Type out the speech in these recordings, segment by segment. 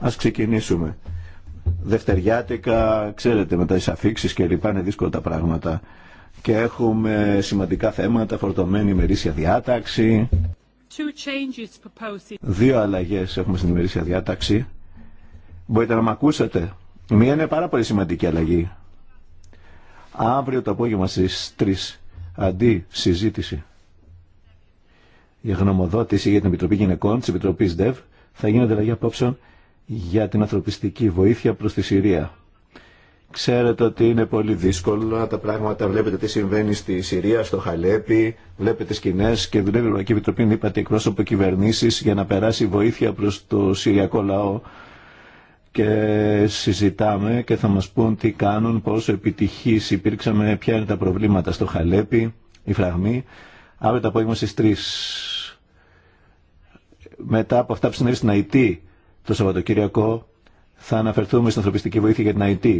Ας ξεκινήσουμε. Δευτεριάτικα, ξέρετε, με τις αφήξεις και λοιπά είναι δύσκολα τα πράγματα. Και έχουμε σημαντικά θέματα, φορτωμένη ημερήσια διάταξη. Δύο αλλαγές έχουμε στην ημερήσια διάταξη. Μπορείτε να με ακούσετε. Μία είναι πάρα πολύ σημαντική αλλαγή. Αύριο το απόγευμα στις 3, αντί συζήτηση η γνωμοδότηση για την Επιτροπή Γυναικών της Επιτροπής ΔΕΒ θα γίνεται αλλαγή απόψεων για την ανθρωπιστική βοήθεια προς τη Συρία. Ξέρετε ότι είναι πολύ δύσκολα τα πράγματα. Βλέπετε τι συμβαίνει στη Συρία, στο Χαλέπι, βλέπετε σκηνέ και δουλεύει η Ευρωπαϊκή Επιτροπή, είπατε, εκπρόσωπο κυβερνήσει για να περάσει βοήθεια προ το Συριακό λαό. Και συζητάμε και θα μα πούν τι κάνουν, πόσο επιτυχή υπήρξαμε, ποια είναι τα προβλήματα στο Χαλέπι, η φραγμή. Αύριο το απόγευμα στι μετά από αυτά που συνέβη στην ΑΕΤ το Σαββατοκύριακο, θα αναφερθούμε στην ανθρωπιστική βοήθεια για την ΑΕΤ. Ε,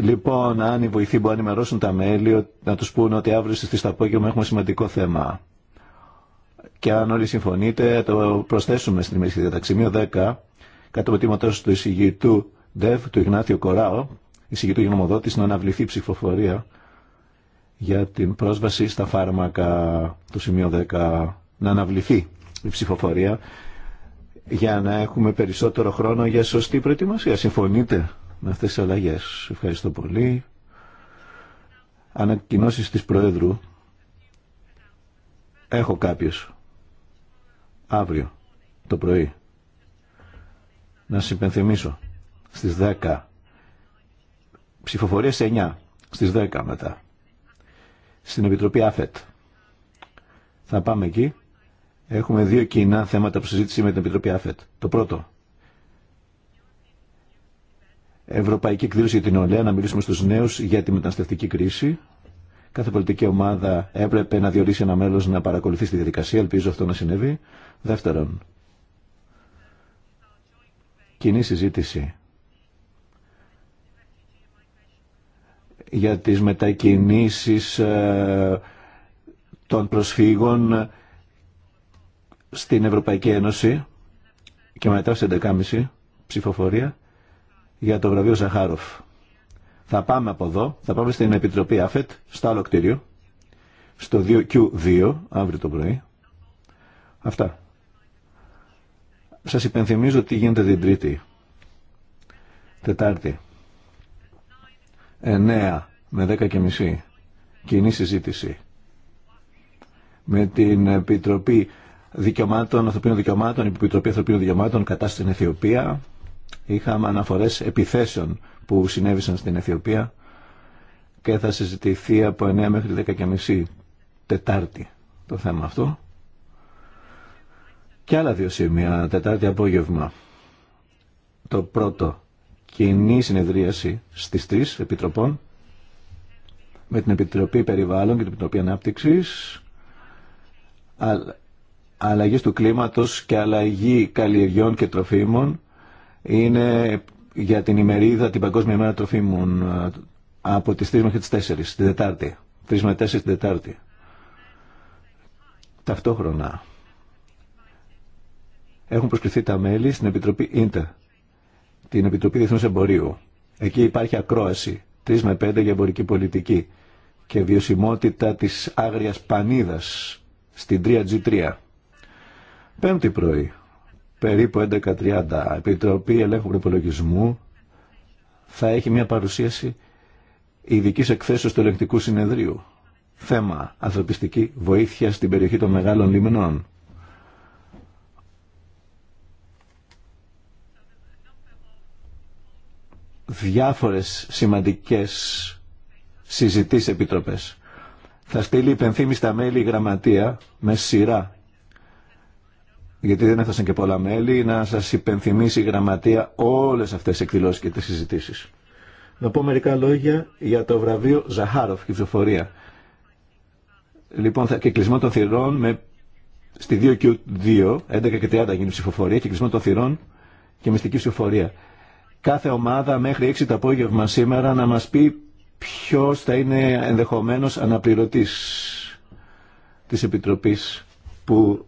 λοιπόν, αν οι βοηθοί μπορούν να ενημερώσουν τα μέλη, να τους πούνε ότι αύριο στις το απόγευμα έχουμε σημαντικό θέμα. Και αν όλοι συμφωνείτε, το προσθέσουμε στην ημερήσια διαταξή. Μείο 10, κάτω από του εισηγητού ΔΕΒ, του Ιγνάθιο Κοράο, εισηγητού γνωμοδότης, να αναβληθεί ψηφοφορία για την πρόσβαση στα φάρμακα, του σημείο 10, να αναβληθεί η ψηφοφορία για να έχουμε περισσότερο χρόνο για σωστή προετοιμασία. Συμφωνείτε με αυτές τις αλλαγές. Ευχαριστώ πολύ. Ανακοινώσεις της Προέδρου. Έχω κάποιους Αύριο το πρωί. Να σας υπενθυμίσω. Στις 10. Ψηφοφορία σε 9. Στις 10 μετά. Στην Επιτροπή ΑΦΕΤ. Θα πάμε εκεί Έχουμε δύο κοινά θέματα που συζήτησε με την Επιτροπή ΑΦΕΤ. Το πρώτο, Ευρωπαϊκή εκδήλωση για την Ολέα, να μιλήσουμε στους νέους για τη μεταναστευτική κρίση. Κάθε πολιτική ομάδα έπρεπε να διορίσει ένα μέλος να παρακολουθεί στη διαδικασία. Ελπίζω αυτό να συνέβη. Δεύτερον, κοινή συζήτηση για τις μετακινήσεις ε, των προσφύγων στην Ευρωπαϊκή Ένωση και μετά στις 11.30 ψηφοφορία για το βραβείο Ζαχάροφ. Θα πάμε από εδώ, θα πάμε στην Επιτροπή ΑΦΕΤ, στο άλλο κτίριο, στο 2Q2, αύριο το πρωί. Αυτά. Σας υπενθυμίζω τι γίνεται την Τρίτη. Τετάρτη. 9 με 10 και μισή. Κοινή συζήτηση. Με την Επιτροπή δικαιωμάτων, ανθρωπίνων δικαιωμάτων, η Επιτροπή Ανθρωπίνων Δικαιωμάτων κατά στην Αιθιοπία. Είχαμε αναφορές επιθέσεων που συνέβησαν στην Αιθιοπία και θα συζητηθεί από 9 μέχρι μισή Τετάρτη το θέμα αυτό. Και άλλα δύο σημεία, Τετάρτη απόγευμα. Το πρώτο, κοινή συνεδρίαση στις τρεις επιτροπών με την Επιτροπή Περιβάλλον και την Επιτροπή ανάπτυξη. Αλλαγή του κλίματος και αλλαγή καλλιεργιών και τροφίμων είναι για την ημερίδα την Παγκόσμια ημέρα Τροφίμων ε, από τις 3 μέχρι τις 4, την Δετάρτη. 3 με 4 την Δετάρτη. Ταυτόχρονα έχουν προσκληθεί τα μέλη στην Επιτροπή Ίντε, την Επιτροπή Διεθνούς Εμπορίου. Εκεί υπάρχει ακρόαση 3 με 5 για εμπορική πολιτική και βιωσιμότητα της άγριας πανίδας στην 3G3. Πέμπτη πρωί, περίπου 11.30, Επιτροπή Ελέγχου Προπολογισμού θα έχει μια παρουσίαση ειδική εκθέσεως του ελεγκτικού συνεδρίου. Θέμα ανθρωπιστική βοήθεια στην περιοχή των μεγάλων λιμνών. διάφορες σημαντικές συζητήσεις επιτροπές. Θα στείλει υπενθύμη στα μέλη γραμματεία με σειρά γιατί δεν έφτασαν και πολλά μέλη, να σα υπενθυμίσει η γραμματεία όλε αυτέ τις εκδηλώσει και τι συζητήσει. Να πω μερικά λόγια για το βραβείο Ζαχάροφ και ψηφοφορία. Λοιπόν, θα, και κλεισμό των θυρών με, στη 2Q2, 11 και 30 γίνει ψηφοφορία και κλεισμό των θυρών και μυστική ψηφοφορία. Κάθε ομάδα μέχρι 6 το απόγευμα σήμερα να μα πει ποιο θα είναι ενδεχομένω αναπληρωτή τη επιτροπή. που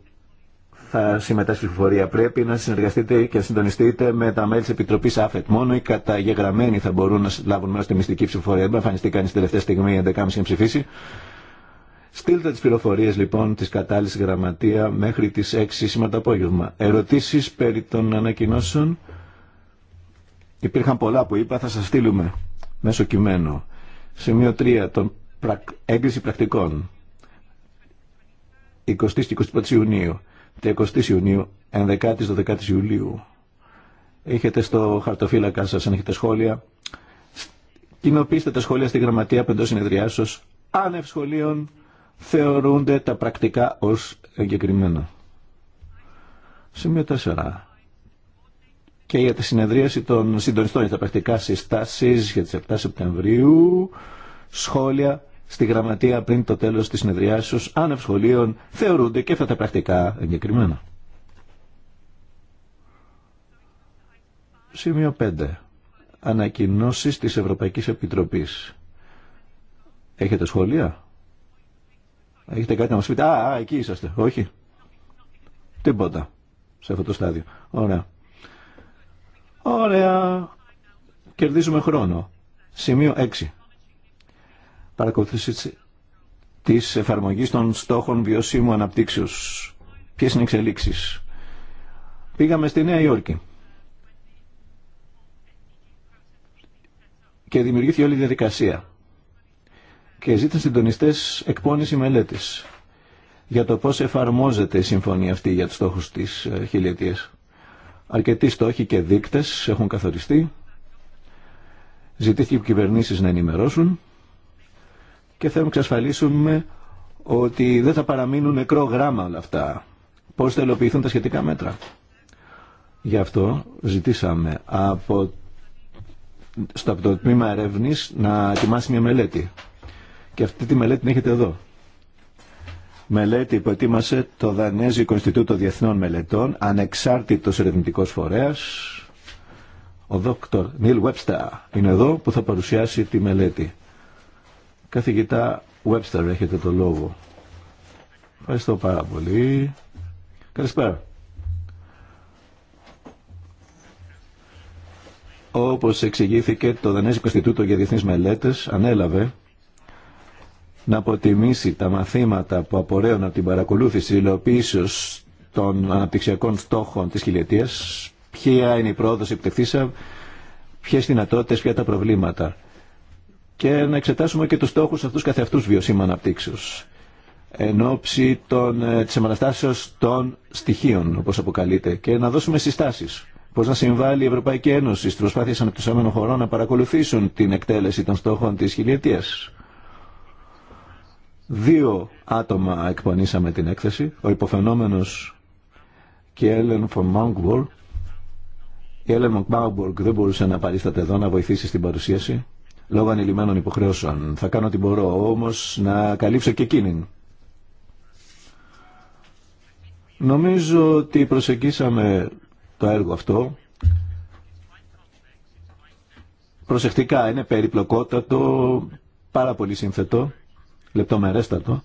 θα συμμετάσχει η ψηφοφορία. Πρέπει να συνεργαστείτε και να συντονιστείτε με τα μέλη τη Επιτροπή ΑΦΕΤ. Μόνο οι καταγεγραμμένοι θα μπορούν να λάβουν μέρο στη μυστική ψηφοφορία. Δεν εμφανιστεί κανεί τελευταία στιγμή 11.30 να ψηφίσει. Στείλτε τι πληροφορίε λοιπόν τη κατάλληλη γραμματεία μέχρι τι 6 σήμερα το απόγευμα. Ερωτήσει περί των ανακοινώσεων. Υπήρχαν πολλά που είπα, θα σα στείλουμε μέσω κειμένου. Σημείο 3. Τον Έγκριση πρακτικών. 20 και 21 Ιουνίου. 30 20 Ιουνίου, 11-12 Ιουλίου. Έχετε στο χαρτοφύλακά σας, αν έχετε σχόλια. Κοινοποιήστε τα σχόλια στη γραμματεία πεντός συνεδριάσεως. Άνευ σχολείων θεωρούνται τα πρακτικά ως εγκεκριμένα. Σημείο 4. Και για τη συνεδρίαση των συντονιστών για τα πρακτικά συστάσεις για τις 7 Σεπτεμβρίου, σχόλια στη γραμματεία πριν το τέλος της συνεδριάσεως άνευ σχολείων θεωρούνται και αυτά τα πρακτικά εγκεκριμένα. Σημείο 5. Ανακοινώσεις της Ευρωπαϊκής Επιτροπής. Έχετε σχόλια? Έχετε κάτι να μας πείτε. Α, α, εκεί είσαστε. Όχι. Τίποτα. Σε αυτό το στάδιο. Ωραία. Ωραία. Κερδίζουμε χρόνο. Σημείο 6 παρακολουθήσει της εφαρμογής των στόχων βιωσίμου αναπτύξεως. Ποιες είναι οι εξελίξεις. Πήγαμε στη Νέα Υόρκη και δημιουργήθηκε όλη η διαδικασία και ζήτησαν συντονιστές εκπόνηση μελέτης για το πώς εφαρμόζεται η συμφωνία αυτή για τους στόχους της ε, χιλιετίας. Αρκετοί στόχοι και δείκτες έχουν καθοριστεί. Ζητήθηκε οι κυβερνήσεις να ενημερώσουν και θέλουμε να εξασφαλίσουμε ότι δεν θα παραμείνουν νεκρό γράμμα όλα αυτά. Πώς θα τα σχετικά μέτρα. Γι' αυτό ζητήσαμε από, στο, από το τμήμα ερεύνη να ετοιμάσει μια μελέτη. Και αυτή τη μελέτη την έχετε εδώ. Μελέτη που ετοίμασε το Δανέζικο Ινστιτούτο Διεθνών Μελετών, ανεξάρτητος ερευνητικός φορέας, ο δόκτωρ Νίλ Βέμπστα είναι εδώ που θα παρουσιάσει τη μελέτη. Καθηγητά Webster, έχετε το λόγο. Ευχαριστώ πάρα πολύ. Καλησπέρα. Όπως εξηγήθηκε, το Δανέζικο Ινστιτούτο για Διεθνείς Μελέτες ανέλαβε να αποτιμήσει τα μαθήματα που απορρέουν από την παρακολούθηση υλοποίησεως των αναπτυξιακών στόχων της χιλιετίας, ποια είναι η πρόοδος επιτευχθήσα, ποιες δυνατότητες, ποια τα προβλήματα και να εξετάσουμε και τους στόχους αυτούς καθεαυτούς βιωσίμων αναπτύξεως εν ώψη των, ε, της επαναστάσεως των στοιχείων, όπως αποκαλείται, και να δώσουμε συστάσεις. Πώς να συμβάλλει η Ευρωπαϊκή Ένωση στις προσπάθειες αναπτυσσόμενων χωρών να παρακολουθήσουν την εκτέλεση των στόχων της χιλιετίας. Δύο άτομα εκπονήσαμε την έκθεση, ο υποφαινόμενος και η Έλεν von Η Έλεν Mountwall δεν μπορούσε να παρίσταται εδώ να βοηθήσει στην παρουσίαση λόγω ανηλυμένων υποχρεώσεων. Θα κάνω ό,τι μπορώ όμως να καλύψω και εκείνη. Νομίζω ότι προσεγγίσαμε το έργο αυτό προσεκτικά. Είναι περιπλοκότατο, πάρα πολύ σύνθετο, λεπτομερέστατο.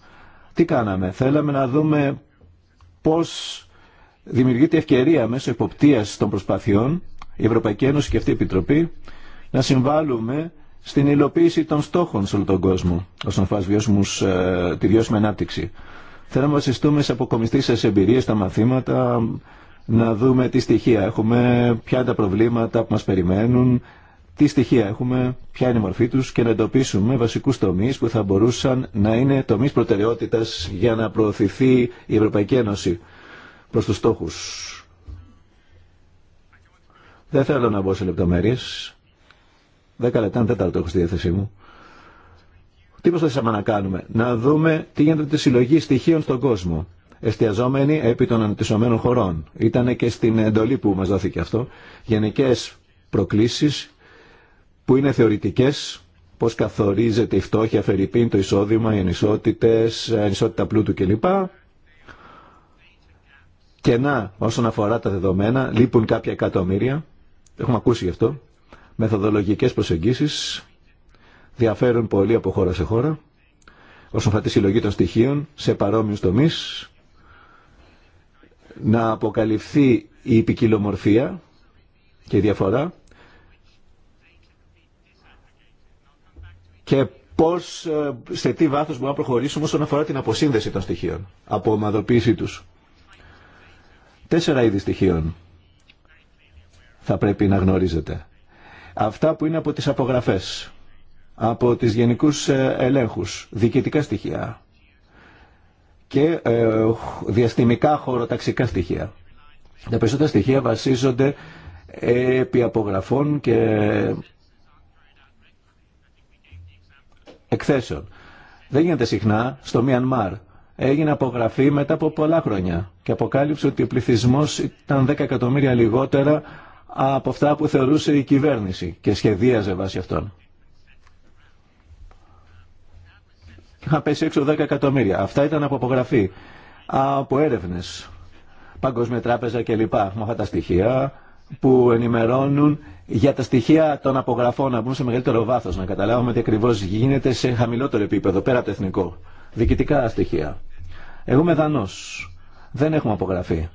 Τι κάναμε, θέλαμε να δούμε πώς δημιουργείται ευκαιρία μέσω εποπτείας των προσπαθειών, η Ευρωπαϊκή Ένωση και αυτή η Επιτροπή, να συμβάλλουμε στην υλοποίηση των στόχων σε όλο τον κόσμο όσον αφορά ε, τη βιώσιμη ανάπτυξη. Θέλω να βασιστούμε σε αποκομιστήσεις εμπειρίες, στα μαθήματα, να δούμε τι στοιχεία έχουμε, ποια είναι τα προβλήματα που μας περιμένουν, τι στοιχεία έχουμε, ποια είναι η μορφή τους και να εντοπίσουμε βασικούς τομείς που θα μπορούσαν να είναι τομείς προτεραιότητας για να προωθηθεί η Ευρωπαϊκή Ένωση προς τους στόχους. Δεν θέλω να μπω σε λεπτομέρειες. 10 λεπτά, ένα τέταρτο έχω στη διάθεσή μου. Τι προσπαθήσαμε να κάνουμε. Να δούμε τι γίνεται τη συλλογή στοιχείων στον κόσμο. Εστιαζόμενοι επί των αναπτυσσομένων χωρών. Ήταν και στην εντολή που μα δόθηκε αυτό. Γενικέ προκλήσεις που είναι θεωρητικέ πώ καθορίζεται η φτώχεια, φερρυπίν, το εισόδημα, οι ανισότητες, ε, ανισότητα πλούτου κλπ. Και να, όσον αφορά τα δεδομένα, λείπουν κάποια εκατομμύρια. Έχουμε ακούσει γι' αυτό. Μεθοδολογικές προσεγγίσεις διαφέρουν πολύ από χώρα σε χώρα όσον αφορά τη συλλογή των στοιχείων σε παρόμοιους τομείς να αποκαλυφθεί η ποικιλομορφία και η διαφορά και πώς, ε, σε τι βάθος μπορούμε να προχωρήσουμε όσον αφορά την αποσύνδεση των στοιχείων, από ομαδοποίησή τους. Τέσσερα είδη στοιχείων θα πρέπει να γνωρίζετε αυτά που είναι από τις απογραφές, από τις γενικούς ε, ελέγχους, διοικητικά στοιχεία και ε, διαστημικά χωροταξικά στοιχεία. Τα περισσότερα στοιχεία βασίζονται επί απογραφών και εκθέσεων. Δεν γίνεται συχνά στο Μιανμάρ. Έγινε απογραφή μετά από πολλά χρόνια και αποκάλυψε ότι ο πληθυσμός ήταν 10 εκατομμύρια λιγότερα από αυτά που θεωρούσε η κυβέρνηση και σχεδίαζε βάσει αυτών. Είχαν πέσει έξω 10 εκατομμύρια. Αυτά ήταν από απογραφή, από έρευνε, Παγκόσμια Τράπεζα κλπ. Με αυτά τα στοιχεία που ενημερώνουν για τα στοιχεία των απογραφών να μπουν σε μεγαλύτερο βάθο, να καταλάβουμε τι ακριβώ γίνεται σε χαμηλότερο επίπεδο, πέρα από το εθνικό. Διοικητικά στοιχεία. Εγώ είμαι Δεν έχουμε απογραφή.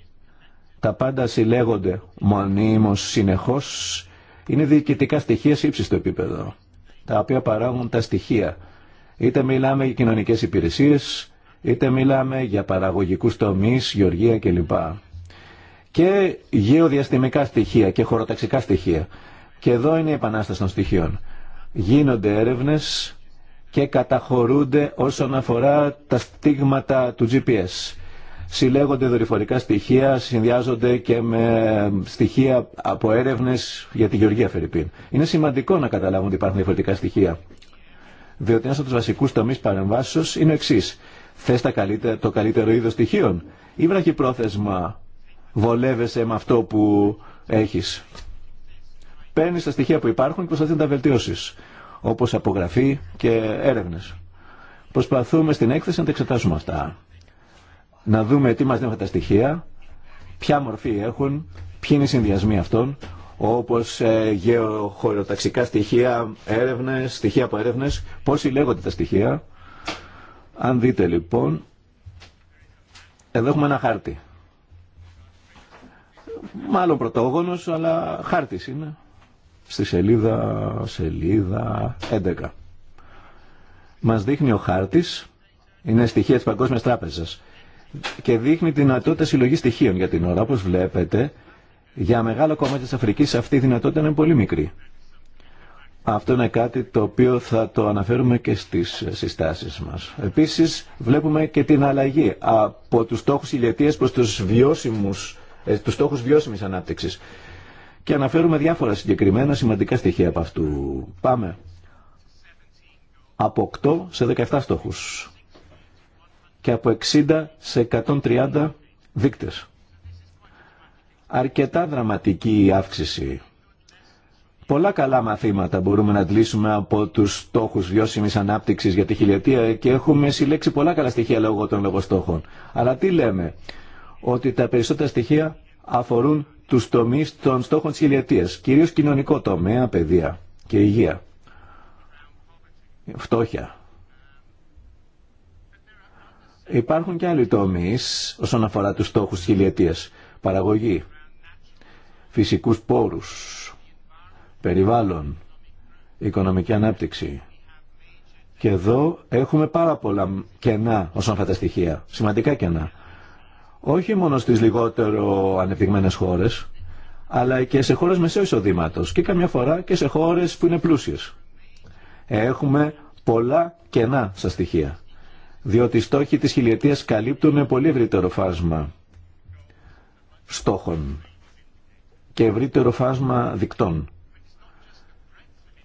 Τα πάντα συλλέγονται μονίμως συνεχώς. Είναι διοικητικά στοιχεία σε ύψιστο επίπεδο, τα οποία παράγουν τα στοιχεία. Είτε μιλάμε για κοινωνικές υπηρεσίες, είτε μιλάμε για παραγωγικούς τομείς, γεωργία κλπ. Και γεωδιαστημικά στοιχεία και χωροταξικά στοιχεία. Και εδώ είναι η επανάσταση των στοιχείων. Γίνονται έρευνες και καταχωρούνται όσον αφορά τα στίγματα του GPS συλλέγονται δορυφορικά στοιχεία, συνδυάζονται και με στοιχεία από έρευνε για τη γεωργία Φερρυπίν. Είναι σημαντικό να καταλάβουν ότι υπάρχουν διαφορετικά στοιχεία. Διότι ένα από του βασικού τομεί παρεμβάσεω είναι ο εξή. Θε το καλύτερο είδο στοιχείων ή πρόθεσμα βολεύεσαι με αυτό που έχει. Παίρνει τα στοιχεία που υπάρχουν και προσπαθεί να τα βελτιώσει. Όπω απογραφή και έρευνε. Προσπαθούμε στην έκθεση να τα εξετάσουμε αυτά να δούμε τι μας δίνουν τα στοιχεία, ποια μορφή έχουν, ποιοι είναι οι συνδυασμοί αυτών, όπως ε, γεωχωροταξικά στοιχεία, έρευνες, στοιχεία από έρευνες, πώς συλλέγονται τα στοιχεία. Αν δείτε λοιπόν, εδώ έχουμε ένα χάρτη. Μάλλον πρωτόγονος, αλλά χάρτης είναι. Στη σελίδα, σελίδα 11. Μας δείχνει ο χάρτης, είναι στοιχεία της Παγκόσμιας Τράπεζας και δείχνει τη δυνατότητα συλλογή στοιχείων για την ώρα. όπω βλέπετε, για μεγάλο κομμάτι τη Αφρική αυτή η δυνατότητα είναι πολύ μικρή. Αυτό είναι κάτι το οποίο θα το αναφέρουμε και στις συστάσεις μας. Επίσης βλέπουμε και την αλλαγή από τους στόχους ηλιετίας προς τους, βιώσιμους, ε, τους στόχους βιώσιμης ανάπτυξης. Και αναφέρουμε διάφορα συγκεκριμένα σημαντικά στοιχεία από αυτού. Πάμε από 8 σε 17 στόχους και από 60 σε 130 δείκτες. Αρκετά δραματική η αύξηση. Πολλά καλά μαθήματα μπορούμε να αντλήσουμε από τους στόχους βιώσιμης ανάπτυξης για τη χιλιετία και έχουμε συλλέξει πολλά καλά στοιχεία λόγω των λογοστόχων. Αλλά τι λέμε, ότι τα περισσότερα στοιχεία αφορούν τους τομείς των στόχων της χιλιετίας, κυρίως κοινωνικό τομέα, παιδεία και υγεία, φτώχεια. Υπάρχουν και άλλοι τομείς όσον αφορά τους στόχους της χιλιετίας. Παραγωγή, φυσικούς πόρους, περιβάλλον, οικονομική ανάπτυξη. Και εδώ έχουμε πάρα πολλά κενά όσον αφορά τα στοιχεία, σημαντικά κενά. Όχι μόνο στις λιγότερο ανεπτυγμένες χώρες, αλλά και σε χώρες μεσαίου εισοδήματος και καμιά φορά και σε χώρες που είναι πλούσιες. Έχουμε πολλά κενά στα στοιχεία διότι οι στόχοι της χιλιετίας καλύπτουν πολύ ευρύτερο φάσμα στόχων και ευρύτερο φάσμα δικτών.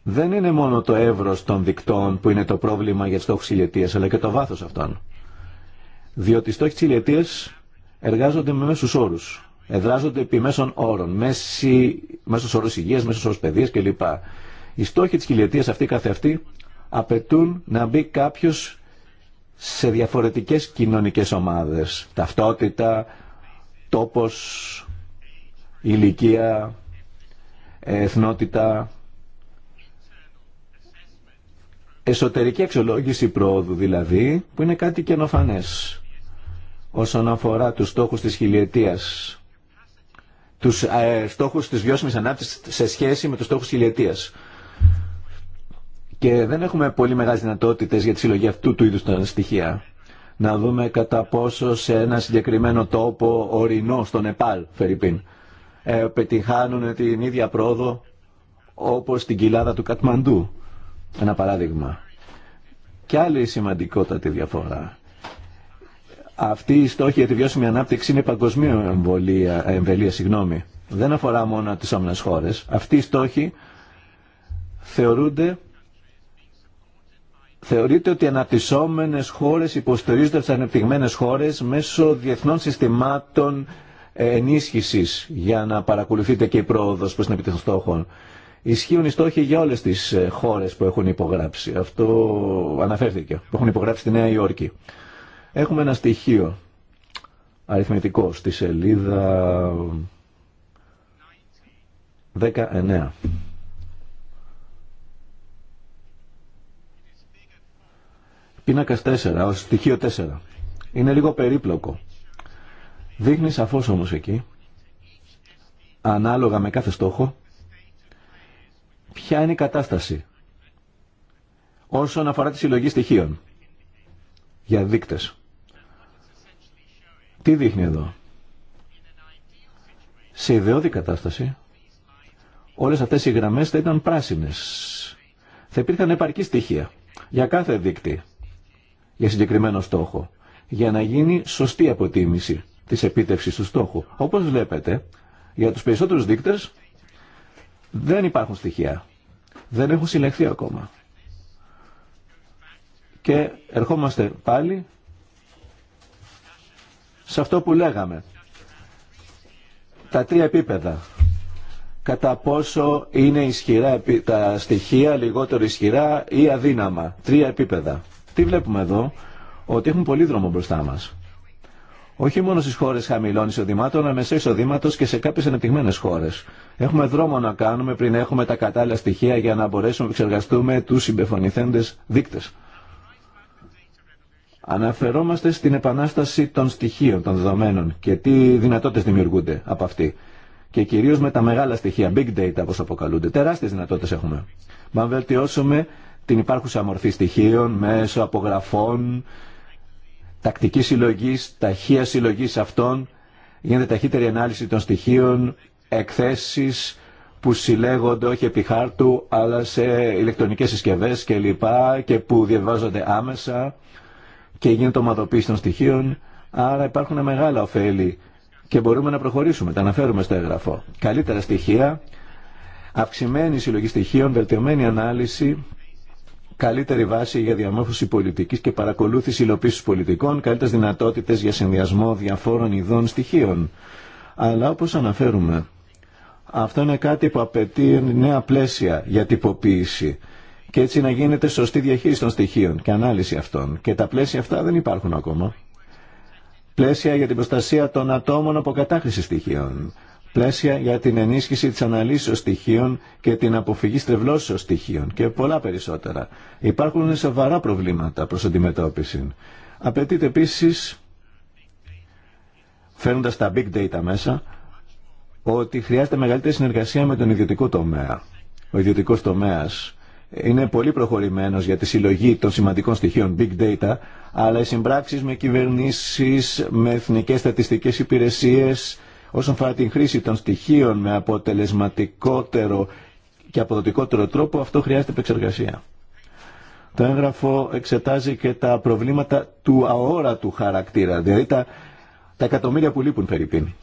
Δεν είναι μόνο το εύρος των δικτών που είναι το πρόβλημα για στόχους χιλιετίας, αλλά και το βάθος αυτών. Διότι οι στόχοι της χιλιετίας εργάζονται με μέσους όρους. Εδράζονται επί μέσων όρων, μέση, μέσος όρος υγείας, μέσους όρος παιδείας κλπ. Οι στόχοι της χιλιετίας αυτή καθεαυτή απαιτούν να μπει κάποιος σε διαφορετικές κοινωνικές ομάδες. Ταυτότητα, τόπος, ηλικία, εθνότητα. Εσωτερική αξιολόγηση πρόοδου δηλαδή, που είναι κάτι καινοφανές όσον αφορά τους στόχους της χιλιετίας. Τους ε, στόχους της βιώσιμης ανάπτυξης σε σχέση με τους στόχους χιλιετίας και δεν έχουμε πολύ μεγάλες δυνατότητες για τη συλλογή αυτού του είδους των στοιχεία. Να δούμε κατά πόσο σε ένα συγκεκριμένο τόπο ορεινό στο Νεπάλ, ε, πετυχάνουν την ίδια πρόοδο όπως στην κοιλάδα του Κατμαντού. Ένα παράδειγμα. Και άλλη σημαντικότατη διαφορά. Αυτή η στόχη για τη βιώσιμη ανάπτυξη είναι παγκοσμίω εμβολία, συγγνώμη. Δεν αφορά μόνο τις όμνες χώρες. Αυτοί οι στόχοι θεωρούνται Θεωρείται ότι οι αναπτυσσόμενες χώρες υποστηρίζονται από τι ανεπτυγμένες χώρες μέσω διεθνών συστημάτων ε, ενίσχυσης για να παρακολουθείτε και η πρόοδο προ την επιτυχία των στόχων. Ισχύουν οι στόχοι για όλες τις ε, χώρες που έχουν υπογράψει. Αυτό αναφέρθηκε, που έχουν υπογράψει στη Νέα Υόρκη. Έχουμε ένα στοιχείο αριθμητικό στη σελίδα 19. πίνακα 4, ω στοιχείο 4. Είναι λίγο περίπλοκο. Δείχνει σαφώ όμω εκεί, ανάλογα με κάθε στόχο, ποια είναι η κατάσταση όσον αφορά τη συλλογή στοιχείων για δείκτες. Τι δείχνει εδώ. Σε ιδεώδη κατάσταση, όλες αυτές οι γραμμές θα ήταν πράσινες. Θα υπήρχαν επαρκή στοιχεία για κάθε δείκτη για συγκεκριμένο στόχο, για να γίνει σωστή αποτίμηση της επίτευξης του στόχου. Όπως βλέπετε, για τους περισσότερους δείκτες δεν υπάρχουν στοιχεία. Δεν έχουν συλλεχθεί ακόμα. Και ερχόμαστε πάλι σε αυτό που λέγαμε. Τα τρία επίπεδα. Κατά πόσο είναι ισχυρά τα στοιχεία, λιγότερο ισχυρά ή αδύναμα. Τρία επίπεδα. Τι βλέπουμε εδώ, ότι έχουν πολύ δρόμο μπροστά μας. Όχι μόνο στις χώρες χαμηλών εισοδημάτων, αλλά μεσαίου εισοδήματο και σε κάποιες ανεπτυγμένες χώρες. Έχουμε δρόμο να κάνουμε πριν έχουμε τα κατάλληλα στοιχεία για να μπορέσουμε να εξεργαστούμε τους συμπεφωνηθέντες δείκτες. Αναφερόμαστε στην επανάσταση των στοιχείων, των δεδομένων και τι δυνατότητε δημιουργούνται από αυτή. Και κυρίως με τα μεγάλα στοιχεία, big data όπω αποκαλούνται. Τεράστιες δυνατότητε έχουμε. Μα αν βελτιώσουμε την υπάρχουσα μορφή στοιχείων μέσω απογραφών, τακτική συλλογή, ταχεία συλλογή αυτών, γίνεται ταχύτερη ανάλυση των στοιχείων, εκθέσει που συλλέγονται όχι επί χάρτου αλλά σε ηλεκτρονικές συσκευές και και που διαβάζονται άμεσα και γίνεται ομαδοποίηση των στοιχείων. Άρα υπάρχουν μεγάλα ωφέλη και μπορούμε να προχωρήσουμε, τα αναφέρουμε στο έγγραφο. Καλύτερα στοιχεία, αυξημένη συλλογή στοιχείων, βελτιωμένη ανάλυση καλύτερη βάση για διαμόρφωση πολιτικής και παρακολούθηση υλοποίηση πολιτικών, καλύτερε δυνατότητες για συνδυασμό διαφόρων ειδών στοιχείων. Αλλά όπως αναφέρουμε, αυτό είναι κάτι που απαιτεί νέα πλαίσια για τυποποίηση και έτσι να γίνεται σωστή διαχείριση των στοιχείων και ανάλυση αυτών. Και τα πλαίσια αυτά δεν υπάρχουν ακόμα. Πλαίσια για την προστασία των ατόμων από κατάχρηση στοιχείων πλαίσια για την ενίσχυση της αναλύσεως στοιχείων και την αποφυγή στρεβλώσεως στοιχείων και πολλά περισσότερα. Υπάρχουν σοβαρά προβλήματα προς αντιμετώπιση. Απαιτείται επίσης, φέρνοντας τα big data μέσα, ότι χρειάζεται μεγαλύτερη συνεργασία με τον ιδιωτικό τομέα. Ο ιδιωτικός τομέας είναι πολύ προχωρημένος για τη συλλογή των σημαντικών στοιχείων big data, αλλά οι συμπράξεις με κυβερνήσεις, με εθνικές στατιστικές υπηρεσίες, όσον αφορά την χρήση των στοιχείων με αποτελεσματικότερο και αποδοτικότερο τρόπο, αυτό χρειάζεται επεξεργασία. Το έγγραφο εξετάζει και τα προβλήματα του αόρατου χαρακτήρα, δηλαδή τα, τα εκατομμύρια που λείπουν Φερρυπίνη.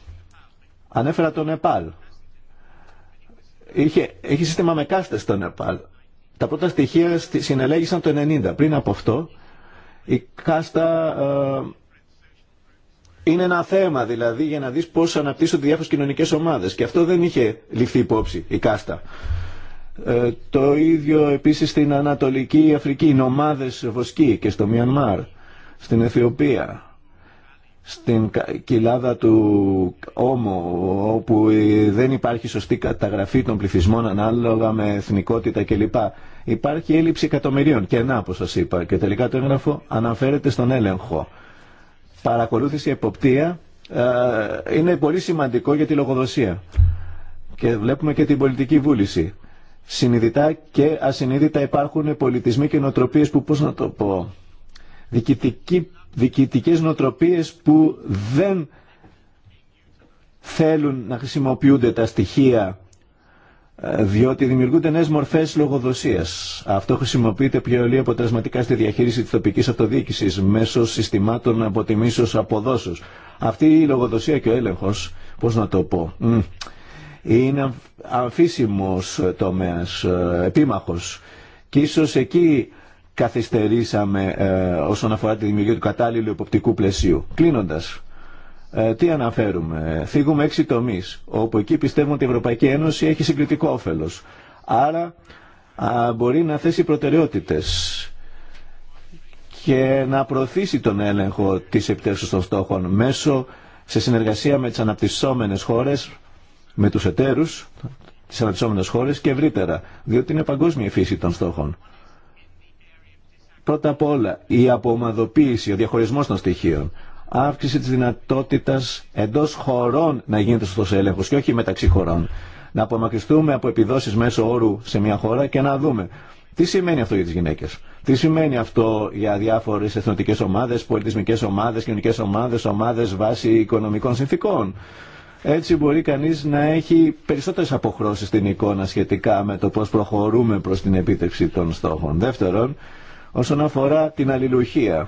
Ανέφερα το Νεπάλ. Είχε, έχει σύστημα με κάστες στο Νεπάλ. Τα πρώτα στοιχεία συνελέγησαν το 90. Πριν από αυτό η κάστα ε, είναι ένα θέμα δηλαδή για να δεις πώς αναπτύσσονται διάφορες κοινωνικές ομάδες και αυτό δεν είχε ληφθεί υπόψη η κάστα. Ε, το ίδιο επίσης στην Ανατολική Αφρική, οι ομάδες Βοσκή και στο Μιανμάρ, στην Αιθιοπία, στην κοιλάδα του Όμο, όπου ε, δεν υπάρχει σωστή καταγραφή των πληθυσμών ανάλογα με εθνικότητα κλπ. Υπάρχει έλλειψη εκατομμυρίων και να όπως σας είπα και τελικά το έγγραφο αναφέρεται στον έλεγχο παρακολούθηση, εποπτεία ε, είναι πολύ σημαντικό για τη λογοδοσία. Και βλέπουμε και την πολιτική βούληση. Συνειδητά και ασυνείδητα υπάρχουν πολιτισμοί και νοοτροπίες που, πώς να το πω, διοικητικές νοοτροπίες που δεν θέλουν να χρησιμοποιούνται τα στοιχεία διότι δημιουργούνται νέε μορφέ λογοδοσία. Αυτό χρησιμοποιείται πιο πολύ αποτελεσματικά στη διαχείριση τη τοπική αυτοδιοίκηση μέσω συστημάτων αποτιμήσεω αποδόσεω. Αυτή η λογοδοσία και ο έλεγχο, πώ να το πω, είναι αμφίσιμο τομέα, ε, επίμαχο. Και ίσω εκεί καθυστερήσαμε ε, όσον αφορά τη δημιουργία του κατάλληλου υποπτικού πλαισίου. Κλείνοντα, ε, τι αναφέρουμε. Φύγουμε έξι τομεί, όπου εκεί πιστεύουμε ότι η Ευρωπαϊκή Ένωση έχει συγκριτικό όφελο. Άρα μπορεί να θέσει προτεραιότητε και να προωθήσει τον έλεγχο τη επιτεύξεω των στόχων μέσω σε συνεργασία με τι αναπτυσσόμενε χώρε, με του εταίρου τι αναπτυσσόμενες χώρε και ευρύτερα, διότι είναι παγκόσμια η φύση των στόχων. Πρώτα απ' όλα, η απομαδοποίηση, ο διαχωρισμό των στοιχείων αύξηση της δυνατότητας εντός χωρών να γίνεται σωστός έλεγχος και όχι μεταξύ χωρών. Να απομακρυστούμε από επιδόσεις μέσω όρου σε μια χώρα και να δούμε τι σημαίνει αυτό για τις γυναίκες. Τι σημαίνει αυτό για διάφορες εθνοτικές ομάδες, πολιτισμικές ομάδες, κοινωνικές ομάδες, ομάδες βάσει οικονομικών συνθήκων. Έτσι μπορεί κανείς να έχει περισσότερες αποχρώσεις στην εικόνα σχετικά με το πώς προχωρούμε προ την επίτευξη των στόχων. Δεύτερον, όσον αφορά την αλληλουχία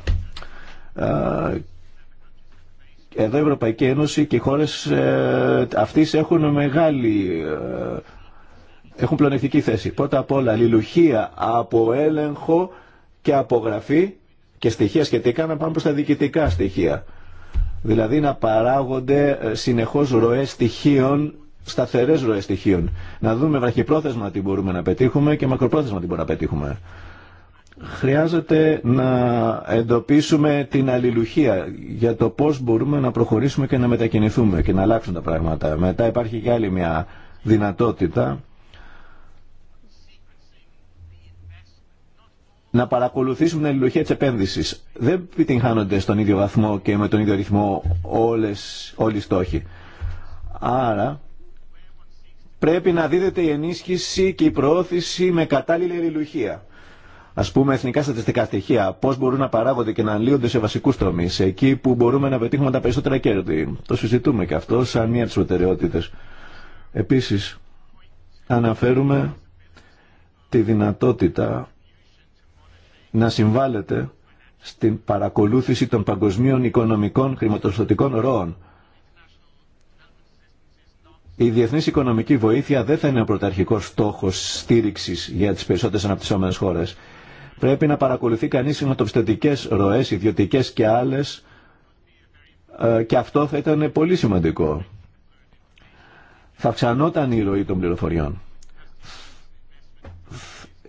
εδώ η Ευρωπαϊκή Ένωση και οι χώρες ε, έχουν μεγάλη ε, έχουν πλονεκτική θέση. Πρώτα απ' όλα αλληλουχία από έλεγχο και απογραφή και στοιχεία σχετικά να πάμε προς τα διοικητικά στοιχεία. Δηλαδή να παράγονται ε, συνεχώς ροές στοιχείων, σταθερές ροές στοιχείων. Να δούμε βραχυπρόθεσμα τι μπορούμε να πετύχουμε και μακροπρόθεσμα τι μπορούμε να πετύχουμε χρειάζεται να εντοπίσουμε την αλληλουχία για το πώς μπορούμε να προχωρήσουμε και να μετακινηθούμε και να αλλάξουν τα πράγματα. Μετά υπάρχει και άλλη μια δυνατότητα να παρακολουθήσουμε την αλληλουχία της επένδυσης. Δεν επιτυγχάνονται στον ίδιο βαθμό και με τον ίδιο ρυθμό όλες, όλοι οι στόχοι. Άρα πρέπει να δίδεται η ενίσχυση και η προώθηση με κατάλληλη αλληλουχία Α πούμε εθνικά στατιστικά στοιχεία, πώ μπορούν να παράγονται και να ανλύονται σε βασικού τομεί, εκεί που μπορούμε να πετύχουμε τα περισσότερα κέρδη. Το συζητούμε και αυτό σαν μία από τι προτεραιότητες. Επίσης, αναφέρουμε τη δυνατότητα να συμβάλλεται στην παρακολούθηση των παγκοσμίων οικονομικών χρηματοστοτικών ροών. Η διεθνής οικονομική βοήθεια δεν θα είναι ο πρωταρχικός στόχος στήριξης για τις περισσότερες αναπτυσσόμενες χώρες. Πρέπει να παρακολουθεί κανείς συνοτοπιστατικές ροές, ιδιωτικές και άλλες ε, και αυτό θα ήταν πολύ σημαντικό. Θα αυξανόταν η ροή των πληροφοριών.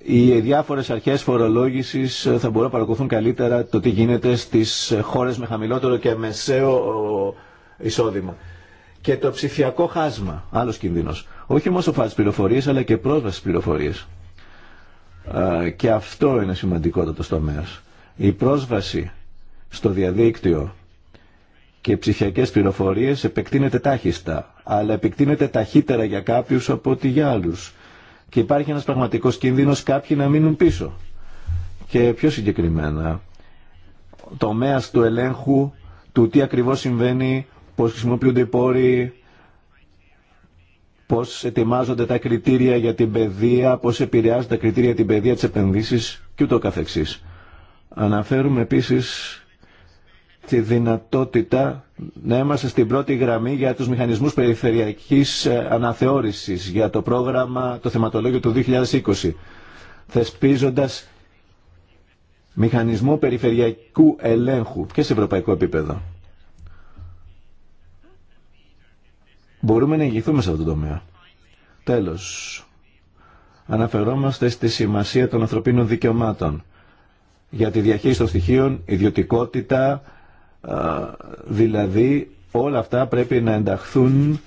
Οι διάφορες αρχές φορολόγησης ε, θα μπορούν να παρακολουθούν καλύτερα το τι γίνεται στις χώρες με χαμηλότερο και μεσαίο εισόδημα. Και το ψηφιακό χάσμα, άλλος κινδύνος. Όχι μόνο σοφά πληροφορίες αλλά και πρόσβαση πληροφορίες και αυτό είναι σημαντικότατο τομέα. Η πρόσβαση στο διαδίκτυο και οι ψυχιακές πληροφορίες επεκτείνεται τάχιστα, αλλά επεκτείνεται ταχύτερα για κάποιους από ότι για άλλους. Και υπάρχει ένας πραγματικός κίνδυνος κάποιοι να μείνουν πίσω. Και πιο συγκεκριμένα, τομέας του ελέγχου του τι ακριβώς συμβαίνει, πώς χρησιμοποιούνται οι πόροι, Πώ ετοιμάζονται τα κριτήρια για την παιδεία, πώς επηρεάζονται τα κριτήρια για την παιδεία, τι επενδύσεις κ.ο.κ. Αναφέρουμε επίσης τη δυνατότητα να είμαστε στην πρώτη γραμμή για τους μηχανισμούς περιφερειακής ε, αναθεώρησης για το πρόγραμμα, το θεματολόγιο του 2020, θεσπίζοντας μηχανισμό περιφερειακού ελέγχου και σε ευρωπαϊκό επίπεδο. μπορούμε να ηγηθούμε σε αυτό το τομέα. Τέλος, αναφερόμαστε στη σημασία των ανθρωπίνων δικαιωμάτων για τη διαχείριση των στοιχείων, ιδιωτικότητα, δηλαδή όλα αυτά πρέπει να ενταχθούν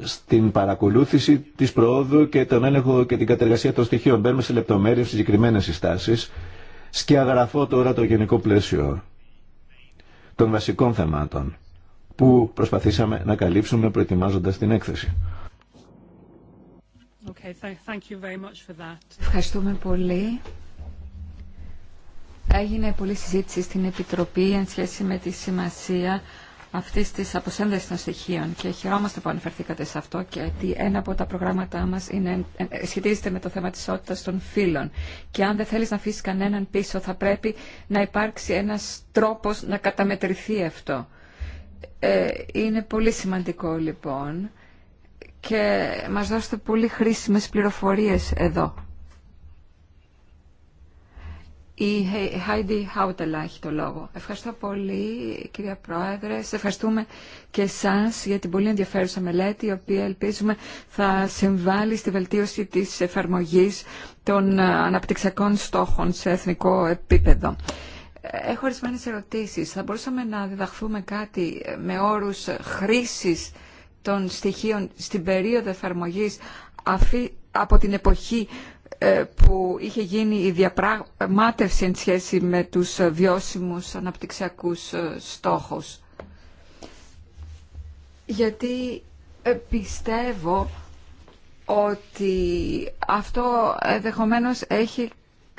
στην παρακολούθηση της προόδου και τον έλεγχο και την κατεργασία των στοιχείων. Μπαίνουμε σε λεπτομέρειες, συγκεκριμένες συστάσεις. Σκιαγραφώ τώρα το γενικό πλαίσιο των βασικών θεμάτων που προσπαθήσαμε να καλύψουμε προετοιμάζοντας την έκθεση. Ευχαριστούμε πολύ. Έγινε πολλή συζήτηση στην Επιτροπή εν σχέση με τη σημασία αυτή τη αποσένδεση των στοιχείων και χαιρόμαστε που αναφερθήκατε σε αυτό και ότι ένα από τα προγράμματά μα ε, ε, σχετίζεται με το θέμα τη ισότητα των φύλων. Και αν δεν θέλει να αφήσει κανέναν πίσω, θα πρέπει να υπάρξει ένα τρόπο να καταμετρηθεί αυτό. Ε, είναι πολύ σημαντικό λοιπόν και μας δώσετε πολύ χρήσιμες πληροφορίες εδώ. Η Heidi Hautala έχει το λόγο. Ευχαριστώ πολύ κυρία Πρόεδρε. Σε ευχαριστούμε και εσάς για την πολύ ενδιαφέρουσα μελέτη η οποία ελπίζουμε θα συμβάλλει στη βελτίωση της εφαρμογής των ε, αναπτυξιακών στόχων σε εθνικό επίπεδο. Έχω ορισμένε ερωτήσεις. Θα μπορούσαμε να διδαχθούμε κάτι με όρους χρήσης των στοιχείων στην περίοδο εφαρμογής από την εποχή ε, που είχε γίνει η διαπραγμάτευση εν σχέση με τους βιώσιμους αναπτυξιακούς ε, στόχους. Γιατί ε, πιστεύω ότι αυτό ενδεχομένω έχει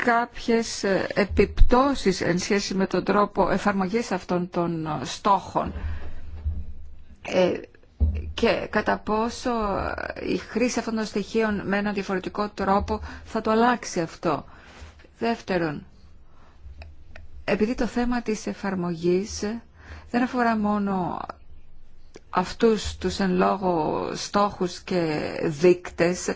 κάποιες ε, επιπτώσεις εν σχέση με τον τρόπο εφαρμογής αυτών των ε, στόχων ε, και κατά πόσο η χρήση αυτών των στοιχείων με έναν διαφορετικό τρόπο θα το αλλάξει αυτό. Δεύτερον, επειδή το θέμα της εφαρμογής δεν αφορά μόνο αυτούς τους εν λόγω στόχους και δείκτες,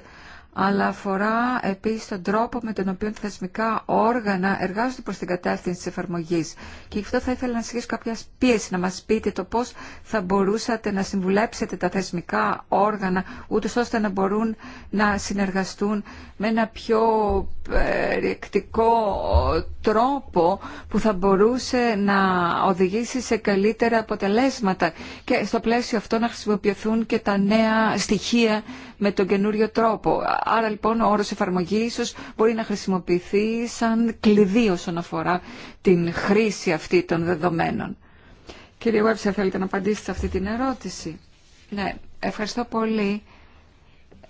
αλλά αφορά επίσης τον τρόπο με τον οποίο θεσμικά όργανα εργάζονται προς την κατεύθυνση της εφαρμογής. Και γι' αυτό θα ήθελα να σχίσω κάποια πίεση, να μας πείτε το πώς θα μπορούσατε να συμβουλέψετε τα θεσμικά όργανα, ούτω ώστε να μπορούν να συνεργαστούν με ένα πιο περιεκτικό τρόπο που θα μπορούσε να οδηγήσει σε καλύτερα αποτελέσματα και στο πλαίσιο αυτό να χρησιμοποιηθούν και τα νέα στοιχεία με τον καινούριο τρόπο Άρα λοιπόν ο όρος εφαρμογή ίσως μπορεί να χρησιμοποιηθεί σαν κλειδί όσον αφορά την χρήση αυτή των δεδομένων. Κύριε Βέψε, θέλετε να απαντήσετε σε αυτή την ερώτηση. Ναι, ευχαριστώ πολύ.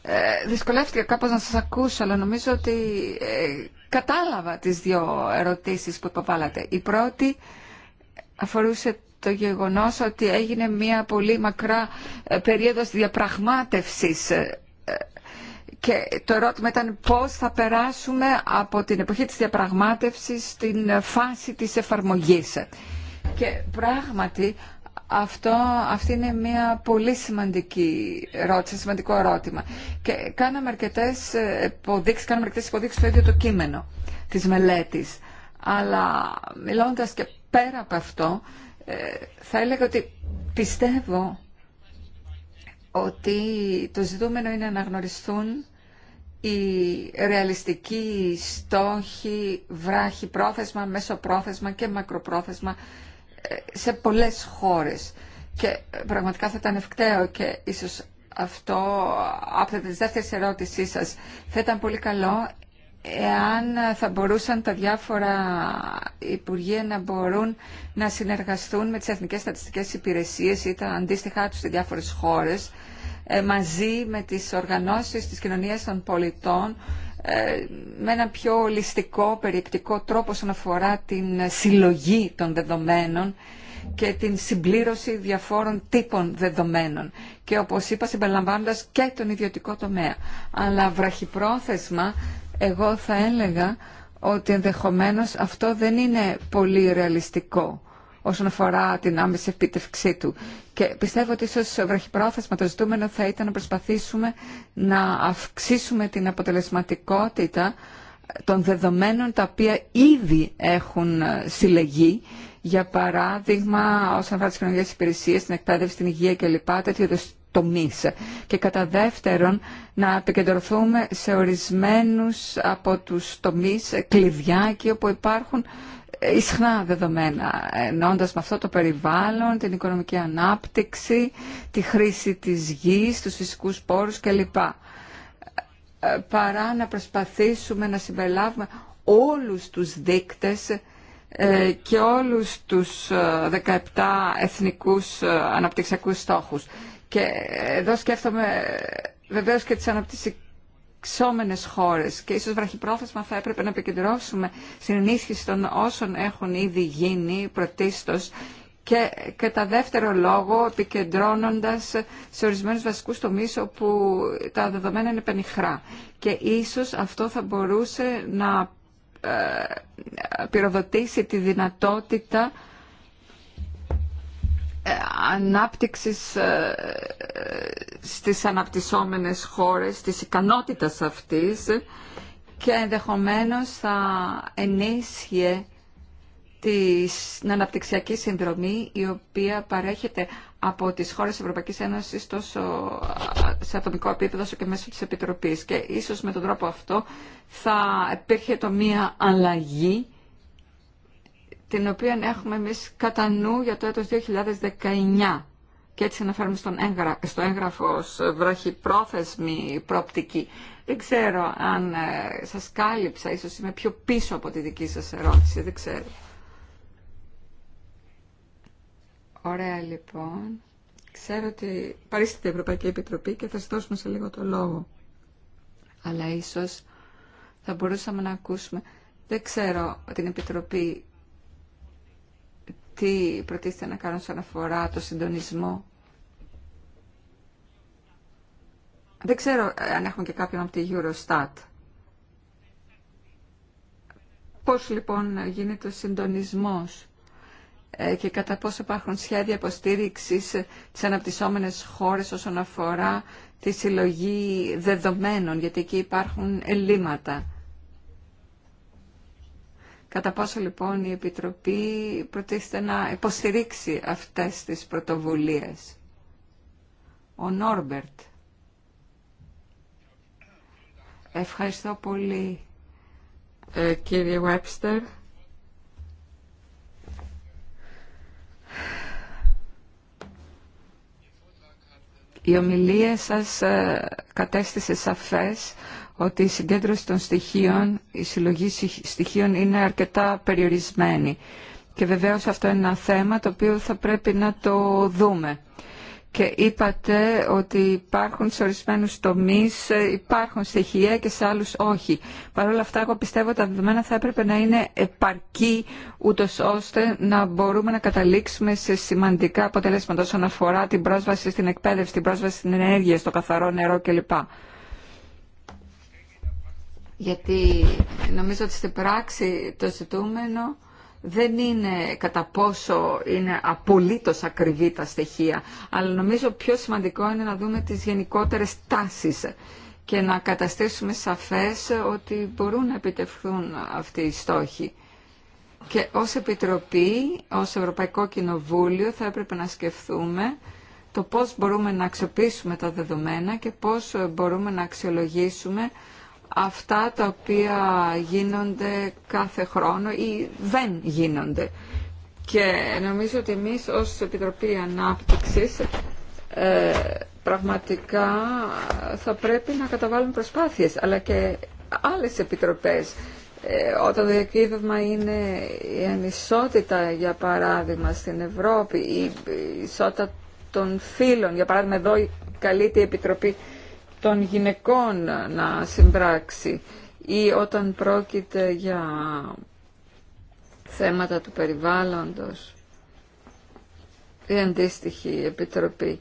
Ε, δυσκολεύτηκα κάπως να σας ακούσω, αλλά νομίζω ότι ε, κατάλαβα τις δύο ερωτήσεις που υποβάλατε. Η πρώτη αφορούσε το γεγονός ότι έγινε μια πολύ μακρά ε, περίοδος διαπραγμάτευσης ε, και το ερώτημα ήταν πώς θα περάσουμε από την εποχή της διαπραγμάτευσης στην φάση της εφαρμογής. Και πράγματι αυτό, αυτή είναι μια πολύ σημαντική ερώτηση, σημαντικό ερώτημα. Και κάναμε αρκετές υποδείξεις, κάναμε αρκετές υποδείξεις στο ίδιο το κείμενο της μελέτης. Αλλά μιλώντας και πέρα από αυτό, ε, θα έλεγα ότι πιστεύω ότι το ζητούμενο είναι να γνωριστούν οι ρεαλιστικοί στόχοι βράχει πρόθεσμα, μέσοπρόθεσμα και μακροπρόθεσμα ε, σε πολλές χώρες. Και ε, πραγματικά θα ήταν ευκταίο και ίσως αυτό από τη δεύτερη ερώτησή σας θα ήταν πολύ καλό εάν θα μπορούσαν τα διάφορα υπουργεία να μπορούν να συνεργαστούν με τις Εθνικές Στατιστικές Υπηρεσίες ή τα αντίστοιχά τους σε διάφορες χώρες ε, μαζί με τις οργανώσεις της κοινωνίας των πολιτών ε, με ένα πιο ολιστικό, περιεκτικό τρόπο όσον αφορά την συλλογή των δεδομένων και την συμπλήρωση διαφόρων τύπων δεδομένων και όπως είπα συμπεριλαμβάνοντας και τον ιδιωτικό τομέα. Αλλά βραχυπρόθεσμα εγώ θα έλεγα ότι ενδεχομένως αυτό δεν είναι πολύ ρεαλιστικό όσον αφορά την άμεση επίτευξή του. Και πιστεύω ότι ίσως βραχυπρόθεσμα το ζητούμενο θα ήταν να προσπαθήσουμε να αυξήσουμε την αποτελεσματικότητα των δεδομένων τα οποία ήδη έχουν συλλεγεί για παράδειγμα όσον αφορά τι κοινωνικέ υπηρεσίε, την εκπαίδευση, την υγεία κλπ. τέτοιου είδου τομεί. Και κατά δεύτερον, να επικεντρωθούμε σε ορισμένου από του τομεί κλειδιά όπου υπάρχουν ισχνά δεδομένα, ενώντας με αυτό το περιβάλλον, την οικονομική ανάπτυξη, τη χρήση της γης, τους φυσικούς πόρους κλπ. Ε, παρά να προσπαθήσουμε να συμπεριλάβουμε όλους τους δείκτες ε, και όλους τους 17 ε, εθνικούς αναπτυξιακούς στόχους. Και εδώ σκέφτομαι βεβαίως και τις αναπτυξιακές ξόμενες χώρες και ίσως βραχυπρόθεσμα θα έπρεπε να επικεντρώσουμε στην ενίσχυση των όσων έχουν ήδη γίνει πρωτίστως και κατά δεύτερο λόγο επικεντρώνοντας σε ορισμένους βασικούς τομείς όπου τα δεδομένα είναι πενιχρά. Και ίσως αυτό θα μπορούσε να ε, πυροδοτήσει τη δυνατότητα ανάπτυξης ε, στις αναπτυσσόμενες χώρες, της ικανότητας αυτής και ενδεχομένως θα ενίσχυε την αναπτυξιακή συνδρομή η οποία παρέχεται από τις χώρες της Ευρωπαϊκής Ένωσης τόσο σε ατομικό επίπεδο όσο και μέσω της Επιτροπής και ίσως με τον τρόπο αυτό θα υπήρχε το μία αλλαγή την οποία έχουμε εμείς κατά νου για το έτος 2019 και έτσι αναφέρουμε στον έγγρα, στο έγγραφο ως βραχυπρόθεσμη προοπτική. Δεν ξέρω αν ε, σας κάλυψα, ίσως είμαι πιο πίσω από τη δική σας ερώτηση, δεν ξέρω. Ωραία λοιπόν. Ξέρω ότι παρίσταται η Ευρωπαϊκή Επιτροπή και θα σας δώσουμε σε λίγο το λόγο. Αλλά ίσως θα μπορούσαμε να ακούσουμε. Δεν ξέρω την Επιτροπή τι προτίθεται να κάνω σαν αφορά το συντονισμό. Δεν ξέρω ε, αν έχουμε και κάποιον από τη Eurostat. Πώς λοιπόν γίνεται ο συντονισμός ε, και κατά πόσο υπάρχουν σχέδια υποστήριξη τη ε, αναπτυσσόμενες χώρες όσον αφορά τη συλλογή δεδομένων, γιατί εκεί υπάρχουν ελλείμματα. Κατά πόσο λοιπόν η Επιτροπή προτίθεται να υποστηρίξει αυτές τις πρωτοβουλίες. Ο Νόρμπερτ. Ευχαριστώ πολύ ε, κύριε Βέπστερ. Η ομιλία σας ε, κατέστησε σαφές ότι η συγκέντρωση των στοιχείων, η συλλογή στοιχείων είναι αρκετά περιορισμένη. Και βεβαίως αυτό είναι ένα θέμα το οποίο θα πρέπει να το δούμε. Και είπατε ότι υπάρχουν σε ορισμένου τομεί, ε, υπάρχουν στοιχεία και σε άλλου όχι. Παρ' όλα αυτά, εγώ πιστεύω ότι τα δεδομένα θα έπρεπε να είναι επαρκή, ούτω ώστε να μπορούμε να καταλήξουμε σε σημαντικά αποτελέσματα όσον αφορά την πρόσβαση στην εκπαίδευση, την πρόσβαση στην ενέργεια, στο καθαρό νερό κλπ γιατί νομίζω ότι στην πράξη το ζητούμενο δεν είναι κατά πόσο είναι απολύτως ακριβή τα στοιχεία, αλλά νομίζω πιο σημαντικό είναι να δούμε τις γενικότερες τάσεις και να καταστήσουμε σαφές ότι μπορούν να επιτευχθούν αυτοί οι στόχοι. Και ως Επιτροπή, ως Ευρωπαϊκό Κοινοβούλιο θα έπρεπε να σκεφτούμε το πώς μπορούμε να αξιοποιήσουμε τα δεδομένα και πώς μπορούμε να αξιολογήσουμε αυτά τα οποία γίνονται κάθε χρόνο ή δεν γίνονται. Και νομίζω ότι εμείς ως Επιτροπή Ανάπτυξης ε, πραγματικά θα πρέπει να καταβάλουμε προσπάθειες, αλλά και άλλες επιτροπές. Ε, όταν το διακύβευμα είναι η ανισότητα, για παράδειγμα, στην οταν το διακυβευμα ειναι η ισότητα των φύλων, για παράδειγμα εδώ καλείται η Επιτροπή των γυναικών να συμπράξει ή όταν πρόκειται για θέματα του περιβάλλοντος η αντίστοιχη επιτροπή.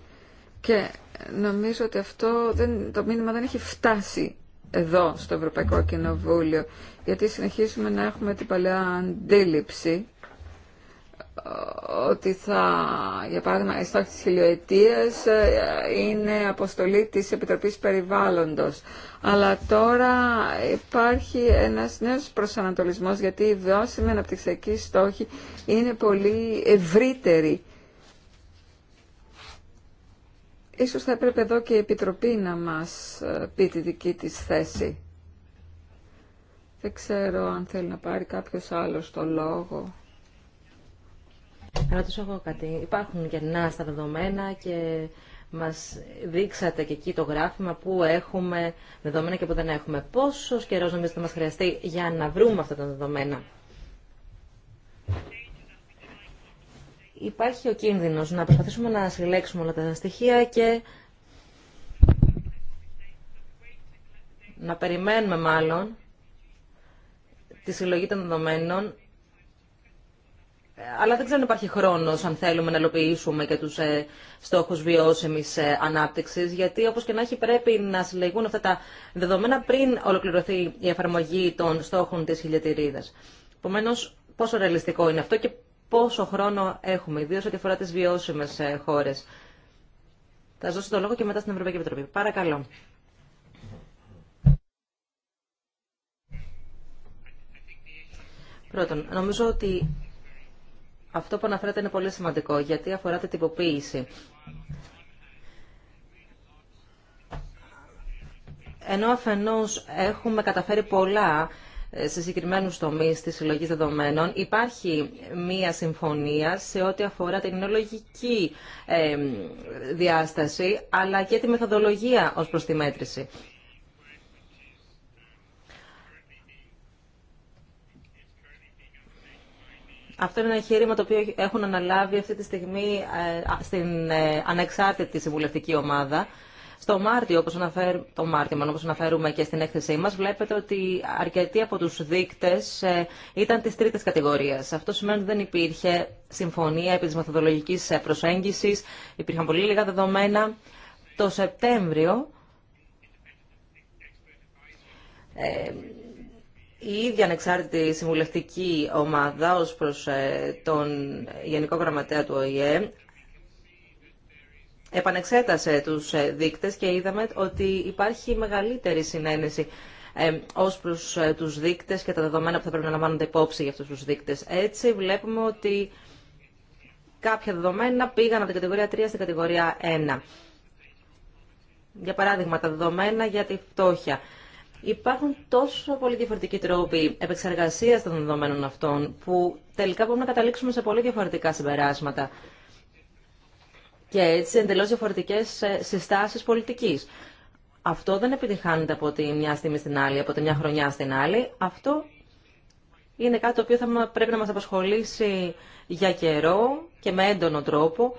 Και νομίζω ότι αυτό δεν, το μήνυμα δεν έχει φτάσει εδώ στο Ευρωπαϊκό Κοινοβούλιο γιατί συνεχίζουμε να έχουμε την παλαιά αντίληψη ότι θα, για παράδειγμα, η στόχη της είναι αποστολή της Επιτροπής Περιβάλλοντος. Αλλά τώρα υπάρχει ένας νέος προσανατολισμός γιατί η βιώσιμη αναπτυξιακή στόχη είναι πολύ ευρύτερη. Ίσως θα έπρεπε εδώ και η Επιτροπή να μας ε, πει τη δική της θέση. Δεν ξέρω αν θέλει να πάρει κάποιος άλλος το λόγο. Να ρωτήσω εγώ κάτι. Υπάρχουν κενά στα δεδομένα και μας δείξατε και εκεί το γράφημα που έχουμε δεδομένα και που δεν έχουμε. Πόσο καιρό νομίζετε μας χρειαστεί για να βρούμε αυτά τα δεδομένα. Υπάρχει ο κίνδυνος να προσπαθήσουμε να συλλέξουμε όλα τα στοιχεία και να περιμένουμε μάλλον τη συλλογή των δεδομένων αλλά δεν ξέρω αν υπάρχει χρόνο αν θέλουμε να ελοποιήσουμε και τους ε, στόχους βιώσιμης ε, ανάπτυξης, γιατί όπως και να έχει πρέπει να συλλεγούν αυτά τα δεδομένα πριν ολοκληρωθεί η εφαρμογή των στόχων της χιλιατηρίδα. Επομένω, πόσο ρεαλιστικό είναι αυτό και πόσο χρόνο έχουμε, ιδίω ό,τι αφορά τις βιώσιμες ε, χώρε. Θα σα δώσω το λόγο και μετά στην Ευρωπαϊκή Επιτροπή. Παρακαλώ. Πρώτον, νομίζω ότι αυτό που αναφέρατε είναι πολύ σημαντικό, γιατί αφορά την τυποποίηση. Ενώ αφενός έχουμε καταφέρει πολλά ε, σε συγκεκριμένους τομείς της συλλογής δεδομένων, υπάρχει μία συμφωνία σε ό,τι αφορά την ολογική ε, διάσταση, αλλά και τη μεθοδολογία ως προς τη μέτρηση. Αυτό είναι ένα εγχείρημα το οποίο έχουν αναλάβει αυτή τη στιγμή ε, στην ε, ανεξάρτητη συμβουλευτική ομάδα. Στο Μάρτιο, όπως αναφέρουμε, το Μάρτιο, όπως αναφέρουμε και στην έκθεσή μας, βλέπετε ότι αρκετοί από τους δείκτες ε, ήταν της τρίτης κατηγορίας. Αυτό σημαίνει ότι δεν υπήρχε συμφωνία επί της μεθοδολογικής προσέγγισης, υπήρχαν πολύ λίγα δεδομένα. Το Σεπτέμβριο η ίδια ανεξάρτητη συμβουλευτική ομάδα ως προς ε, τον Γενικό Γραμματέα του ΟΗΕ επανεξέτασε τους ε, δείκτες και είδαμε ότι υπάρχει μεγαλύτερη συνένεση ε, ως προς τους δείκτες και τα δεδομένα που θα πρέπει να λαμβάνονται υπόψη για αυτούς τους δείκτες. Έτσι βλέπουμε ότι κάποια δεδομένα πήγαν από την κατηγορία 3 στην κατηγορία 1. Για παράδειγμα, τα δεδομένα για τη φτώχεια. Υπάρχουν τόσο πολύ διαφορετικοί τρόποι επεξεργασία των δεδομένων αυτών που τελικά μπορούμε να καταλήξουμε σε πολύ διαφορετικά συμπεράσματα και έτσι εντελώ διαφορετικέ ε, συστάσει πολιτική. Αυτό δεν επιτυχάνεται από τη μια στιγμή στην άλλη, από τη μια χρονιά στην άλλη. Αυτό είναι κάτι το οποίο θα πρέπει να μας απασχολήσει για καιρό και με έντονο τρόπο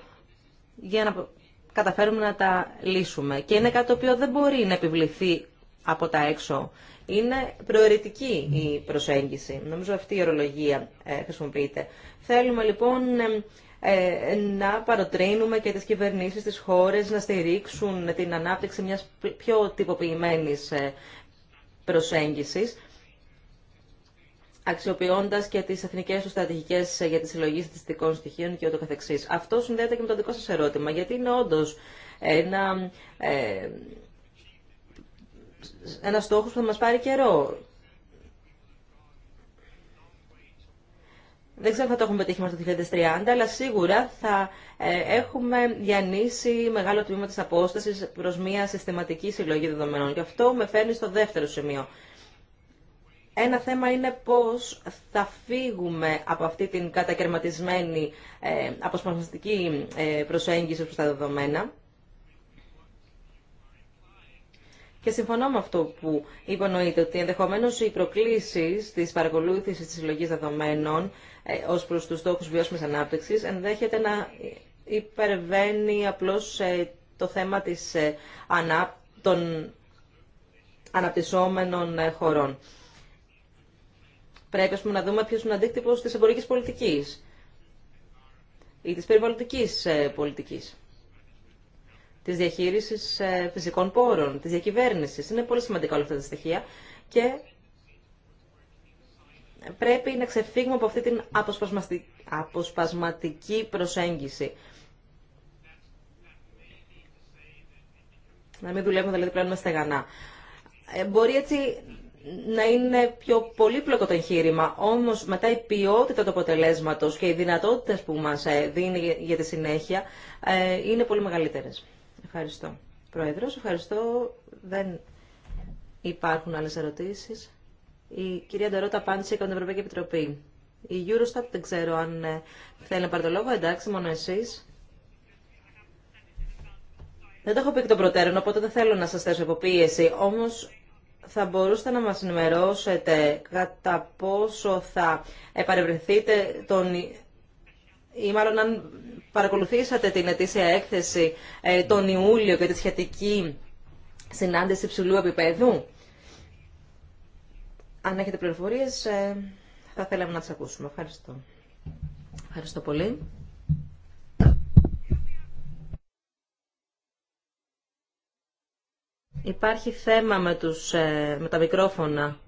για να καταφέρουμε να τα λύσουμε. Και είναι κάτι το οποίο δεν μπορεί να επιβληθεί από τα έξω. Είναι προαιρετική η προσέγγιση. Νομίζω αυτή η ορολογία ε, χρησιμοποιείται. Θέλουμε λοιπόν ε, ε, να παροτρύνουμε και τις κυβερνήσεις της χώρες να στηρίξουν την ανάπτυξη μιας πιο τυποποιημένης προσέγγισης αξιοποιώντα και τι εθνικέ του στρατηγικέ για τη συλλογή στατιστικών στοιχείων και ούτω καθεξής. Αυτό συνδέεται και με το δικό σα ερώτημα, γιατί είναι όντω ένα ένα στόχο που θα μας πάρει καιρό. Δεν ξέρω αν θα το έχουμε πετύχει μέχρι το 2030, αλλά σίγουρα θα ε, έχουμε διανύσει μεγάλο τμήμα της απόσταση προ μια συστηματική συλλογή δεδομένων. Και αυτό με φέρνει στο δεύτερο σημείο. Ένα θέμα είναι πώς θα φύγουμε από αυτή την κατακαιρματισμένη, ε, αποσπασματική ε, προσέγγιση προς τα δεδομένα. Και συμφωνώ με αυτό που υπονοείται, ότι ενδεχομένω οι προκλήσει τη παρακολούθηση τη συλλογή δεδομένων ε, ω προ του στόχου βιώσιμη ανάπτυξη ενδέχεται να υπερβαίνει απλώ ε, το θέμα της, ε, των αναπτυσσόμενων χωρών. Πρέπει πούμε, να δούμε ποιο είναι ο αντίκτυπο τη εμπορική πολιτική ή τη περιβαλλοντική πολιτική της διαχείρισης ε, φυσικών πόρων, τη διακυβέρνηση. Είναι πολύ σημαντικά όλα αυτά τα στοιχεία και πρέπει να ξεφύγουμε από αυτή την αποσπασματική προσέγγιση. Να μην δουλεύουμε δηλαδή πλέον με στεγανά. Ε, μπορεί έτσι να είναι πιο πολύπλοκο το εγχείρημα, όμως μετά η ποιότητα του αποτελέσματος και οι δυνατότητες που μας ε, δίνει για τη συνέχεια είναι πολύ μεγαλύτερες. Ευχαριστώ. Πρόεδρος, ευχαριστώ. Δεν υπάρχουν άλλες ερωτήσεις. Η κυρία Νταρότα απάντησε από την Ευρωπαϊκή Επιτροπή. Η Eurostat δεν ξέρω αν ε, θέλει να πάρει το λόγο. Εντάξει, μόνο εσεί. Δεν το έχω πει εκ των προτέρων, οπότε δεν θέλω να σας θέσω υποπίεση. Όμως θα μπορούσατε να μας ενημερώσετε κατά πόσο θα επαρευρεθείτε τον ή μάλλον αν παρακολουθήσατε την ετήσια έκθεση ε, τον Ιούλιο και τη σχετική συνάντηση ψηλού επίπεδου, αν έχετε πληροφορίες, ε, θα θέλαμε να τις ακούσουμε. Ευχαριστώ. Ευχαριστώ πολύ. Υπάρχει θέμα με, τους, ε, με τα μικρόφωνα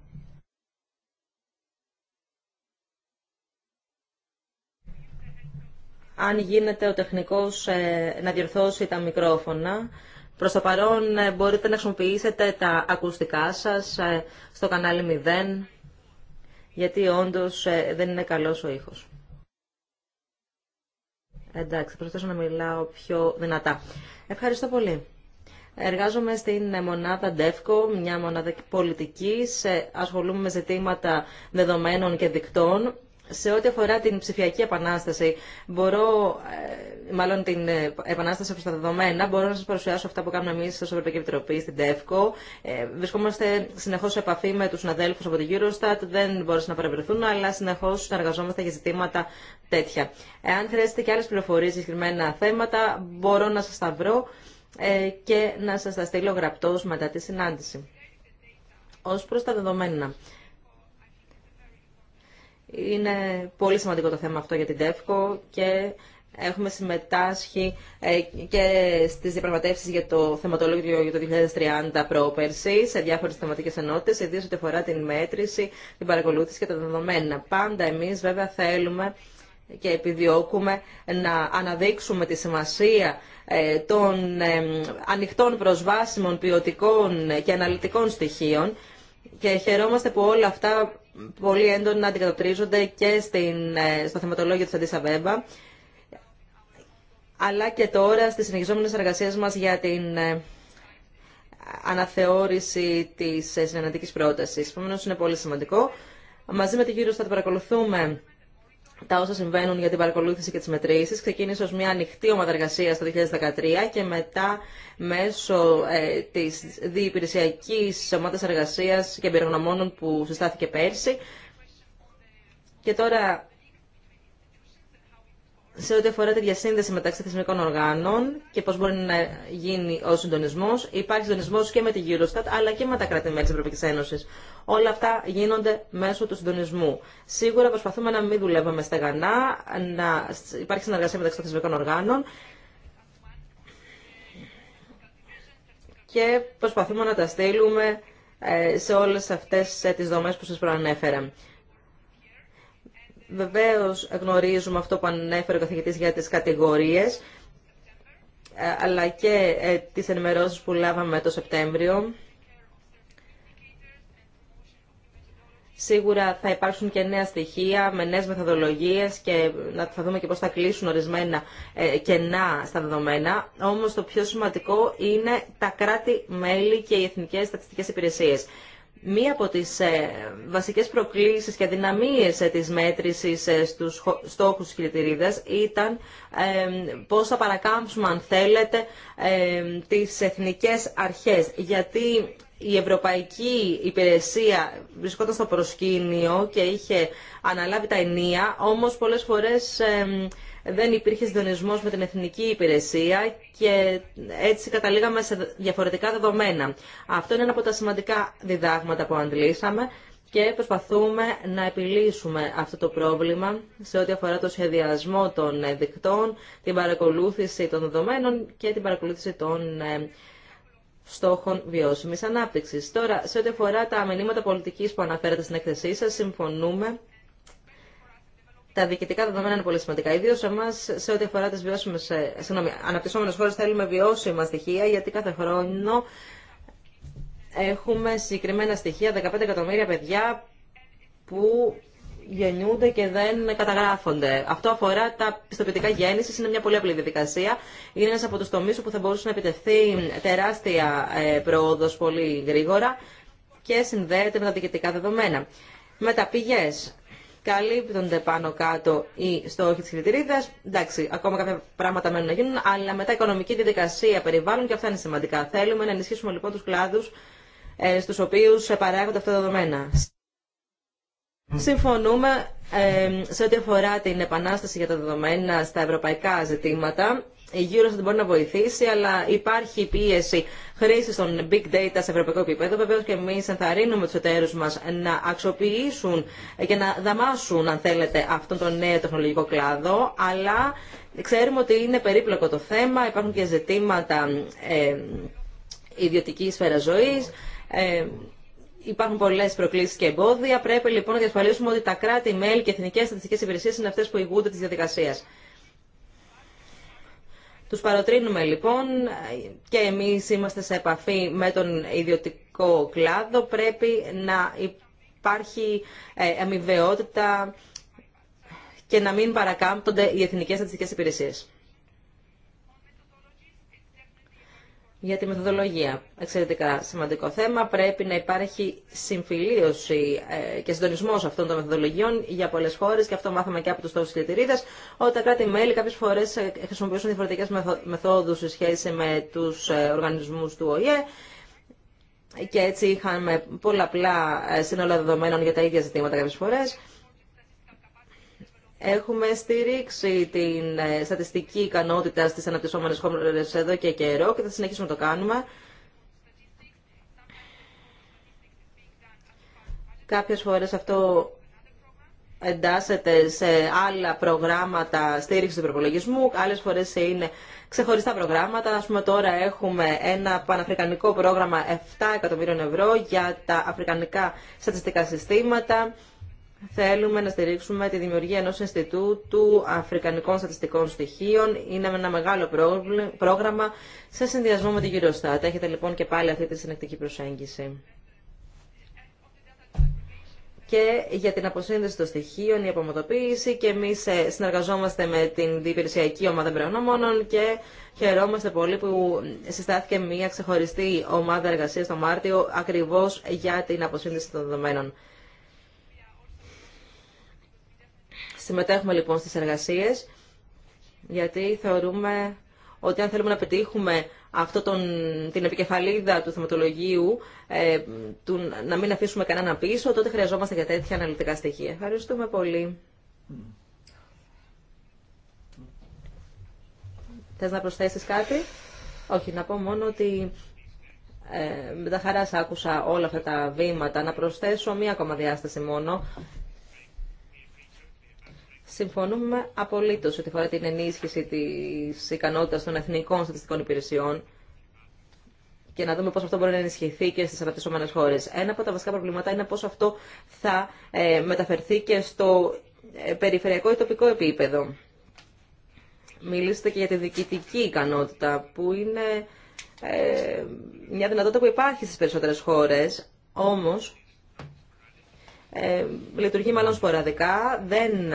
αν γίνεται ο τεχνικός ε, να διορθώσει τα μικρόφωνα. Προς το παρόν ε, μπορείτε να χρησιμοποιήσετε τα ακουστικά σας ε, στο κανάλι 0, γιατί όντως δεν είναι καλός ο ήχος. Εντάξει, προσθέσω να μιλάω πιο δυνατά. Ευχαριστώ πολύ. Εργάζομαι στην μονάδα DEFCO, μια μονάδα πολιτικής. Ασχολούμαι με ζητήματα δεδομένων και δικτών σε ό,τι αφορά την ψηφιακή επανάσταση, μπορώ, ε, μάλλον την ε, επανάσταση προ τα δεδομένα, μπορώ να σα παρουσιάσω αυτά που κάνουμε εμεί ω Ευρωπαϊκή Επιτροπή, στην ΤΕΦΚΟ. Ε, βρισκόμαστε συνεχώ σε επαφή με του συναδέλφου από την Eurostat, δεν μπορούσαν να παρευρεθούν, αλλά συνεχώ συνεργαζόμαστε για ζητήματα τέτοια. Εάν χρειάζεται και άλλε πληροφορίε, για συγκεκριμένα θέματα, μπορώ να σα τα βρω και να σα τα στείλω γραπτό μετά τη συνάντηση. Ω προ τα δεδομένα. Είναι πολύ σημαντικό το θέμα αυτό για την ΤΕΦΚΟ και έχουμε συμμετάσχει ε, και στις διαπραγματεύσεις για το θεματολόγιο για το 2030 πρόπερση σε διάφορες θεματικές ενότητες, ιδίως ό,τι αφορά την μέτρηση, την παρακολούθηση και τα δεδομένα. Πάντα εμείς βέβαια θέλουμε και επιδιώκουμε να αναδείξουμε τη σημασία ε, των ε, ανοιχτών προσβάσιμων ποιοτικών και αναλυτικών στοιχείων και χαιρόμαστε που όλα αυτά πολύ έντονα αντικατοπτρίζονται και στην, ε, στο θεματολόγιο της Αντισαβέμπα, αλλά και τώρα στις συνεχιζόμενες εργασίες μας για την ε, αναθεώρηση της ε, συνενετικής πρότασης. Επομένως είναι πολύ σημαντικό. Μαζί με την κύριο θα παρακολουθούμε τα όσα συμβαίνουν για την παρακολούθηση και τις μετρήσεις. Ξεκίνησε ως μια ανοιχτή ομάδα εργασία το 2013 και μετά μέσω ε, της διυπηρεσιακής ομάδας εργασίας και εμπειρογνωμόνων που συστάθηκε πέρσι. Και τώρα σε ό,τι αφορά τη διασύνδεση μεταξύ θεσμικών οργάνων και πώ μπορεί να γίνει ο συντονισμό, Υπάρχει συντονισμό και με τη Eurostat αλλά και με τα κράτη-μέλη τη Ευρωπαϊκή Ένωση. Όλα αυτά γίνονται μέσω του συντονισμού. Σίγουρα προσπαθούμε να μην δουλεύουμε στεγανά, να υπάρχει συνεργασία μεταξύ των θεσμικών οργάνων και προσπαθούμε να τα στείλουμε ε, σε όλες αυτές τις δομές που σας προανέφερα. Βεβαίως γνωρίζουμε αυτό που ανέφερε ο καθηγητής για τις κατηγορίες, ε, αλλά και ε, τις ενημερώσεις που λάβαμε το Σεπτέμβριο. Σίγουρα θα υπάρξουν και νέα στοιχεία με νέες μεθοδολογίες και θα δούμε και πώς θα κλείσουν ορισμένα ε, κενά στα δεδομένα. Όμως το πιο σημαντικό είναι τα κράτη-μέλη και οι εθνικές στατιστικές υπηρεσίες. Μία από τις ε, βασικές προκλήσεις και δυναμίες ε, της μέτρησης ε, στους στόχους της ήταν πώς θα παρακάμψουμε, αν θέλετε, τις εθνικές αρχές. Γιατί η Ευρωπαϊκή Υπηρεσία βρισκόταν στο προσκήνιο και είχε αναλάβει τα ενία, όμως πολλές φορές δεν υπήρχε συντονισμό με την Εθνική Υπηρεσία και έτσι καταλήγαμε σε διαφορετικά δεδομένα. Αυτό είναι ένα από τα σημαντικά διδάγματα που αντλήσαμε και προσπαθούμε να επιλύσουμε αυτό το πρόβλημα σε ό,τι αφορά το σχεδιασμό των δικτών, την παρακολούθηση των δεδομένων και την παρακολούθηση των ε, στόχων βιώσιμης ανάπτυξης. Τώρα, σε ό,τι αφορά τα μηνύματα πολιτικής που αναφέρατε στην έκθεσή σας, συμφωνούμε τα διοικητικά δεδομένα είναι πολύ σημαντικά. Ιδίω σε εμά, σε ό,τι αφορά τι βιώσιμε, ε, συγγνώμη, αναπτυσσόμενε χώρε, θέλουμε βιώσιμα στοιχεία, γιατί κάθε χρόνο έχουμε συγκεκριμένα στοιχεία, 15 εκατομμύρια παιδιά που γεννιούνται και δεν καταγράφονται. Αυτό αφορά τα πιστοποιητικά γέννηση, είναι μια πολύ απλή διαδικασία. Είναι ένα από του τομεί όπου θα μπορούσε να επιτευχθεί τεράστια ε, πρόοδο πολύ γρήγορα και συνδέεται με τα διοικητικά δεδομένα. Με τα πηγές καλύπτονται πάνω κάτω οι στόχοι όχι τη κριτηρίδα. Εντάξει, ακόμα κάποια πράγματα μένουν να γίνουν, αλλά μετά οικονομική διαδικασία περιβάλλουν και αυτά είναι σημαντικά. Θέλουμε να ενισχύσουμε λοιπόν του κλάδου ε, στου οποίου παράγονται αυτά τα δεδομένα. Συμφωνούμε ε, σε ό,τι αφορά την επανάσταση για τα δεδομένα στα ευρωπαϊκά ζητήματα η σα μπορεί να βοηθήσει, αλλά υπάρχει πίεση χρήση των big data σε ευρωπαϊκό επίπεδο. Βεβαίω και εμεί ενθαρρύνουμε του εταίρου μα να αξιοποιήσουν και να δαμάσουν, αν θέλετε, αυτόν τον νέο τεχνολογικό κλάδο, αλλά ξέρουμε ότι είναι περίπλοκο το θέμα, υπάρχουν και ζητήματα ε, ιδιωτική σφαίρα ζωή. Ε, υπάρχουν πολλέ προκλήσει και εμπόδια. Πρέπει λοιπόν να διασφαλίσουμε ότι τα κράτη-μέλη και εθνικέ στατιστικέ υπηρεσίε είναι αυτέ που ηγούνται τη διαδικασία. Τους παροτρύνουμε λοιπόν και εμείς είμαστε σε επαφή με τον ιδιωτικό κλάδο. Πρέπει να υπάρχει ε, αμοιβαιότητα και να μην παρακάμπτονται οι εθνικές στατιστικές υπηρεσίες. για τη μεθοδολογία. Εξαιρετικά σημαντικό θέμα. Πρέπει να υπάρχει συμφιλίωση ε, και συντονισμό αυτών των μεθοδολογιών για πολλέ χώρε και αυτό μάθαμε και από του τόπου τη Ότι τα κράτη-μέλη κάποιε φορέ ε, χρησιμοποιούσαν διαφορετικέ μεθόδου σε σχέση με του ε, οργανισμού του ΟΗΕ και έτσι είχαμε πολλαπλά σύνολα δεδομένων για τα ίδια ζητήματα κάποιε φορέ. Έχουμε στηρίξει την ε, στατιστική ικανότητα στι αναπτυσσόμενες χώρες εδώ και καιρό και θα συνεχίσουμε να το κάνουμε. Κάποιες φορές αυτό εντάσσεται σε άλλα προγράμματα στήριξης του προπολογισμού, άλλες φορές είναι ξεχωριστά προγράμματα. Ας πούμε τώρα έχουμε ένα παναφρικανικό πρόγραμμα 7 εκατομμύριων ευρώ για τα αφρικανικά στατιστικά συστήματα. Θέλουμε να στηρίξουμε τη δημιουργία ενός Ινστιτούτου Αφρικανικών Στατιστικών Στοιχείων. Είναι ένα μεγάλο πρόγραμμα σε συνδυασμό με την Eurostat. Έχετε λοιπόν και πάλι αυτή τη συνεκτική προσέγγιση. Και για την αποσύνδεση των στοιχείων, η απομοτοποίηση και εμεί ε, συνεργαζόμαστε με την Διπηρεσιακή Ομάδα Εμπειρογνωμόνων και χαιρόμαστε πολύ που συστάθηκε μια ξεχωριστή ομάδα εργασία το Μάρτιο ακριβώ για την αποσύνδεση των δεδομένων. Συμμετέχουμε λοιπόν στις εργασίες, γιατί θεωρούμε ότι αν θέλουμε να πετύχουμε αυτό τον, την επικεφαλίδα του θεματολογίου, ε, να μην αφήσουμε κανέναν πίσω, τότε χρειαζόμαστε για τέτοια αναλυτικά στοιχεία. Ευχαριστούμε πολύ. Mm. Θες να προσθέσεις κάτι? Όχι, να πω μόνο ότι ε, με τα χαράς άκουσα όλα αυτά τα βήματα. Να προσθέσω μία ακόμα διάσταση μόνο Συμφωνούμε απολύτω ότι αφορά την ενίσχυση τη ικανότητα των εθνικών στατιστικών υπηρεσιών και να δούμε πώ αυτό μπορεί να ενισχυθεί και στι αναπτυσσόμενε χώρε. Ένα από τα βασικά προβλήματα είναι πώ αυτό θα ε, μεταφερθεί και στο ε, περιφερειακό ή τοπικό επίπεδο. Μιλήσατε και για τη διοικητική ικανότητα που είναι ε, μια δυνατότητα που υπάρχει στι περισσότερε χώρε. Όμω, ε, λειτουργεί μάλλον σποραδικά, δεν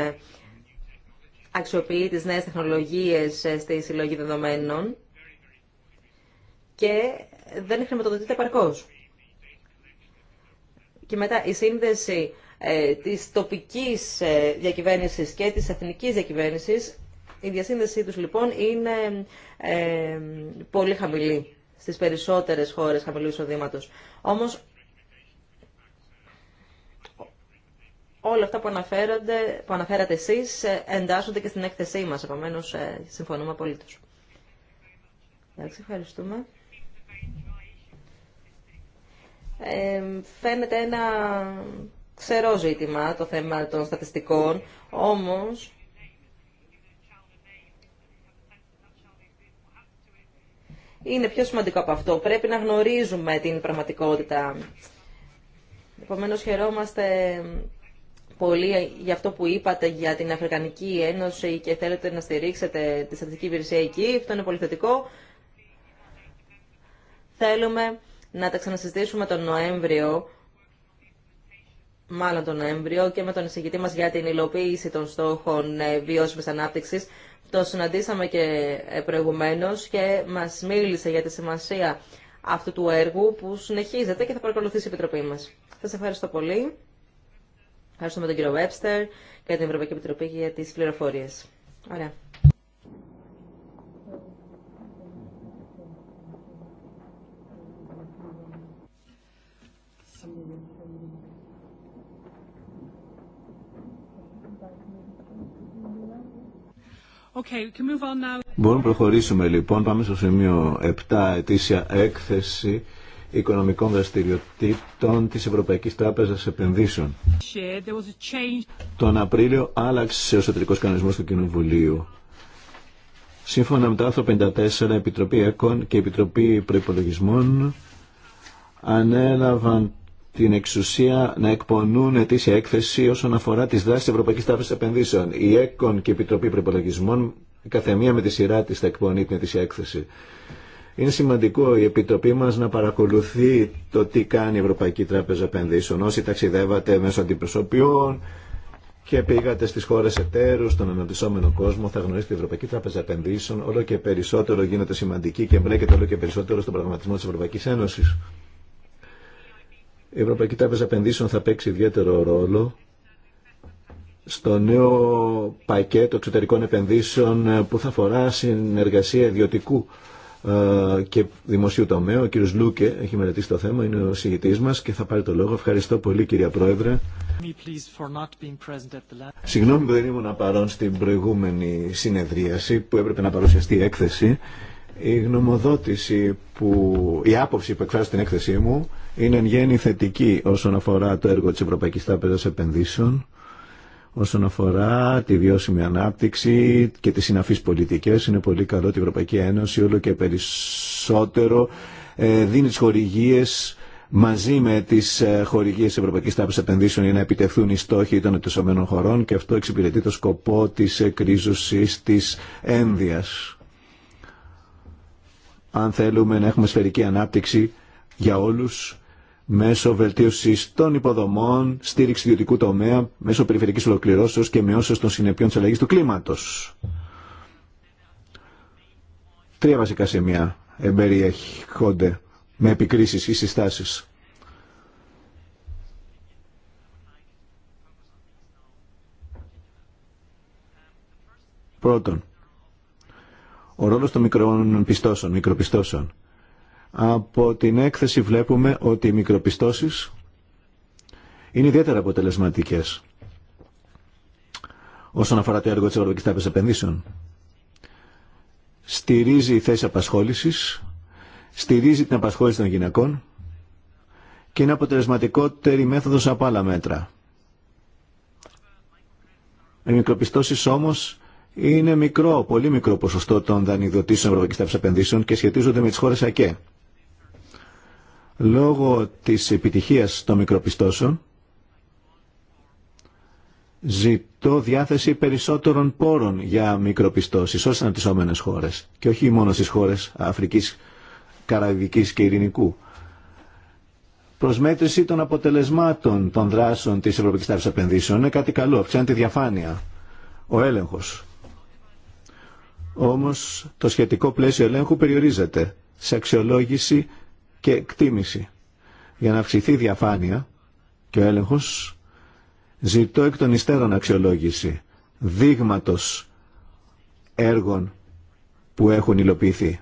αξιοποιεί τις νέες τεχνολογίες ε, στη συλλογή δεδομένων και δεν χρηματοδοτείται παρκώς. Και μετά η σύνδεση ε, της τοπικής ε, διακυβέρνησης και της εθνικής διακυβέρνησης, η διασύνδεσή τους λοιπόν είναι ε, πολύ χαμηλή στις περισσότερες χώρες χαμηλού εισοδήματος. Όμως όλα αυτά που, που αναφέρατε εσείς ε, εντάσσονται και στην έκθεσή μας. Επομένως, ε, συμφωνούμε απολύτως. Εντάξει, ευχαριστούμε. Ε, φαίνεται ένα ξερό ζήτημα το θέμα των στατιστικών, όμως... Είναι πιο σημαντικό από αυτό. Πρέπει να γνωρίζουμε την πραγματικότητα. Επομένως, χαιρόμαστε πολύ για αυτό που είπατε για την Αφρικανική Ένωση και θέλετε να στηρίξετε τη στατιστική υπηρεσία εκεί. Αυτό είναι πολύ θετικό. Θέλουμε να τα ξανασυζητήσουμε τον Νοέμβριο, μάλλον τον Νοέμβριο, και με τον εισηγητή μας για την υλοποίηση των στόχων ε, βιώσιμης ανάπτυξης. Το συναντήσαμε και ε, προηγουμένως και μας μίλησε για τη σημασία αυτού του έργου που συνεχίζεται και θα παρακολουθήσει η Επιτροπή μας. Σας ευχαριστώ πολύ. Ευχαριστούμε τον κύριο Βέμπστερ και την Ευρωπαϊκή Επιτροπή για τις πληροφορίες. Ωραία. Μπορούμε να προχωρήσουμε λοιπόν. Πάμε στο σημείο 7, ετήσια έκθεση οικονομικών δραστηριοτήτων της Ευρωπαϊκής Τράπεζας Επενδύσεων. Τον Απρίλιο άλλαξε ο εσωτερικός κανονισμός του Κοινοβουλίου. Σύμφωνα με το άρθρο 54, Επιτροπή ΕΚΟΝ και Επιτροπή Προϋπολογισμών ανέλαβαν την εξουσία να εκπονούν ετήσια έκθεση όσον αφορά τις δράσεις της Ευρωπαϊκής Τράπεζας Επενδύσεων. Η ΕΚΟΝ και η Επιτροπή Προϋπολογισμών, καθεμία με τη σειρά της θα εκπονεί την ετήσια έκθεση. Είναι σημαντικό η Επιτροπή μας να παρακολουθεί το τι κάνει η Ευρωπαϊκή Τράπεζα Επενδύσεων. Όσοι ταξιδεύατε μέσω αντιπροσωπιών και πήγατε στις χώρες εταίρου, στον αναπτυσσόμενο κόσμο, θα γνωρίσετε η Ευρωπαϊκή Τράπεζα Επενδύσεων όλο και περισσότερο γίνεται σημαντική και εμπλέκεται όλο και περισσότερο στον πραγματισμό της Ευρωπαϊκής Ένωσης. Η Ευρωπαϊκή Τράπεζα Επενδύσεων θα παίξει ιδιαίτερο ρόλο στο νέο πακέτο εξωτερικών επενδύσεων που θα αφορά συνεργασία ιδιωτικού ε, και δημοσίου τομέα. Ο κύριος Λούκε έχει μελετήσει το θέμα, είναι ο συγητής μας και θα πάρει το λόγο. Ευχαριστώ πολύ κυρία Πρόεδρε. Συγγνώμη που δεν ήμουν παρόν στην προηγούμενη συνεδρίαση που έπρεπε να παρουσιαστεί η έκθεση. Η γνωμοδότηση που, η άποψη που εκφράζει στην έκθεσή μου είναι εν γέννη θετική όσον αφορά το έργο της Ευρωπαϊκής Τράπεζας Επενδύσεων όσον αφορά τη βιώσιμη ανάπτυξη και τις συναφείς πολιτικές. Είναι πολύ καλό ότι η Ευρωπαϊκή Ένωση όλο και περισσότερο ε, δίνει τις χορηγίες μαζί με τις ε, χορηγίες Ευρωπαϊκής Τράπεζας Επενδύσεων για να επιτευχθούν οι στόχοι των ετουσομένων χωρών και αυτό εξυπηρετεί το σκοπό της κρίζωσης της ένδυας. Αν θέλουμε να έχουμε σφαιρική ανάπτυξη για όλους, μέσω βελτίωση των υποδομών, στήριξη ιδιωτικού τομέα, μέσω περιφερειακή ολοκληρώσεω και μειώσεω των συνεπειών τη αλλαγή του κλίματο. Τρία βασικά σημεία εμπεριέχονται με επικρίσεις ή συστάσεις. Πρώτον, ο ρόλος των μικρών πιστώσεων, μικροπιστώσεων. Από την έκθεση βλέπουμε ότι οι μικροπιστώσεις είναι ιδιαίτερα αποτελεσματικές όσον αφορά το έργο της Ευρωπαϊκής Τράπεζας Επενδύσεων. Στηρίζει η θέση απασχόλησης, στηρίζει την απασχόληση των γυναικών και είναι αποτελεσματικότερη μέθοδος από άλλα μέτρα. Οι μικροπιστώσεις όμως είναι μικρό, πολύ μικρό ποσοστό των δανειδοτήσεων Ευρωπαϊκής Τράπεζας Επενδύσεων και σχετίζονται με τις χώρες ΑΚΕ. Λόγω της επιτυχίας των μικροπιστώσεων, ζητώ διάθεση περισσότερων πόρων για μικροπιστώσεις τις όμενες χώρες και όχι μόνο στις χώρες Αφρικής, Καραβικής και Ειρηνικού. Προσμέτρηση των αποτελεσμάτων των δράσεων της Ευρωπαϊκής Τάξης Επενδύσεων είναι κάτι καλό, αυξάνει τη διαφάνεια, ο έλεγχος. Όμως το σχετικό πλαίσιο ελέγχου περιορίζεται σε αξιολόγηση και εκτίμηση. Για να αυξηθεί διαφάνεια και ο έλεγχος, ζητώ εκ των υστέρων αξιολόγηση δείγματος έργων που έχουν υλοποιηθεί.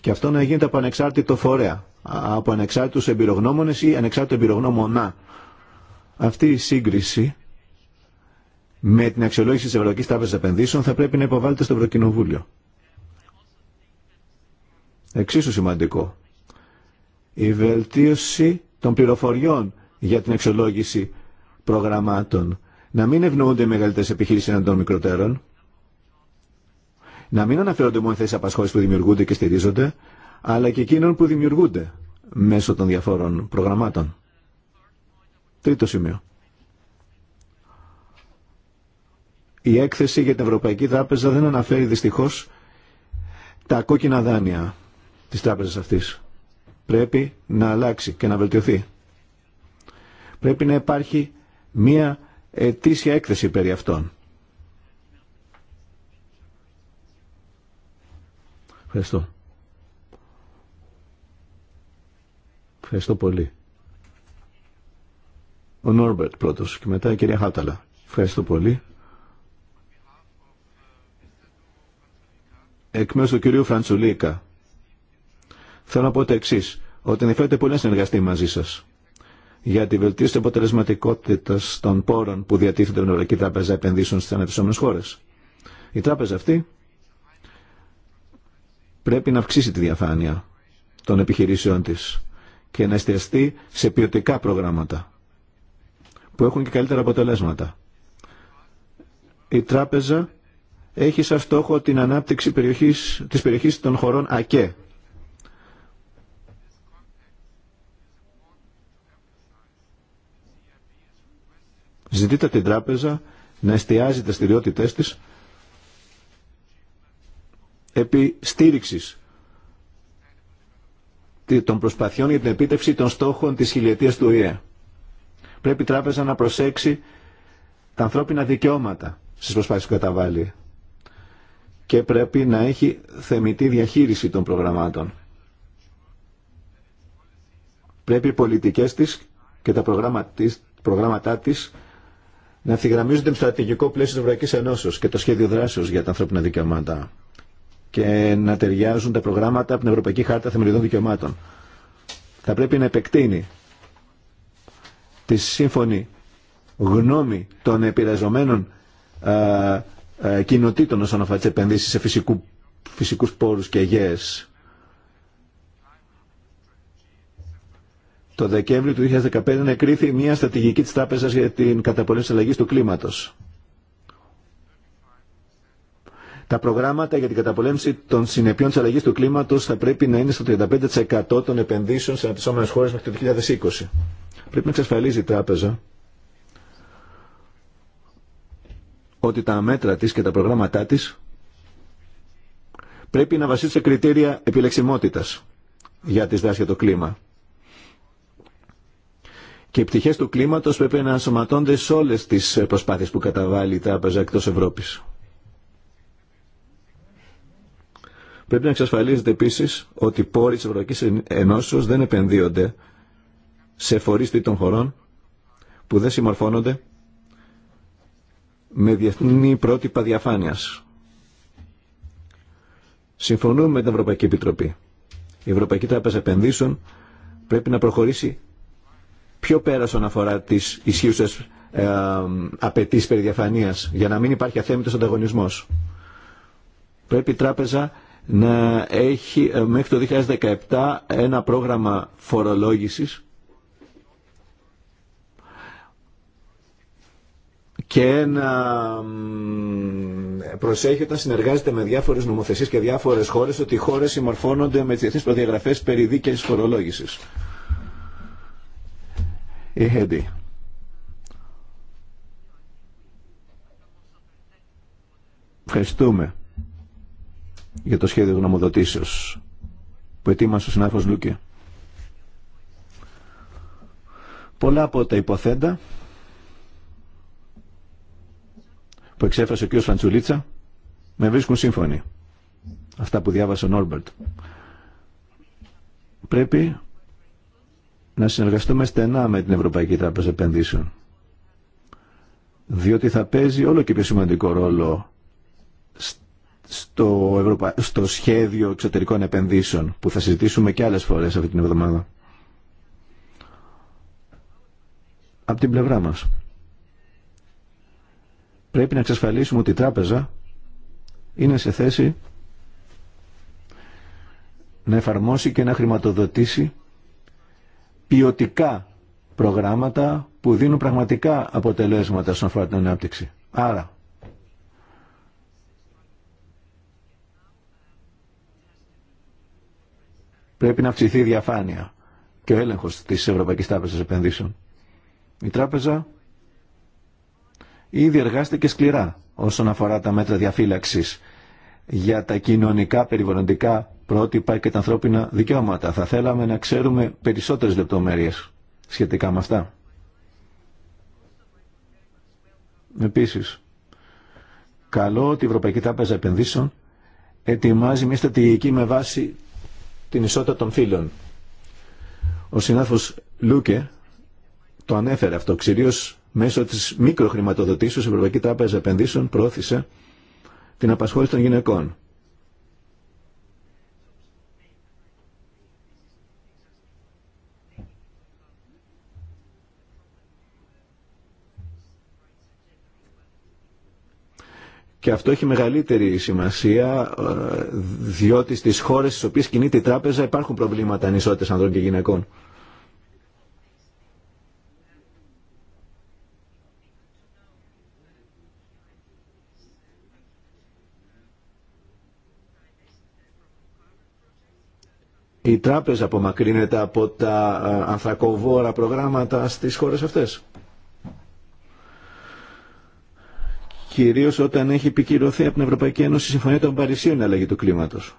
Και αυτό να γίνεται από ανεξάρτητο φορέα, από ανεξάρτητους εμπειρογνώμονες ή ανεξάρτητο εμπειρογνώμονα. Αυτή η σύγκριση με την αξιολόγηση της Ευρωπαϊκής Τράπεζας Επενδύσεων θα πρέπει να υποβάλλεται στο Ευρωκοινοβούλιο. Εξίσου σημαντικό η βελτίωση των πληροφοριών για την εξολόγηση προγραμμάτων. Να μην ευνοούνται οι μεγαλύτερε επιχείρησει εναντίον των μικροτέρων. Να μην αναφέρονται μόνο θέσει απασχόληση που δημιουργούνται και στηρίζονται, αλλά και εκείνων που δημιουργούνται μέσω των διαφόρων προγραμμάτων. Τρίτο σημείο. Η έκθεση για την Ευρωπαϊκή Τράπεζα δεν αναφέρει δυστυχώς τα κόκκινα δάνεια της τράπεζας αυτής πρέπει να αλλάξει και να βελτιωθεί. Πρέπει να υπάρχει μία ετήσια έκθεση περί αυτών. Ευχαριστώ. Ευχαριστώ πολύ. Ο Νόρμπερτ πρώτος και μετά η κυρία Χάταλα. Ευχαριστώ πολύ. Εκ μέρους του κυρίου Φραντσουλίκα Θέλω να πω το εξή, ότι ενδιαφέρεται πολύ να συνεργαστεί μαζί σα για τη βελτίωση τη αποτελεσματικότητα των πόρων που διατίθεται την Ευρωπαϊκή Τράπεζα Επενδύσεων στι αναπτυσσόμενε χώρε. Η τράπεζα αυτή πρέπει να αυξήσει τη διαφάνεια των επιχειρήσεών τη και να εστιαστεί σε ποιοτικά προγράμματα που έχουν και καλύτερα αποτελέσματα. Η τράπεζα έχει σαν στόχο την ανάπτυξη περιοχής, της περιοχής των χωρών ΑΚΕ Ζητείτε από την τράπεζα να εστιάζει τα στηριότητές της επί στήριξης των προσπαθειών για την επίτευξη των στόχων της χιλιετίας του ΙΕ. Πρέπει η τράπεζα να προσέξει τα ανθρώπινα δικαιώματα στις προσπάθειες που καταβάλει και πρέπει να έχει θεμητή διαχείριση των προγραμμάτων. Πρέπει οι πολιτικές της και τα προγράμματά της να ευθυγραμμίζονται με στρατηγικό πλαίσιο τη Ευρωπαϊκή Ενώσεω και το σχέδιο δράσεω για τα ανθρώπινα δικαιώματα και να ταιριάζουν τα προγράμματα από την Ευρωπαϊκή Χάρτα Θεμελιωδών Δικαιωμάτων. Θα πρέπει να επεκτείνει τη σύμφωνη γνώμη των επηρεαζομένων κοινοτήτων όσον αφορά τι επενδύσει σε φυσικού, φυσικούς πόρους και αιγαίε Το Δεκέμβριο του 2015 εκρήθη μια στρατηγική της Τράπεζας για την καταπολέμηση αλλαγής του κλίματος. Τα προγράμματα για την καταπολέμηση των συνεπειών της αλλαγής του κλίματος θα πρέπει να είναι στο 35% των επενδύσεων σε αναπτυσσόμενες χώρες μέχρι το 2020. Πρέπει να εξασφαλίζει η Τράπεζα ότι τα μέτρα της και τα προγράμματά της πρέπει να βασίσουν σε κριτήρια επιλεξιμότητας για τις δράσεις για το κλίμα και οι πτυχέ του κλίματο πρέπει να ενσωματώνται σε όλε τι προσπάθειες που καταβάλει η Τράπεζα εκτό Ευρώπη. Πρέπει να εξασφαλίζεται επίση ότι οι πόροι τη Ευρωπαϊκή Ενώσεω δεν επενδύονται σε φορείς τρίτων χωρών που δεν συμμορφώνονται με διεθνή πρότυπα διαφάνειας. Συμφωνούμε με την Ευρωπαϊκή Επιτροπή. Η Ευρωπαϊκή Τράπεζα Επενδύσεων πρέπει να προχωρήσει πιο πέρα όσον αφορά τις ισχύουσες ε, απαιτήσει περί διαφανείας, για να μην υπάρχει αθέμητο ανταγωνισμό. Πρέπει η τράπεζα να έχει ε, μέχρι το 2017 ένα πρόγραμμα φορολόγησης και να προσέχει όταν συνεργάζεται με διάφορες νομοθεσίες και διάφορες χώρες ότι οι χώρες συμμορφώνονται με τις διεθνείς προδιαγραφές περί δίκαιης φορολόγησης η Ευχαριστούμε για το σχέδιο γνωμοδοτήσεως που ετοίμασε ο συνάδελφος Λούκε. Πολλά από τα υποθέντα που εξέφρασε ο κ. Φαντσουλίτσα με βρίσκουν σύμφωνοι. Αυτά που διάβασε ο Νόρμπερτ. Πρέπει να συνεργαστούμε στενά με την Ευρωπαϊκή Τράπεζα Επενδύσεων. Διότι θα παίζει όλο και πιο σημαντικό ρόλο στο, Ευρωπα... στο σχέδιο εξωτερικών επενδύσεων που θα συζητήσουμε και άλλες φορές αυτή την εβδομάδα. Από την πλευρά μας. Πρέπει να εξασφαλίσουμε ότι η τράπεζα είναι σε θέση να εφαρμόσει και να χρηματοδοτήσει ποιοτικά προγράμματα που δίνουν πραγματικά αποτελέσματα στον αφορά την ανάπτυξη. Άρα, πρέπει να αυξηθεί η διαφάνεια και ο έλεγχος της Ευρωπαϊκής Τράπεζας Επενδύσεων. Η τράπεζα ήδη εργάστηκε σκληρά όσον αφορά τα μέτρα διαφύλαξης για τα κοινωνικά περιβαλλοντικά πρότυπα και τα ανθρώπινα δικαιώματα. Θα θέλαμε να ξέρουμε περισσότερες λεπτομέρειες σχετικά με αυτά. Επίσης, καλό ότι η Ευρωπαϊκή Τράπεζα Επενδύσεων ετοιμάζει μια στρατηγική με βάση την ισότητα των φύλων. Ο συνάδελφος Λούκε το ανέφερε αυτό. Ξηρίως μέσω της μικροχρηματοδοτήσεως η Ευρωπαϊκή Τράπεζα Επενδύσεων προώθησε την απασχόληση των γυναικών. Και αυτό έχει μεγαλύτερη σημασία, ε, διότι στις χώρες στις οποίες κινείται η τράπεζα υπάρχουν προβλήματα ανισότητας ανδρών και γυναικών. η τράπεζα απομακρύνεται από τα ε, ανθρακοβόρα προγράμματα στις χώρες αυτές. Κυρίως όταν έχει επικυρωθεί από την Ευρωπαϊκή Ένωση η Συμφωνία των Παρισίων η αλλαγή του κλίματος.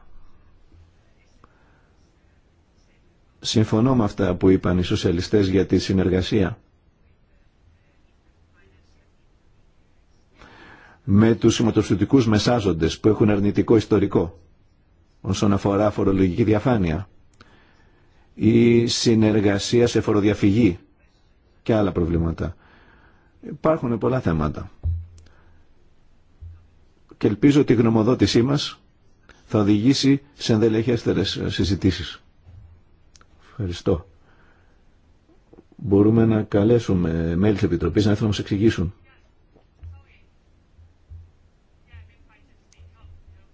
Συμφωνώ με αυτά που είπαν οι σοσιαλιστές για τη συνεργασία. με τους σηματοψηφιτικούς μεσάζοντες που έχουν αρνητικό ιστορικό όσον αφορά φορολογική διαφάνεια η συνεργασία σε φοροδιαφυγή και άλλα προβλήματα. Υπάρχουν πολλά θέματα. Και ελπίζω ότι η γνωμοδότησή μας θα οδηγήσει σε ενδελεχέστερες συζητήσεις. Ευχαριστώ. Μπορούμε να καλέσουμε μέλη της Επιτροπής να έρθουν να μας εξηγήσουν.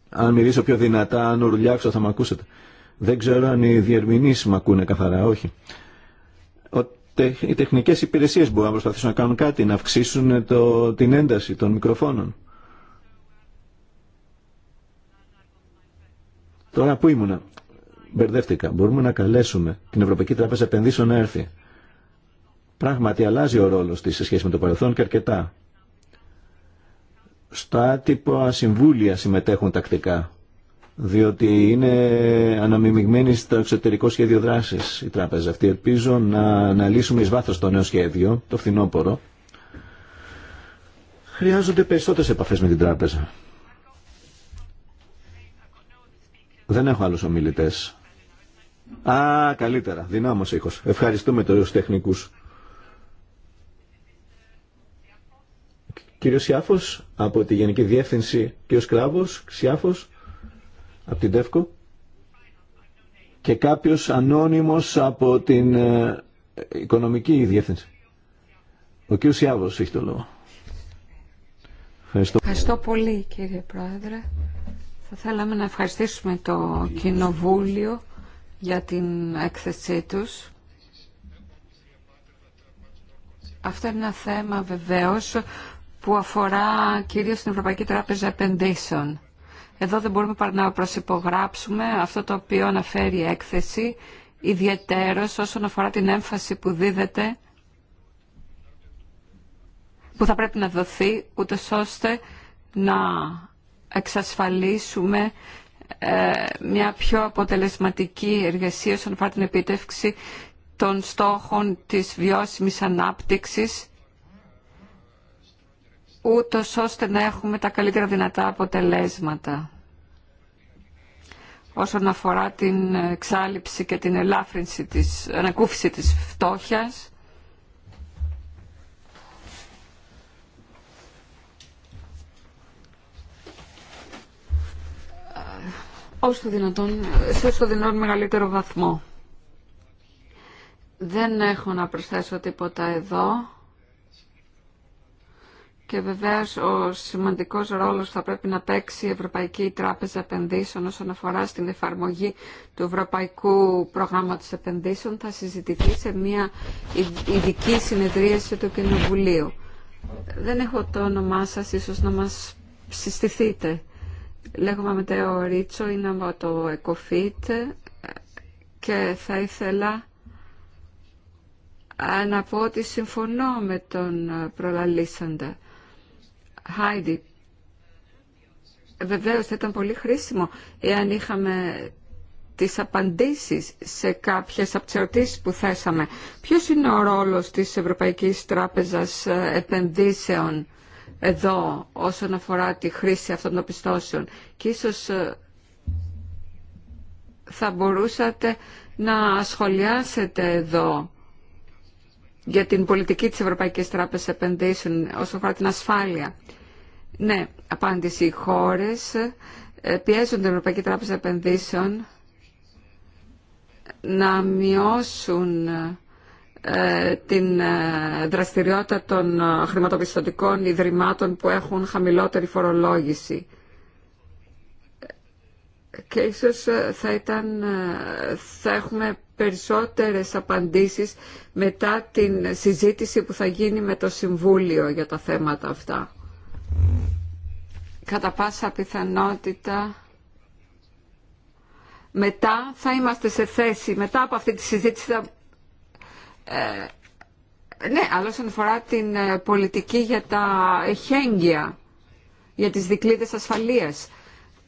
Αν μιλήσω πιο δυνατά, αν ουρλιάξω θα με ακούσετε. Δεν ξέρω αν οι διερμηνείς μ' ακούνε καθαρά, όχι. Οι τεχνικές υπηρεσίες μπορούν να προσπαθήσουν να κάνουν κάτι, να αυξήσουν το, την ένταση των μικροφώνων. Τώρα που ήμουνα, μπερδεύτηκα. Μπορούμε να καλέσουμε την Ευρωπαϊκή Τράπεζα Επενδύσεων να έρθει. Πράγματι αλλάζει ο ρόλος τη σε σχέση με το παρελθόν και αρκετά. Στα άτυπα συμβούλια συμμετέχουν τακτικά διότι είναι αναμειγμένη στο εξωτερικό σχέδιο δράση η τράπεζα αυτή. Ελπίζω να αναλύσουμε ει βάθο το νέο σχέδιο, το φθινόπωρο. Χρειάζονται περισσότερε επαφέ με την τράπεζα. Δεν έχω άλλου ομιλητέ. Α, καλύτερα. Δυνάμωσε ήχο. Ευχαριστούμε τους τεχνικού. Κύριο Σιάφος, από τη Γενική Διεύθυνση, κύριος Κράβος, Σιάφος από την ΤΕΦΚΟ και κάποιος ανώνυμος από την ε, Οικονομική Διεύθυνση. Ο κ. Σιάβος έχει το λόγο. Ευχαριστώ. πολύ κύριε Πρόεδρε. Θα θέλαμε να ευχαριστήσουμε το Κοινοβούλιο για την έκθεσή τους. Αυτό είναι ένα θέμα βεβαίως που αφορά κυρίως την Ευρωπαϊκή Τράπεζα Επενδύσεων. Εδώ δεν μπορούμε παρά να προσυπογράψουμε αυτό το οποίο αναφέρει η έκθεση, ιδιαιτέρως όσον αφορά την έμφαση που δίδεται, που θα πρέπει να δοθεί, ούτε ώστε να εξασφαλίσουμε ε, μια πιο αποτελεσματική εργασία όσον αφορά την επίτευξη των στόχων της βιώσιμης ανάπτυξης ούτω ώστε να έχουμε τα καλύτερα δυνατά αποτελέσματα όσον αφορά την εξάλληψη και την ελάφρυνση της, ανακούφιση της φτώχειας. όσο δυνατόν, σε όσο δυνατόν μεγαλύτερο βαθμό. Δεν έχω να προσθέσω τίποτα εδώ. Και βεβαίω ο σημαντικός ρόλος θα πρέπει να παίξει η Ευρωπαϊκή Τράπεζα Επενδύσεων όσον αφορά στην εφαρμογή του Ευρωπαϊκού Προγράμματος Επενδύσεων θα συζητηθεί σε μια ειδική συνεδρίαση του Κοινοβουλίου. Δεν έχω το όνομά σα ίσως να μας συστηθείτε. Λέγομαι Μετέο Ρίτσο, είναι από το ΕΚΟΦΙΤ και θα ήθελα ε, να πω ότι συμφωνώ με τον ε, προλαλήσαντα. Χάιντι, βεβαίως θα ήταν πολύ χρήσιμο εάν είχαμε τις απαντήσεις σε κάποιες από ερωτήσεις που θέσαμε. Ποιος είναι ο ρόλος της Ευρωπαϊκής Τράπεζας ε, Επενδύσεων εδώ όσον αφορά τη χρήση αυτών των πιστώσεων και ίσως ε, θα μπορούσατε να σχολιάσετε εδώ για την πολιτική της Ευρωπαϊκής Τράπεζας Επενδύσεων όσον αφορά την ασφάλεια. Ναι, απάντηση. Οι χώρες ε, πιέζουν την Ευρωπαϊκή Τράπεζα Επενδύσεων να μειώσουν ε, την ε, δραστηριότητα των χρηματοπιστωτικών ιδρυμάτων που έχουν χαμηλότερη φορολόγηση. Και ίσως θα, ήταν, θα έχουμε περισσότερες απαντήσεις μετά την συζήτηση που θα γίνει με το Συμβούλιο για τα θέματα αυτά κατά πάσα πιθανότητα μετά θα είμαστε σε θέση, μετά από αυτή τη συζήτηση ε, ναι, αλλά όσον αφορά την ε, πολιτική για τα εχέγγυα, για τις δικλείδες ασφαλείας,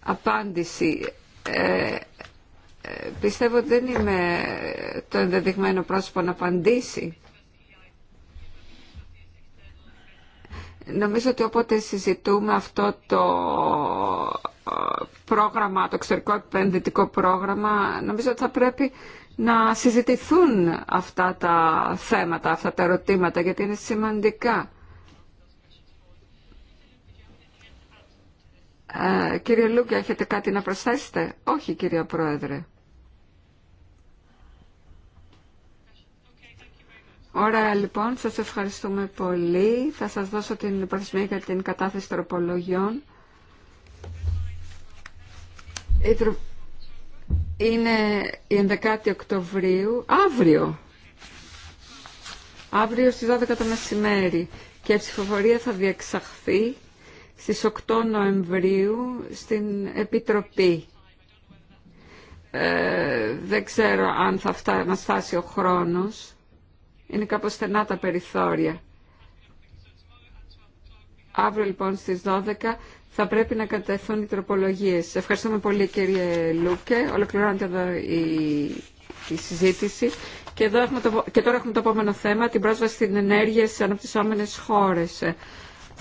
απάντηση. Ε, πιστεύω ότι δεν είμαι το ενδεδειγμένο πρόσωπο να απαντήσει. Νομίζω ότι όποτε συζητούμε αυτό το ε, πρόγραμμα, το εξωτερικό επενδυτικό πρόγραμμα, νομίζω ότι θα πρέπει να συζητηθούν αυτά τα θέματα, αυτά τα ερωτήματα, γιατί είναι σημαντικά. Ε, κύριε Λούκια, έχετε κάτι να προσθέσετε? Όχι, κύριε Πρόεδρε. Ωραία λοιπόν, σας ευχαριστούμε πολύ. Θα σας δώσω την προσμία για την κατάθεση τροπολογιών. Είναι η 11η Οκτωβρίου, αύριο. Αύριο στις 12 το μεσημέρι. Και η ψηφοφορία θα διεξαχθεί στις 8 Νοεμβρίου στην Επιτροπή. Ε, δεν ξέρω αν θα φτά, μας φτάσει ο χρόνος είναι κάπως στενά τα περιθώρια. Αύριο λοιπόν στις 12 θα πρέπει να κατευθούν οι τροπολογίες. Ευχαριστούμε πολύ κύριε Λούκε. Ολοκληρώνεται εδώ η, η συζήτηση. Και, εδώ το... και τώρα έχουμε το επόμενο θέμα, την πρόσβαση στην ενέργεια στις αναπτυσσόμενες χώρες.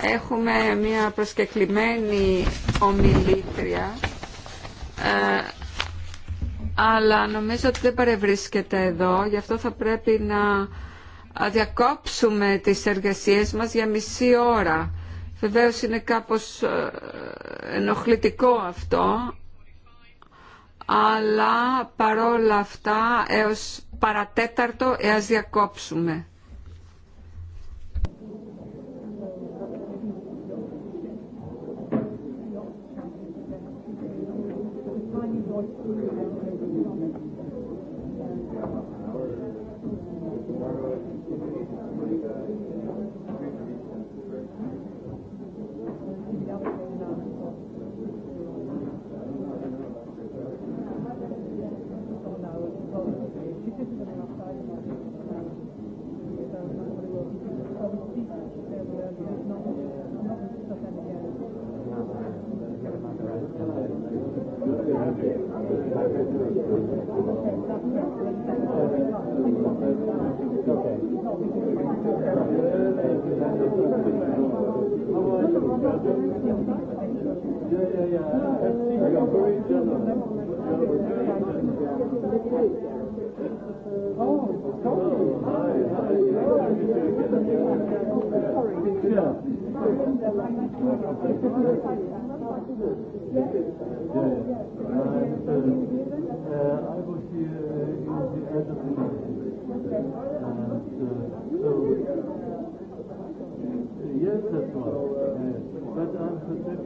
Έχουμε μια προσκεκλημένη ομιλήτρια, ε, αλλά νομίζω ότι δεν παρευρίσκεται εδώ, γι' αυτό θα πρέπει να διακόψουμε τις εργασίες μας για μισή ώρα. Βεβαίως είναι κάπως ε, ενοχλητικό αυτό, αλλά παρόλα αυτά έως παρατέταρτο εάς διακόψουμε.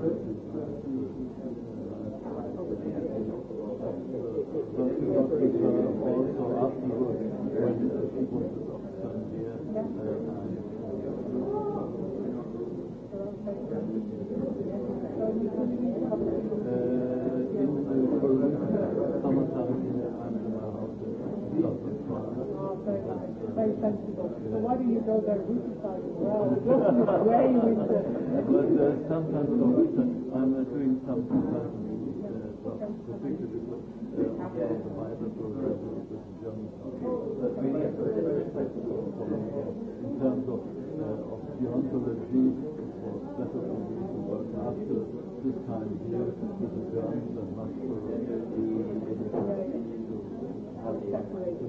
Just you. very sensible. So why do you go diversified as well? way with the... But uh, sometimes also, I'm uh, doing some sometimes particularly uh, fiber program with Germany. But we have a very flexible in terms of, uh, of the ontology or better people to work after this time here with the Germans and not for the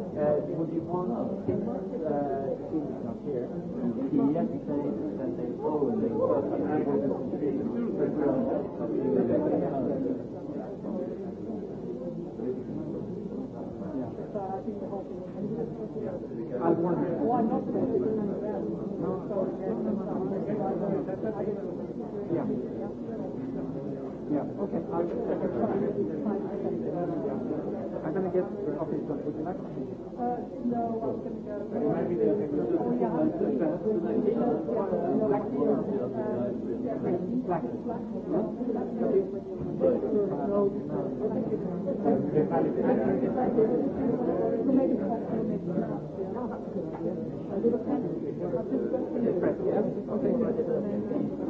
would you want uh, up here they Okay. I'm going to get the office done. Would you like to? Uh, no, I'm going to go. Maybe the Black. Black. Black. Black. Black. Black. Black.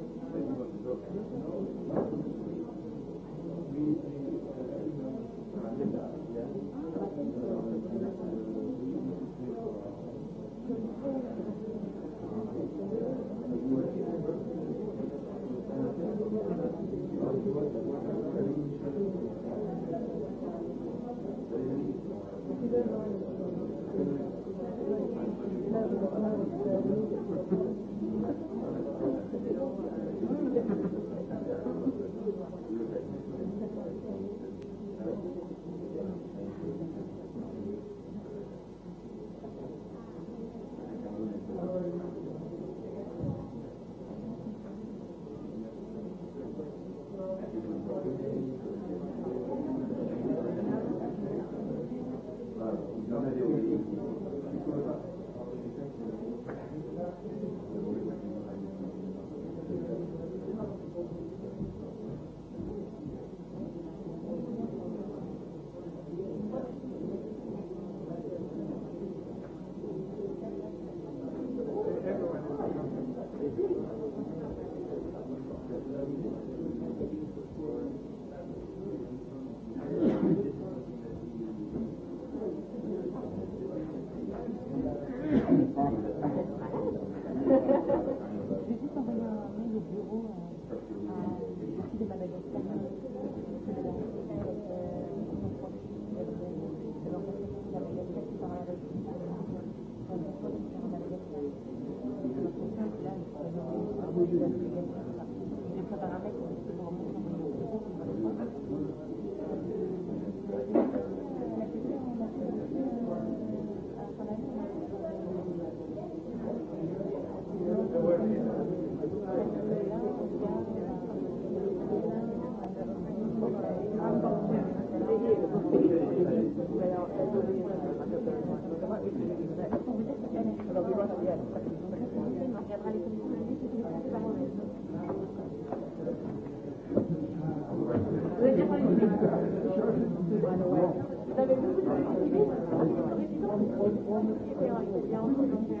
Υπότιτλοι AUTHORWAVE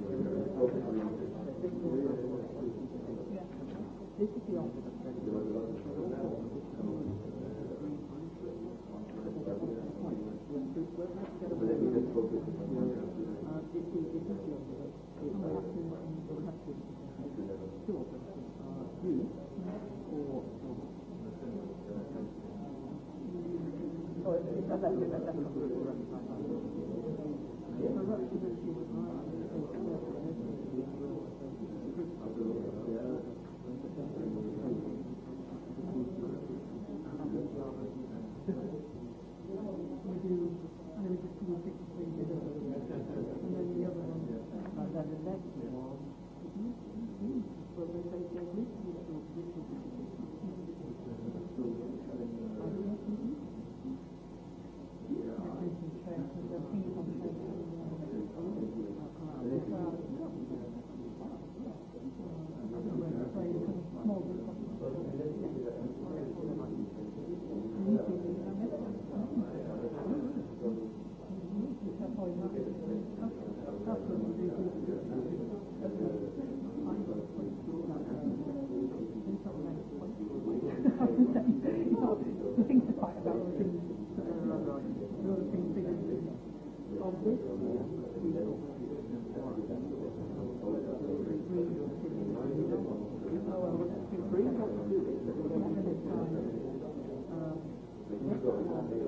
να Thank you.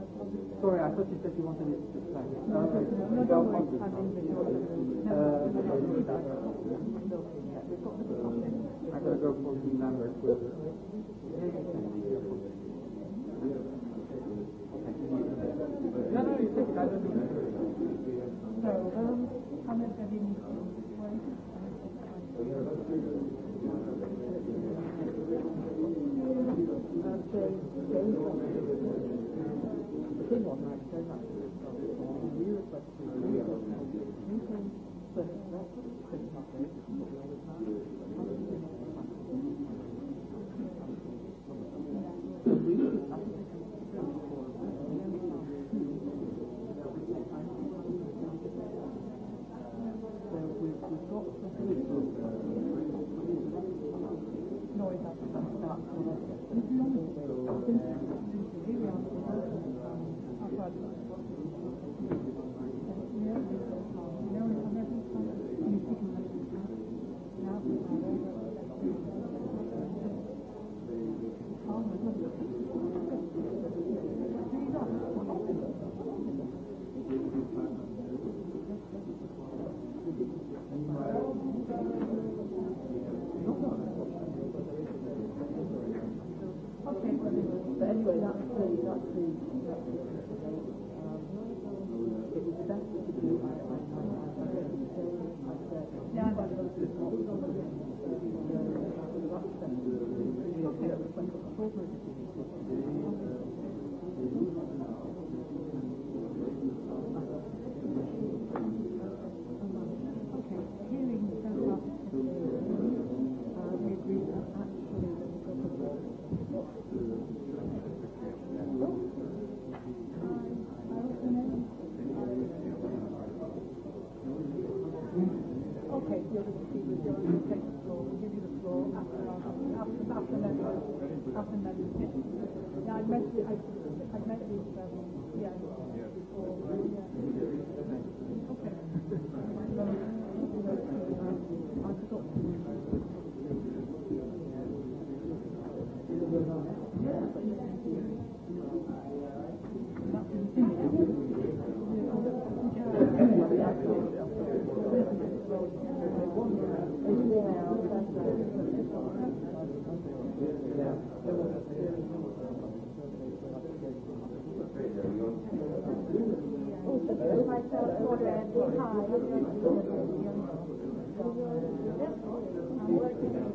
Sorry, I thought you said you wanted it to say. No, no, no, I gotta go for the number. No, no, you take it. I don't think so. um, how much have you needed? Okay, okay.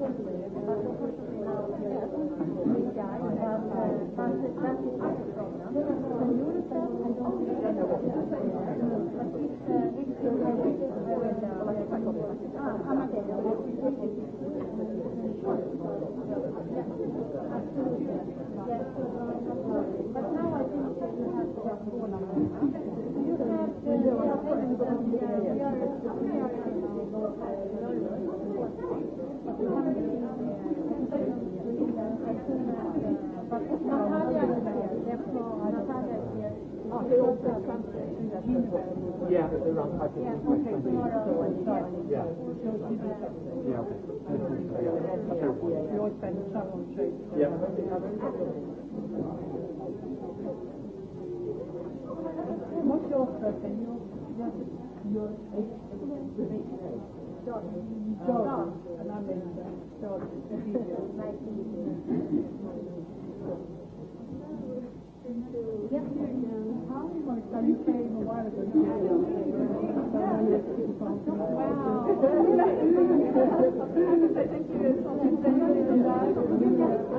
Thank you. Jól pensavo, cioè, molte offerte io io Wow.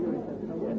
Grazie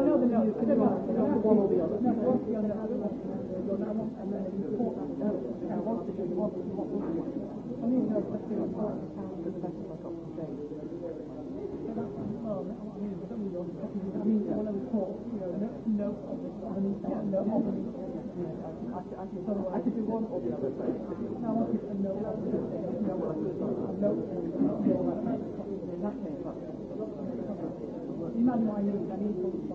I know I don't I one or the other. No, the other. I do one the I to know. No, In that case, you might know I need. I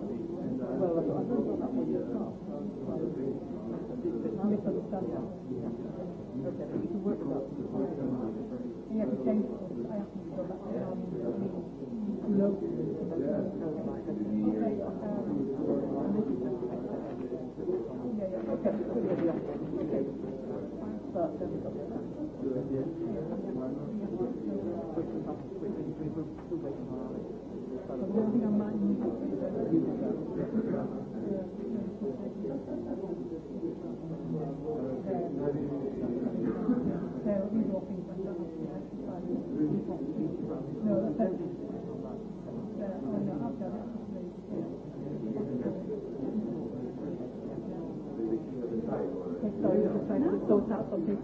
So people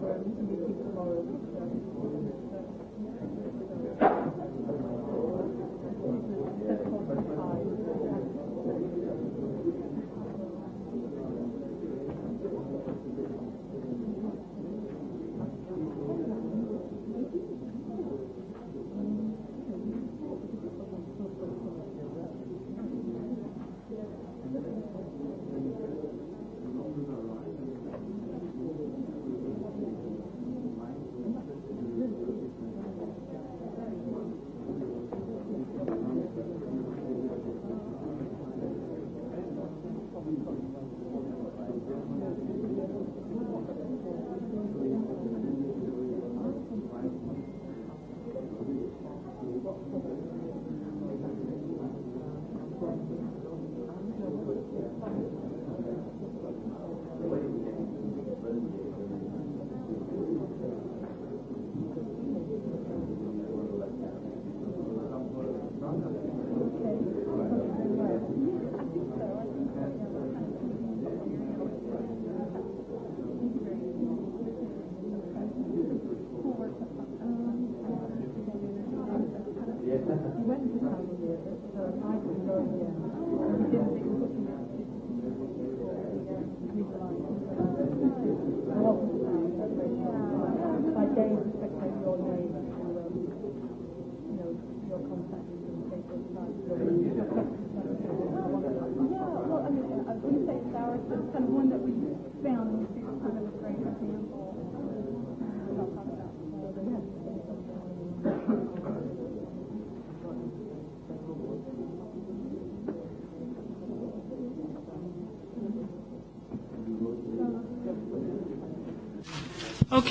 and something tomorrow.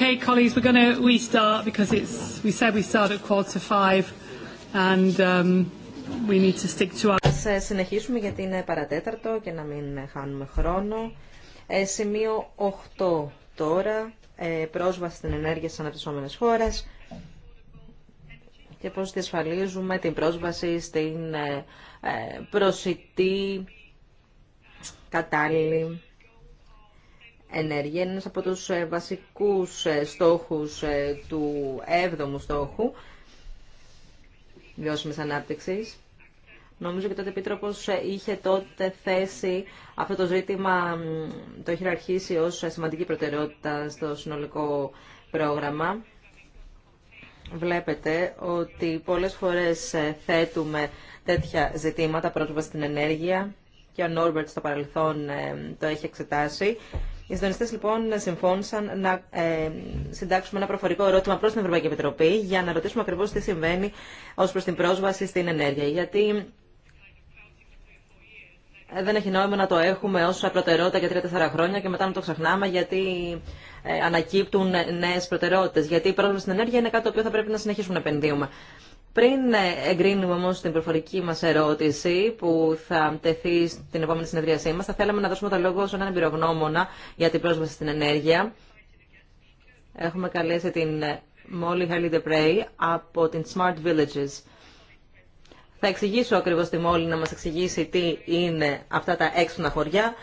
Okay, colleagues, we're going to because it's, we said we start at quarter and um, we need to stick to our... Ε, συνεχίσουμε γιατί είναι παρατέταρτο και να μην ε, χάνουμε χρόνο. Ε, σημείο 8 τώρα, πρόσβαση στην ενέργεια στις αναπτυσσόμενες χώρες και πώς διασφαλίζουμε την πρόσβαση στην ε, προσιτή κατάλληλη ενέργεια. ένας από τους ε, βασικούς ε, στόχους ε, του έβδομου στόχου βιώσιμης ανάπτυξης. Νομίζω και τότε ο Επίτροπος είχε τότε θέσει αυτό το ζήτημα, το έχει αρχίσει ως σημαντική προτεραιότητα στο συνολικό πρόγραμμα. Βλέπετε ότι πολλές φορές θέτουμε τέτοια ζητήματα, πρόσβαση στην ενέργεια και ο Νόρμπερτ στο παρελθόν το έχει εξετάσει. Οι συντονιστέ λοιπόν συμφώνησαν να ε, συντάξουμε ένα προφορικό ερώτημα προ την Ευρωπαϊκή Επιτροπή για να ρωτήσουμε ακριβώ τι συμβαίνει ω προ την πρόσβαση στην ενέργεια. Γιατί δεν έχει νόημα να το έχουμε ω προτεραιότητα για τρία-τέσσερα χρόνια και μετά να το ξεχνάμε γιατί ε, ανακύπτουν νέε προτεραιότητε. Γιατί η πρόσβαση στην ενέργεια είναι κάτι το οποίο θα πρέπει να συνεχίσουμε να επενδύουμε. Πριν εγκρίνουμε όμω την προφορική μας ερώτηση που θα τεθεί στην επόμενη συνεδρίασή μα, θα θέλαμε να δώσουμε το λόγο σε έναν εμπειρογνώμονα για την πρόσβαση στην ενέργεια. Έχουμε καλέσει την Molly Haley από την Smart Villages. Θα εξηγήσω ακριβώς τη Molly να μας εξηγήσει τι είναι αυτά τα έξυπνα χωριά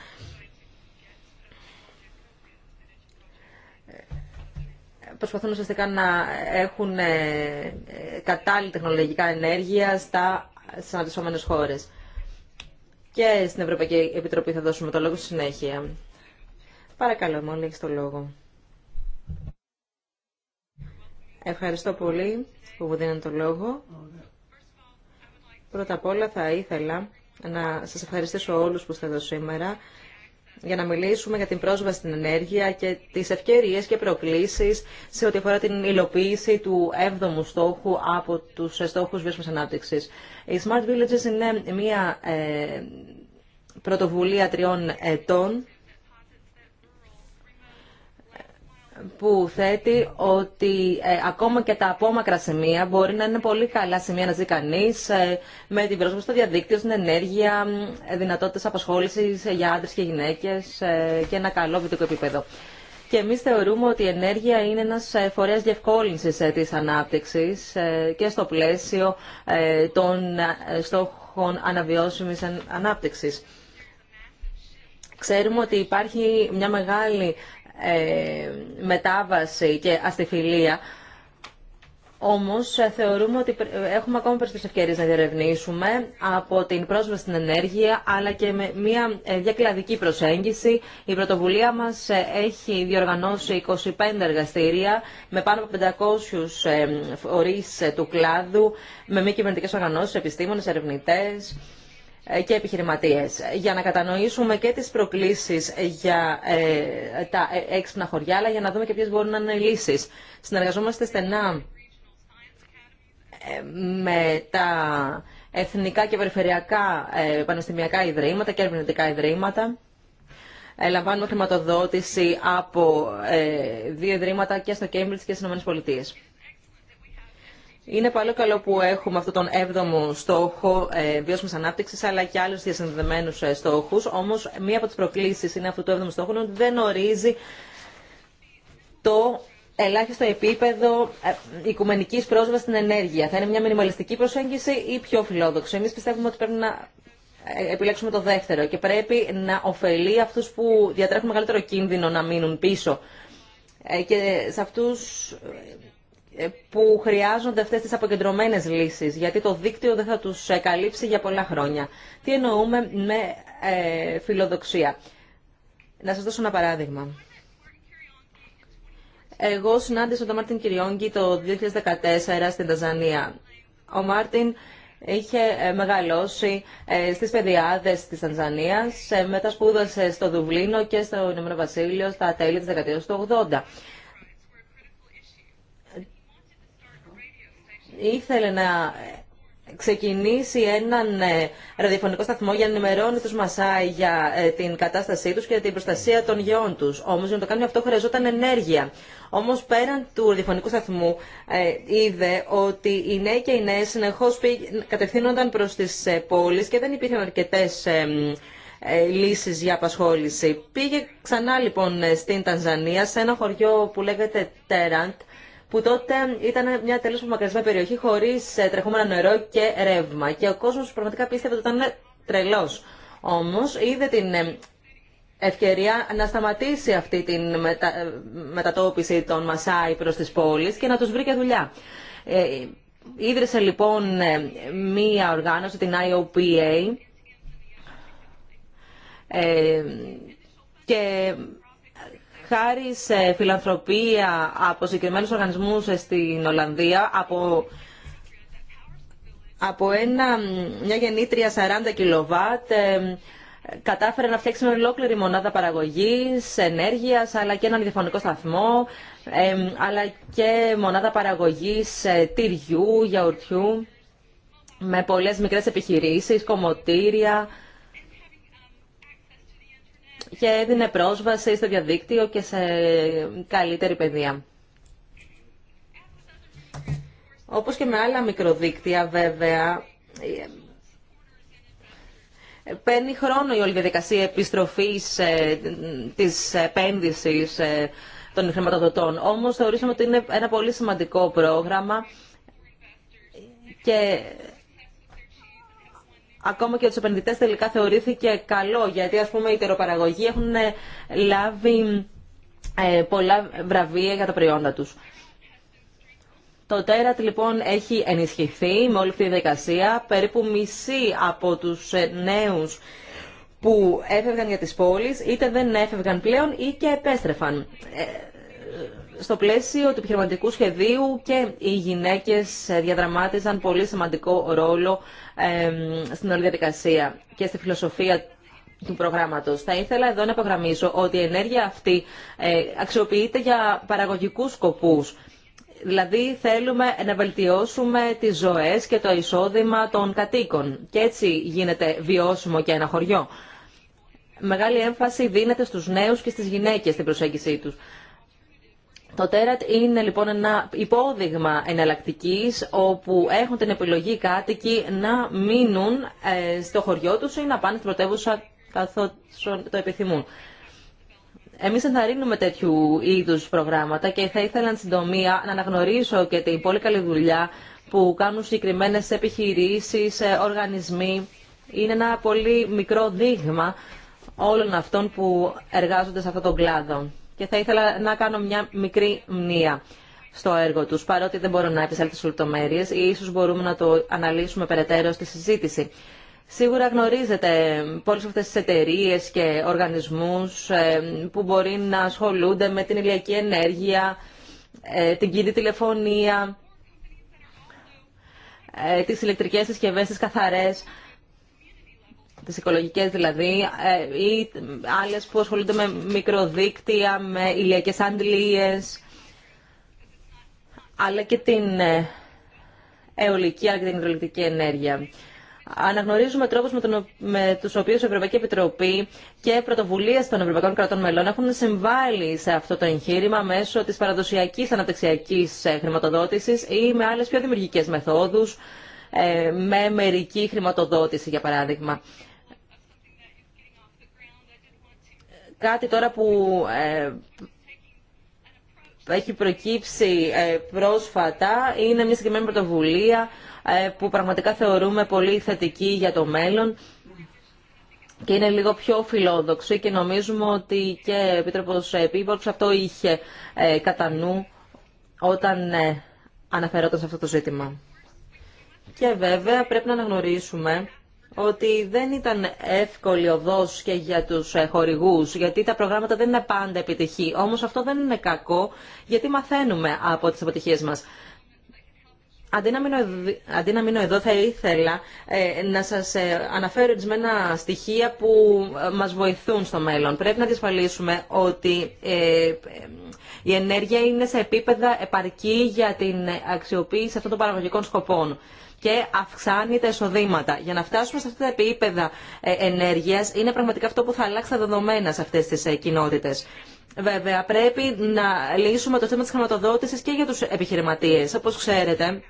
προσπαθούν ουσιαστικά να έχουν ε, ε, κατάλληλη τεχνολογικά ενέργεια στα, στις αναπτυσσόμενες χώρες. Και στην Ευρωπαϊκή Επιτροπή θα δώσουμε το λόγο στη συνέχεια. Παρακαλώ, μόλι έχεις το λόγο. Ευχαριστώ πολύ που μου δίνετε το λόγο. Πρώτα απ' όλα θα ήθελα να σας ευχαριστήσω όλους που είστε εδώ σήμερα για να μιλήσουμε για την πρόσβαση στην ενέργεια και τις ευκαιρίες και προκλήσεις σε ό,τι αφορά την υλοποίηση του 7ου στόχου από τους στόχους βιώσιμης ανάπτυξης. Η Smart Villages είναι μια ε, πρωτοβουλία τριών ετών που θέτει ότι ε, ακόμα και τα απόμακρα σημεία μπορεί να είναι πολύ καλά σημεία να ζει κανεί ε, με την πρόσβαση στο διαδίκτυο, στην ενέργεια, ε, δυνατότητε απασχόληση για άντρε και γυναίκε ε, και ένα καλό βιωτικό επίπεδο. Και εμεί θεωρούμε ότι η ενέργεια είναι ένα φορέα διευκόλυνση τη ανάπτυξη και στο πλαίσιο των στόχων αναβιώσιμη ανάπτυξη. Ξέρουμε ότι υπάρχει μια μεγάλη ε, μετάβαση και αστιφιλία. Όμως ε, θεωρούμε ότι ε, έχουμε ακόμα περισσότερε ευκαιρίες να διερευνήσουμε από την πρόσβαση στην ενέργεια αλλά και με μια διακλαδική προσέγγιση. Η πρωτοβουλία μας έχει διοργανώσει 25 εργαστήρια με πάνω από 500 φορείς του κλάδου, με μη κυβερνητικέ οργανώσεις, επιστήμονες, ερευνητέ. Ε, και επιχειρηματίες για να κατανοήσουμε και τις προκλήσεις για ε, τα ε, έξυπνα χωριά αλλά για να δούμε και ποιες μπορούν να είναι λύσεις. Συνεργαζόμαστε στενά με τα εθνικά και περιφερειακά πανεπιστημιακά ιδρύματα και ερευνητικά ιδρύματα. Ελαμβάνουμε χρηματοδότηση από δύο ιδρύματα και στο Cambridge και στι ΗΠΑ. Είναι πολύ καλό που έχουμε αυτόν τον 7ο στόχο ε, βιώσιμη ανάπτυξη, αλλά και άλλου διασυνδεμένου ε, στόχου. Όμω, μία από τι προκλήσει είναι αυτού του 7ου στόχου είναι ότι δεν ορίζει το ελάχιστο επίπεδο ε, οικουμενικής πρόσβασης στην ενέργεια. Θα είναι μια μινιμαλιστική προσέγγιση ή πιο φιλόδοξη. Εμείς πιστεύουμε ότι πρέπει να ε, επιλέξουμε το ελαχιστο επιπεδο οικουμενικη πρόσβαση στην ενεργεια και πιο φιλοδοξη Εμεί πιστευουμε οτι πρεπει να ωφελεί αυτούς που διατρέχουν μεγαλύτερο κίνδυνο να ωφελει αυτού που διατρεχουν μεγαλυτερο πίσω. Ε, και σε ε, που χρειάζονται αυτές τις αποκεντρωμένες λύσεις, γιατί το δίκτυο δεν θα τους ε, καλύψει για πολλά χρόνια. Τι εννοούμε με ε, φιλοδοξία. Να σας δώσω ένα παράδειγμα. Εγώ συνάντησα τον Μάρτιν Κυριόγκη το 2014 στην Ταζανία. Ο Μάρτιν είχε ε, μεγαλώσει στις παιδιάδες της Τανζανίας, μετά σπούδασε στο Δουβλίνο και στο Ινωμένο Βασίλειο στα τέλη της δεκαετίας του ήθελε να ξεκινήσει έναν ε, ραδιοφωνικό σταθμό για να ενημερώνει τους Μασάι για ε, την κατάστασή τους και για την προστασία των γεών τους. Όμως για να το κάνει αυτό χρειαζόταν ενέργεια. Όμως πέραν του ραδιοφωνικού σταθμού ε, είδε ότι οι νέοι και οι νέε συνεχώς κατευθύνονταν προς τις πόλεις και δεν υπήρχαν αρκετές λύσεις για απασχόληση. Πήγε ξανά λοιπόν στην Τανζανία σε ένα χωριό που λέγεται Τέραντ που τότε ήταν μια τελείως απομακρυσμένη περιοχή χωρίς ε, τρεχούμενο νερό και ρεύμα. Και ο κόσμος πραγματικά πίστευε ότι ήταν τρελός. Όμως είδε την ε, ευκαιρία να σταματήσει αυτή τη ε, μετατόπιση των Μασάι προς τις πόλεις και να τους βρει και δουλειά. Ε, ίδρυσε λοιπόν μία οργάνωση, την IOPA, ε, και χάρη σε φιλανθρωπία από συγκεκριμένους οργανισμούς στην Ολλανδία, από, από ένα, μια γεννήτρια 40 κιλοβάτ, ε, κατάφερε να φτιάξει μια ολόκληρη μονάδα παραγωγής, ενέργειας, αλλά και έναν διαφωνικό σταθμό, ε, αλλά και μονάδα παραγωγής ε, τυριού, γιαουρτιού, με πολλές μικρές επιχειρήσεις, κομμωτήρια, και έδινε πρόσβαση στο διαδίκτυο και σε καλύτερη παιδεία. Όπως και με άλλα μικροδίκτυα βέβαια, παίρνει χρόνο η όλη διαδικασία επιστροφής ε, της επένδυσης ε, των χρηματοδοτών. Όμως θεωρήσαμε ότι είναι ένα πολύ σημαντικό πρόγραμμα και ακόμα και τους επενδυτές τελικά θεωρήθηκε καλό, γιατί ας πούμε οι τεροπαραγωγοί έχουν ε, λάβει ε, πολλά βραβεία για τα προϊόντα τους. Το τέρατ λοιπόν έχει ενισχυθεί με όλη αυτή τη διαδικασία. Περίπου μισή από τους ε, νέους που έφευγαν για τις πόλεις είτε δεν έφευγαν πλέον ή και επέστρεφαν στο πλαίσιο του επιχειρηματικού σχεδίου και οι γυναίκες διαδραμάτιζαν πολύ σημαντικό ρόλο στην όλη διαδικασία και στη φιλοσοφία του προγράμματος. Θα ήθελα εδώ να υπογραμμίσω ότι η ενέργεια αυτή ε, αξιοποιείται για παραγωγικούς σκοπούς. Δηλαδή θέλουμε να βελτιώσουμε τις ζωές και το εισόδημα των κατοίκων και έτσι γίνεται βιώσιμο και ένα χωριό. Μεγάλη έμφαση δίνεται στους νέους και στις γυναίκες στην προσέγγιση τους. Το τέρατ είναι λοιπόν ένα υπόδειγμα εναλλακτική όπου έχουν την επιλογή οι κάτοικοι να μείνουν ε, στο χωριό τους ή να πάνε στην πρωτεύουσα καθώς το επιθυμούν. Εμείς ενθαρρύνουμε τέτοιου είδους προγράμματα και θα ήθελα στην συντομία να αναγνωρίσω και την πολύ καλή δουλειά που κάνουν συγκεκριμένε επιχειρήσεις, ε, οργανισμοί. Είναι ένα πολύ μικρό δείγμα όλων αυτών που εργάζονται σε αυτόν τον κλάδο και θα ήθελα να κάνω μια μικρή μνήα στο έργο τους. Παρότι δεν μπορώ να επισέλθω τις λεπτομέρειες, ή ίσως μπορούμε να το αναλύσουμε περαιτέρω στη συζήτηση. Σίγουρα γνωρίζετε πολλές αυτές τις εταιρείε και οργανισμούς ε, που μπορεί να ασχολούνται με την ηλιακή ενέργεια, ε, την κινητή τηλεφωνία, ε, τις ηλεκτρικές συσκευές, τις καθαρές τις οικολογικές δηλαδή, ε, ή άλλες που ασχολούνται με μικροδίκτυα, με ηλιακές αντλίες, αλλά και την ε, αιωλική αλλά και την ενέργεια. Αναγνωρίζουμε τρόπους με, τον, με τους οποίους η Ευρωπαϊκή Επιτροπή και πρωτοβουλίες των Ευρωπαϊκών Κρατών Μελών έχουν συμβάλει σε αυτό το εγχείρημα μέσω της παραδοσιακής αναπτυξιακής ε, χρηματοδότησης ή με άλλες πιο δημιουργικές μεθόδους, με μερική χρηματοδότηση για παράδειγμα. κάτι τώρα που ε, έχει προκύψει ε, πρόσφατα είναι μια συγκεκριμένη πρωτοβουλία ε, που πραγματικά θεωρούμε πολύ θετική για το μέλλον και είναι λίγο πιο φιλόδοξη και νομίζουμε ότι και ο Επίτροπος Επίπορξ αυτό είχε κατά νου όταν αναφερόταν σε αυτό το ζήτημα. Και βέβαια πρέπει να αναγνωρίσουμε ότι δεν ήταν εύκολη οδός και για τους ε, χορηγούς, γιατί τα προγράμματα δεν είναι πάντα επιτυχή. Όμως αυτό δεν είναι κακό, γιατί μαθαίνουμε από τις αποτυχίες μας. Αντί να, μείνω, εδώ, θα ήθελα ε, να σας ε, αναφέρω ορισμένα στοιχεία που ε, μας βοηθούν στο μέλλον. Πρέπει να διασφαλίσουμε ότι η ενέργεια είναι σε επίπεδα επαρκή για την αξιοποίηση αυτών των παραγωγικών σκοπών και αυξάνει τα εισοδήματα. Για να φτάσουμε σε αυτά τα επίπεδα ε, ενέργειας είναι πραγματικά αυτό που θα αλλάξει τα δεδομένα σε αυτές τις ε, κοινότητε. Βέβαια, πρέπει να λύσουμε το θέμα της χρηματοδότησης και για τους επιχειρηματίες. Όπως ξέρετε,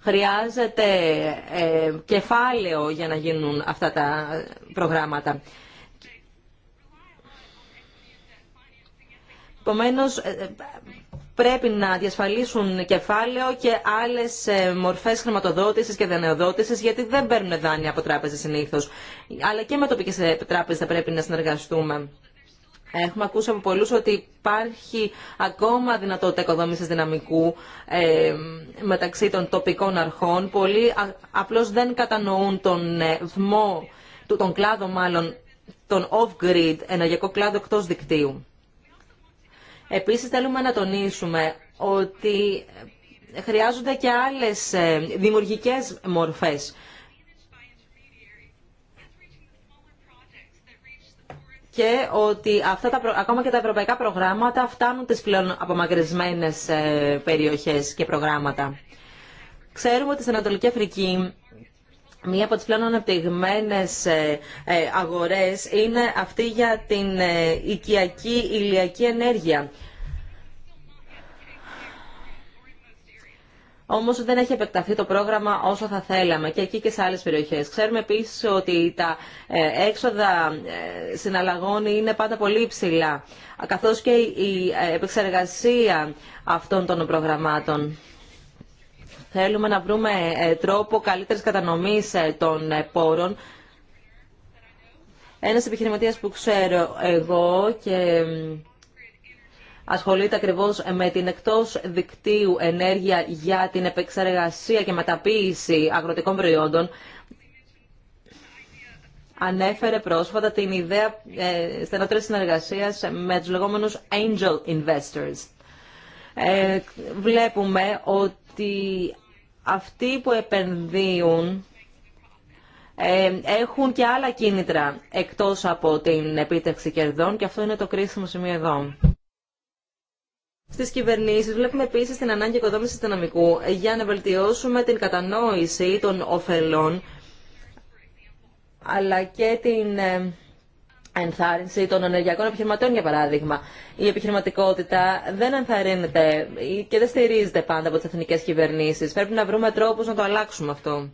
χρειάζεται ε, κεφάλαιο για να γίνουν αυτά τα προγράμματα πρέπει να διασφαλίσουν κεφάλαιο και άλλε ε, μορφές χρηματοδότησης και δανειοδότηση, γιατί δεν παίρνουν δάνεια από τράπεζε συνήθω. Αλλά και με τοπικέ ε, τράπεζε θα πρέπει να συνεργαστούμε. Έχουμε ακούσει από πολλού ότι υπάρχει ακόμα δυνατότητα οικοδόμηση δυναμικού ε, μεταξύ των τοπικών αρχών. Πολλοί απλώ δεν κατανοούν τον δμό ε, τον κλάδο μάλλον, τον off-grid, ενεργειακό κλάδο εκτό δικτύου. Επίσης θέλουμε να τονίσουμε ότι χρειάζονται και άλλες ε, δημιουργικές μορφές. και ότι αυτά τα, ακόμα και τα ευρωπαϊκά προγράμματα φτάνουν τις πλέον απομακρυσμένες ε, περιοχές και προγράμματα. Ξέρουμε ότι στην Ανατολική Αφρική Μία από τις πλέον αναπτυγμένες ε, ε, αγορές είναι αυτή για την ε, οικιακή ηλιακή ενέργεια. Όμως δεν έχει επεκταθεί το πρόγραμμα όσο θα θέλαμε και εκεί και σε άλλες περιοχές. Ξέρουμε επίσης ότι τα έξοδα συναλλαγών είναι πάντα πολύ υψηλά, καθώς και η επεξεργασία αυτών των προγραμμάτων. Θέλουμε να βρούμε ε, τρόπο καλύτερης κατανομής ε, των ε, πόρων. Ένας επιχειρηματίας που ξέρω εγώ και ασχολείται ακριβώς με την εκτός δικτύου ενέργεια για την επεξεργασία και μεταποίηση αγροτικών προϊόντων, ανέφερε πρόσφατα την ιδέα ε, στενότερης συνεργασίας με τους λεγόμενους angel investors. Ε, βλέπουμε ότι αυτοί που επενδύουν ε, έχουν και άλλα κίνητρα εκτός από την επίτευξη κερδών και αυτό είναι το κρίσιμο σημείο εδώ. Στις κυβερνήσεις βλέπουμε επίση την ανάγκη οικοδόμησης δυναμικού για να βελτιώσουμε την κατανόηση των ωφελών αλλά και την ε, ενθάρρυνση των ενεργειακών επιχειρηματών, για παράδειγμα. Η επιχειρηματικότητα δεν ενθαρρύνεται και δεν στηρίζεται πάντα από τι εθνικέ κυβερνήσει. Πρέπει να βρούμε τρόπου να το αλλάξουμε αυτό.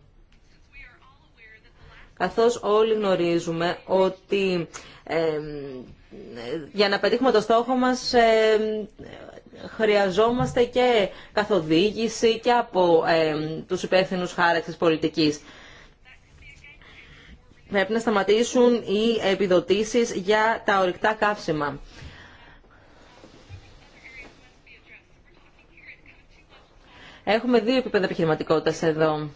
Καθώς όλοι γνωρίζουμε ότι για να πετύχουμε το στόχο μας χρειαζόμαστε και καθοδήγηση και από ε, τους υπεύθυνους χάραξης πολιτικής πρέπει να σταματήσουν οι επιδοτήσεις για τα ορυκτά καύσιμα. Έχουμε δύο επίπεδα επιχειρηματικότητα εδώ.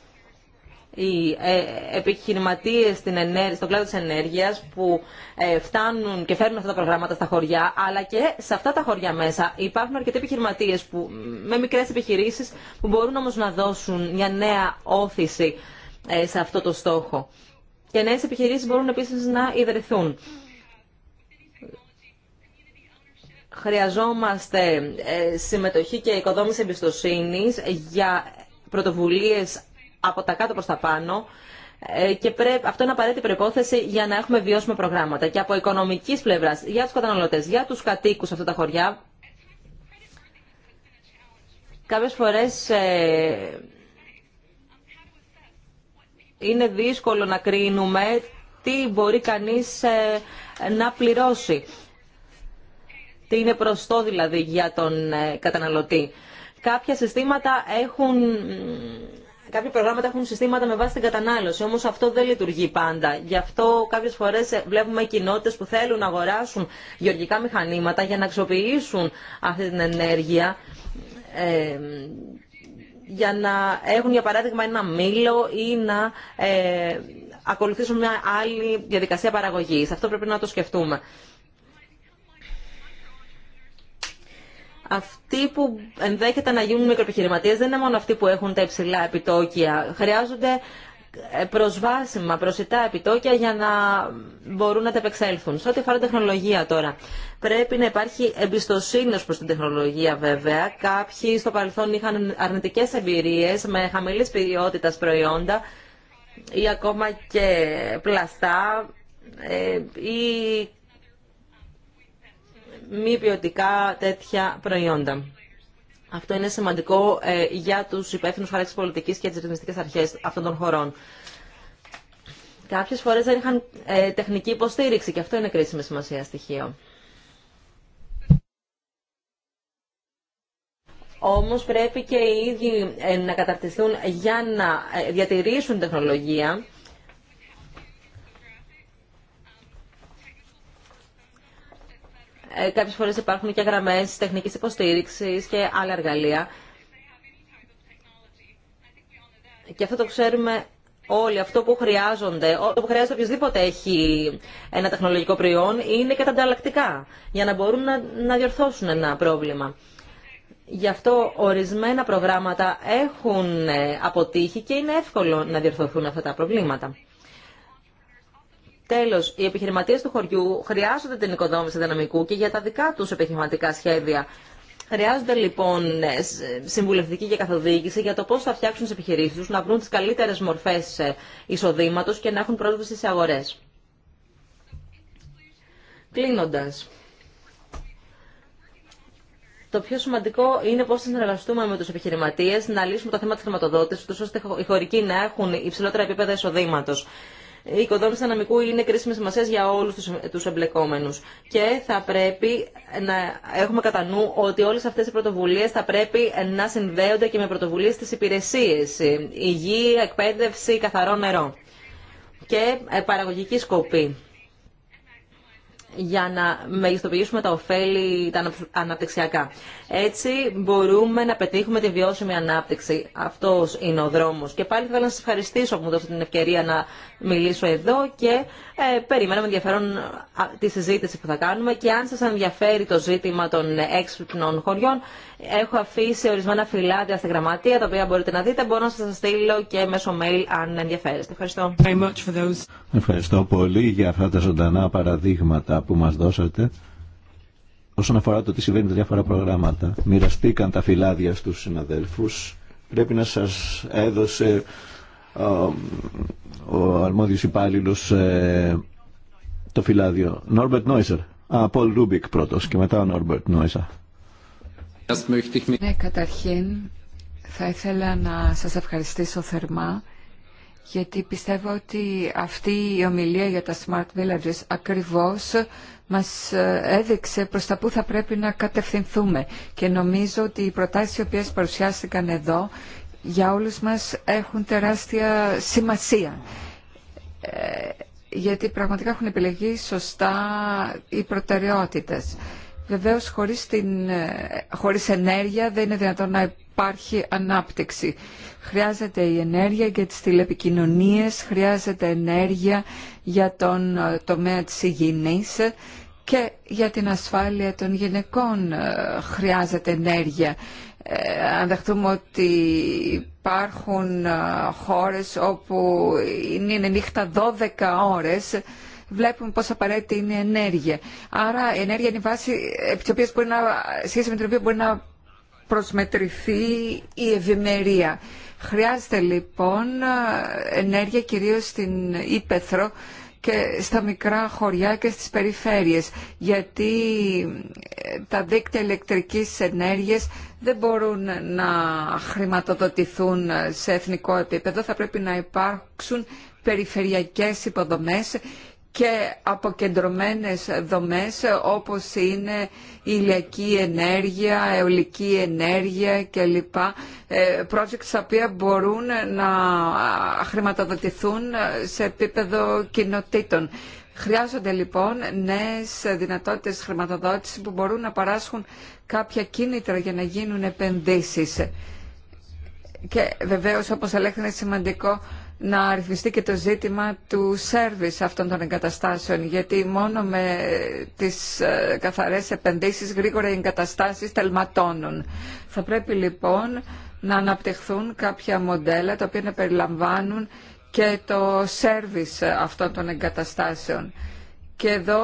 Οι ε, επιχειρηματίες ενέργεια, στον κλάδο της ενέργειας που ε, φτάνουν και φέρνουν αυτά τα προγράμματα στα χωριά, αλλά και σε αυτά τα χωριά μέσα υπάρχουν αρκετοί επιχειρηματίες που, με μικρές επιχειρήσεις που μπορούν όμως να δώσουν μια νέα όθηση ε, σε αυτό το στόχο. Και νέες επιχειρήσεις μπορούν επίσης να ιδρυθούν. Χρειαζόμαστε ε, συμμετοχή και οικοδόμηση εμπιστοσύνης για πρωτοβουλίες από τα κάτω προς τα πάνω ε, και πρέπει, αυτό είναι απαραίτητη προπόθεση για να έχουμε βιώσιμα προγράμματα. Και από οικονομική πλευρά, για του καταναλωτέ, για του κατοίκου αυτά τα χωριά, κάποιε φορέ ε, είναι δύσκολο να κρίνουμε τι μπορεί κανείς ε, να πληρώσει. Τι είναι προστό δηλαδή για τον ε, καταναλωτή. Κάποια συστήματα έχουν... Κάποια προγράμματα έχουν συστήματα με βάση την κατανάλωση, όμως αυτό δεν λειτουργεί πάντα. Γι' αυτό κάποιες φορές ε, βλέπουμε κοινότητες που θέλουν να αγοράσουν γεωργικά μηχανήματα για να αξιοποιήσουν αυτή την ενέργεια για να έχουν για παράδειγμα ένα μήλο ή να ε, ακολουθήσουν μια άλλη διαδικασία παραγωγής. Αυτό πρέπει να το σκεφτούμε. Αυτοί που ενδέχεται να γίνουν μικροεπιχειρηματίες δεν είναι μόνο αυτοί που έχουν τα υψηλά επιτόκια. Χρειάζονται προσβάσιμα, προσιτά επιτόκια για να μπορούν να τα επεξέλθουν. Σε ό,τι αφορά τεχνολογία τώρα, πρέπει να υπάρχει εμπιστοσύνη προ την τεχνολογία βέβαια. Κάποιοι στο παρελθόν είχαν αρνητικέ εμπειρίε με χαμηλή ποιότητα προϊόντα ή ακόμα και πλαστά ε, ή μη ποιοτικά τέτοια προϊόντα. Αυτό είναι σημαντικό ε, για τους υπεύθυνου χαράξης πολιτική και τι ρυθμιστικέ αρχέ αυτών των χωρών. Κάποιε φορές δεν είχαν ε, τεχνική υποστήριξη και αυτό είναι κρίσιμη σημασία στοιχείο. Όμω πρέπει και οι ίδιοι ε, να καταρτιστούν για να διατηρήσουν τεχνολογία Ε, κάποιες φορές υπάρχουν και γραμμές τεχνικής υποστήριξης και άλλα εργαλεία. Και αυτό το ξέρουμε όλοι. Αυτό που χρειάζονται, το που χρειάζεται οποιοδήποτε έχει ένα τεχνολογικό προϊόν, είναι και τα ανταλλακτικά, για να μπορούν να, να διορθώσουν ένα πρόβλημα. Γι' αυτό ορισμένα προγράμματα έχουν ε, αποτύχει και είναι εύκολο να διορθωθούν αυτά τα προβλήματα. Τέλο, οι επιχειρηματίε του χωριού χρειάζονται την οικοδόμηση δυναμικού και για τα δικά του επιχειρηματικά σχέδια. Χρειάζονται λοιπόν ε, ε, συμβουλευτική και καθοδήγηση για το πώ θα φτιάξουν τι επιχειρήσει του, να βρουν τι καλύτερε μορφέ ε, εισοδήματο και να έχουν πρόσβαση σε αγορέ. Κλείνοντα. Το πιο σημαντικό είναι πώ θα συνεργαστούμε με του επιχειρηματίε να λύσουμε το θέμα τη χρηματοδότηση, ώστε οι χωρικοί να έχουν υψηλότερα επίπεδα εισοδήματο η οικοδόμηση δυναμικού είναι κρίσιμη σημασία για όλου του εμπλεκόμενου. Και θα πρέπει να έχουμε κατά νου ότι όλε αυτέ οι πρωτοβουλίε θα πρέπει να συνδέονται και με πρωτοβουλίε στι υπηρεσίε. Υγεία, εκπαίδευση, καθαρό νερό και ε, παραγωγική σκοπή για να μεγιστοποιήσουμε τα ωφέλη τα αναπτυξιακά. Έτσι μπορούμε να πετύχουμε τη βιώσιμη ανάπτυξη. Αυτός είναι ο δρόμος. Και πάλι θέλω να σας ευχαριστήσω που μου δώσετε την ευκαιρία να μιλήσω εδώ και ε, περιμένω με ενδιαφέρον τη συζήτηση που θα κάνουμε και αν σας ενδιαφέρει το ζήτημα των έξυπνων χωριών έχω αφήσει ορισμένα φυλάδια στη γραμματεία τα οποία μπορείτε να δείτε μπορώ να σας στείλω και μέσω mail αν ενδιαφέρεστε. Ευχαριστώ. Ευχαριστώ πολύ για αυτά τα ζωντανά παραδείγματα που μας δώσατε όσον αφορά το τι συμβαίνει με διάφορα προγράμματα. Μοιραστήκαν τα φυλάδια στους συναδέλφους. Πρέπει να σας έδωσε ο αρμόδιος υπάλληλος ε, το φυλάδιο. Νόρμπερτ Νόισερ. Α, Πολ Ρούμπικ πρώτος και μετά ο Νόρμπερτ Νόισερ. Ναι, καταρχήν θα ήθελα να σας ευχαριστήσω θερμά γιατί πιστεύω ότι αυτή η ομιλία για τα Smart Villages ακριβώς μας ε, έδειξε προς τα που θα πρέπει να κατευθυνθούμε. Και νομίζω ότι οι προτάσεις οι οποίες παρουσιάστηκαν εδώ για όλους μας έχουν τεράστια σημασία ε, γιατί πραγματικά έχουν επιλεγεί σωστά οι προτεραιότητες. Βεβαίως χωρίς, την, ε, χωρίς ενέργεια δεν είναι δυνατόν να υπάρχει ανάπτυξη. Χρειάζεται η ενέργεια για τις τηλεπικοινωνίες, χρειάζεται ενέργεια για τον ε, τομέα της υγιεινής και για την ασφάλεια των γυναικών χρειάζεται ενέργεια. Ε, αν δεχτούμε ότι υπάρχουν χώρες όπου είναι νύχτα 12 ώρες, βλέπουμε πόσο απαραίτητη είναι η ενέργεια. Άρα η ενέργεια είναι η βάση ε, μπορεί να, σχέση με την οποία μπορεί να προσμετρηθεί η ευημερία. Χρειάζεται λοιπόν ενέργεια κυρίως στην ύπεθρο και στα μικρά χωριά και στις περιφέρειες γιατί ε, τα δίκτυα ηλεκτρικής ενέργειας δεν μπορούν να χρηματοδοτηθούν ε, σε εθνικό επίπεδο. Θα πρέπει να υπάρξουν περιφερειακές υποδομές και αποκεντρωμένες δομές όπως είναι ηλιακή ενέργεια, αιωλική ενέργεια κλπ. Ε, projects τα οποία μπορούν να χρηματοδοτηθούν σε επίπεδο κοινοτήτων. Χρειάζονται λοιπόν νέες δυνατότητες χρηματοδότησης που μπορούν να παράσχουν κάποια κίνητρα για να γίνουν επενδύσεις. Και βεβαίως όπως έλεγχε είναι σημαντικό να ρυθμιστεί και το ζήτημα του σέρβις αυτών των εγκαταστάσεων γιατί μόνο με τις ε, καθαρές επενδύσεις γρήγορα οι εγκαταστάσεις τελματώνουν. Θα πρέπει λοιπόν να αναπτυχθούν κάποια μοντέλα τα οποία να περιλαμβάνουν και το σέρβις αυτών των εγκαταστάσεων. Και εδώ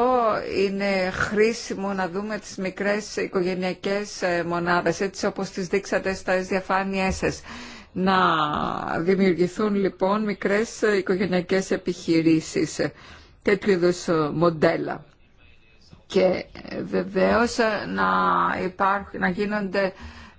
είναι χρήσιμο να δούμε τις μικρές οικογενειακές ε, μονάδες, έτσι όπως τις δείξατε στα διαφάνειές σας να δημιουργηθούν λοιπόν μικρές οικογενειακές επιχειρήσεις, τέτοιου είδου μοντέλα. Και ε, βεβαίως να, να γίνονται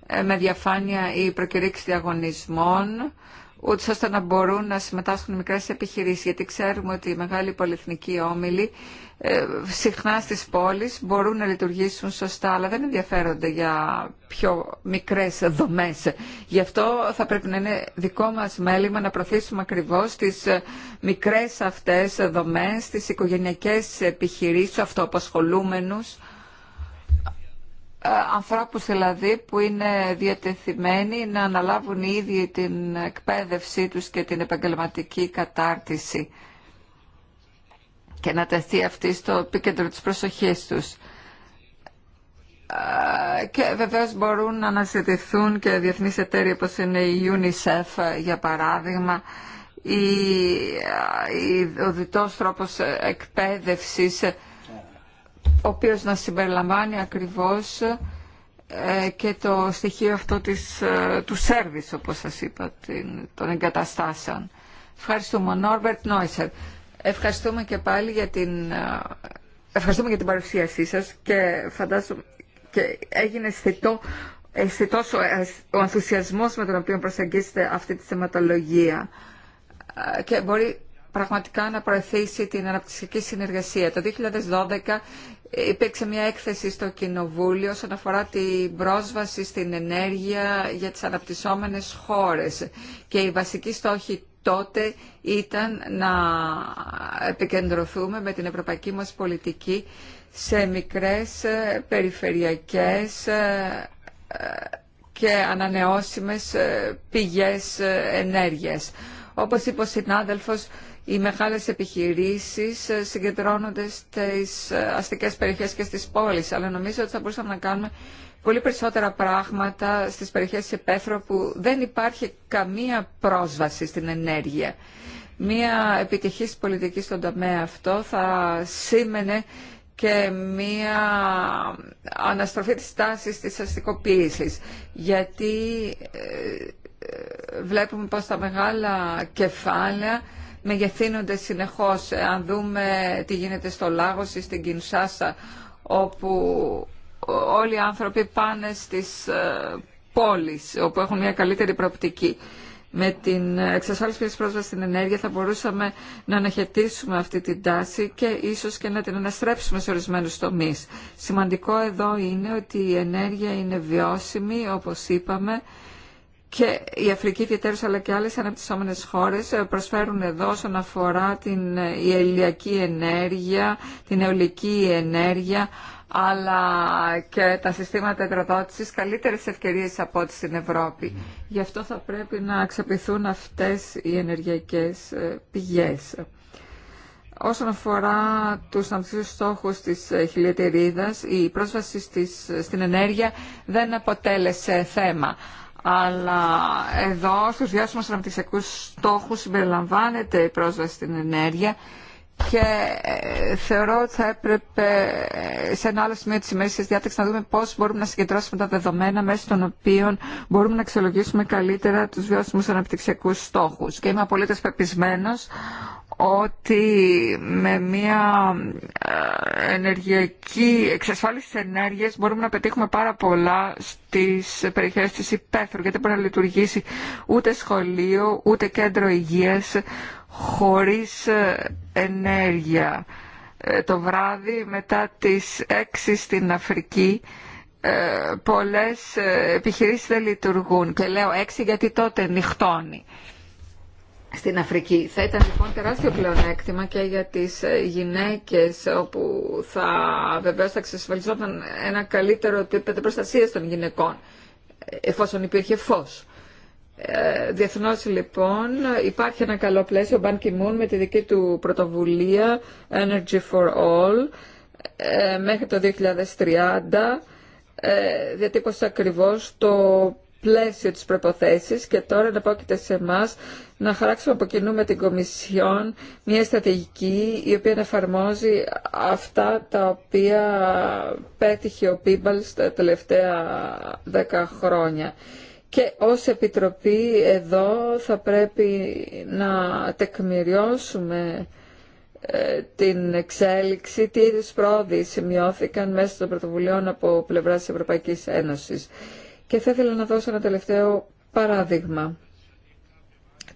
ε, με διαφάνεια οι προκηρύξεις διαγωνισμών, ούτως ώστε να μπορούν να συμμετάσχουν μικρές επιχειρήσεις, γιατί ξέρουμε ότι οι μεγάλοι πολυεθνικοί όμιλοι ε, συχνά στις πόλεις μπορούν να λειτουργήσουν σωστά, αλλά δεν ενδιαφέρονται για πιο μικρές δομές. Γι' αυτό θα πρέπει να είναι δικό μας μέλημα να προθίσουμε ακριβώς τις ε, μικρές αυτές δομές, τις οικογενειακές επιχειρήσεις, αυτοαπασχολούμενους, ε, ανθρώπους δηλαδή που είναι διατεθειμένοι να αναλάβουν ήδη ίδιοι την εκπαίδευσή τους και την επαγγελματική κατάρτιση και να τεθεί αυτή στο επίκεντρο της προσοχής τους. Ε, και βεβαίως μπορούν να αναζητηθούν και διεθνείς εταίροι όπως είναι η UNICEF για παράδειγμα ή ε, ο διτός τρόπος εκπαίδευσης ο οποίο να συμπεριλαμβάνει ακριβώς ε, και το στοιχείο αυτό της, ε, του σέρβις, όπως σας είπα, την, των εγκαταστάσεων. Ευχαριστούμε. Νόρμπερτ Νόισερ. Ευχαριστούμε και πάλι για την, ε, ευχαριστούμε για την παρουσίασή σας και φαντάζομαι και έγινε αισθητό, αισθητός ο, ο με τον οποίο προσεγγίσετε αυτή τη θεματολογία και μπορεί πραγματικά να προωθήσει την αναπτυξιακή συνεργασία. Το 2012 Υπήρξε μια έκθεση στο Κοινοβούλιο όσον αφορά την πρόσβαση στην ενέργεια για τις αναπτυσσόμενες χώρες και η βασική στόχη τότε ήταν να επικεντρωθούμε με την ευρωπαϊκή μας πολιτική σε μικρές ε, περιφερειακές ε, και ανανεώσιμες ε, πηγές ενέργειας. Όπως είπε ο συνάδελφος, οι μεγάλες επιχειρήσεις ε, συγκεντρώνονται στις ε, αστικές περιοχές και στις πόλεις, αλλά νομίζω ότι θα μπορούσαμε να κάνουμε πολύ περισσότερα πράγματα στις περιοχές της Επέθρου που δεν υπάρχει καμία πρόσβαση στην ενέργεια. Μία επιτυχής πολιτική στον τομέα αυτό θα σήμαινε και μία αναστροφή της τάσης της αστικοποίησης. Γιατί ε, βλέπουμε πως τα μεγάλα κεφάλαια μεγεθύνονται συνεχώς. Αν δούμε τι γίνεται στο Λάγος ή στην Κινσάσα, όπου όλοι οι άνθρωποι πάνε στις ε, πόλεις, όπου έχουν μια καλύτερη προοπτική. Με την εξασφάλιση της πρόσβασης στην ενέργεια θα μπορούσαμε να αναχαιτήσουμε αυτή την τάση και ίσως και να την αναστρέψουμε σε ορισμένους τομείς. Σημαντικό εδώ είναι ότι η ενέργεια είναι βιώσιμη, όπως είπαμε, και η Αφρική ιδιαίτερως αλλά και άλλες αναπτυσσόμενες χώρες ε, προσφέρουν εδώ όσον αφορά την ε, ηλιακή ενέργεια, την αιωλική ενέργεια, αλλά και τα συστήματα υδροδότησης καλύτερες ευκαιρίες από ό,τι στην Ευρώπη. Γι' αυτό θα πρέπει να αξιοποιηθούν αυτές οι ενεργειακές ε, πηγές. Όσον αφορά τους αναπτυσσόμενους στόχους της χιλιατηρίδα, η πρόσβαση στην ενέργεια δεν αποτέλεσε θέμα αλλά εδώ στους διάσημους αναπτυξιακούς στόχους συμπεριλαμβάνεται η πρόσβαση στην ενέργεια και ε, θεωρώ ότι θα έπρεπε ε, σε ένα άλλο σημείο της ημέρας τη διάταξης να δούμε πώς μπορούμε να συγκεντρώσουμε τα δεδομένα μέσα των οποίων μπορούμε να αξιολογήσουμε καλύτερα τους βιώσιμους αναπτυξιακούς στόχους. Και είμαι απολύτως πεπισμένος ότι με μια ε, ενεργειακή εξασφάλιση της ενέργειας μπορούμε να πετύχουμε πάρα πολλά στις περιοχές της υπαίθρου γιατί μπορεί να λειτουργήσει ούτε σχολείο ούτε κέντρο υγείας χωρίς ενέργεια ε, το βράδυ μετά τις 6 στην Αφρική ε, πολλές ε, επιχειρήσεις δεν λειτουργούν και λέω 6 γιατί τότε νυχτώνει στην Αφρική. Θα ήταν λοιπόν τεράστιο πλεονέκτημα και για τις γυναίκες όπου θα βεβαίως θα εξασφαλιζόταν ένα καλύτερο επίπεδο προστασία των γυναικών εφόσον υπήρχε φως. Ε, διεθνώς λοιπόν υπάρχει ένα καλό πλαίσιο, Ban Ki-moon με τη δική του πρωτοβουλία Energy for All ε, μέχρι το 2030 ε, διατύπωσε ακριβώς το πλαίσιο της προποθέσεις και τώρα να σε εμά να χαράξουμε από κοινού με την Κομισιόν μια στρατηγική η οποία να εφαρμόζει αυτά τα οποία πέτυχε ο Πίμπαλ στα τελευταία δέκα χρόνια. Και ως Επιτροπή εδώ θα πρέπει να τεκμηριώσουμε ε, την εξέλιξη, τι είδους πρόοδοι σημειώθηκαν μέσα των πρωτοβουλειών από πλευρά της Ευρωπαϊκής Ένωσης. Και θα ήθελα να δώσω ένα τελευταίο παράδειγμα,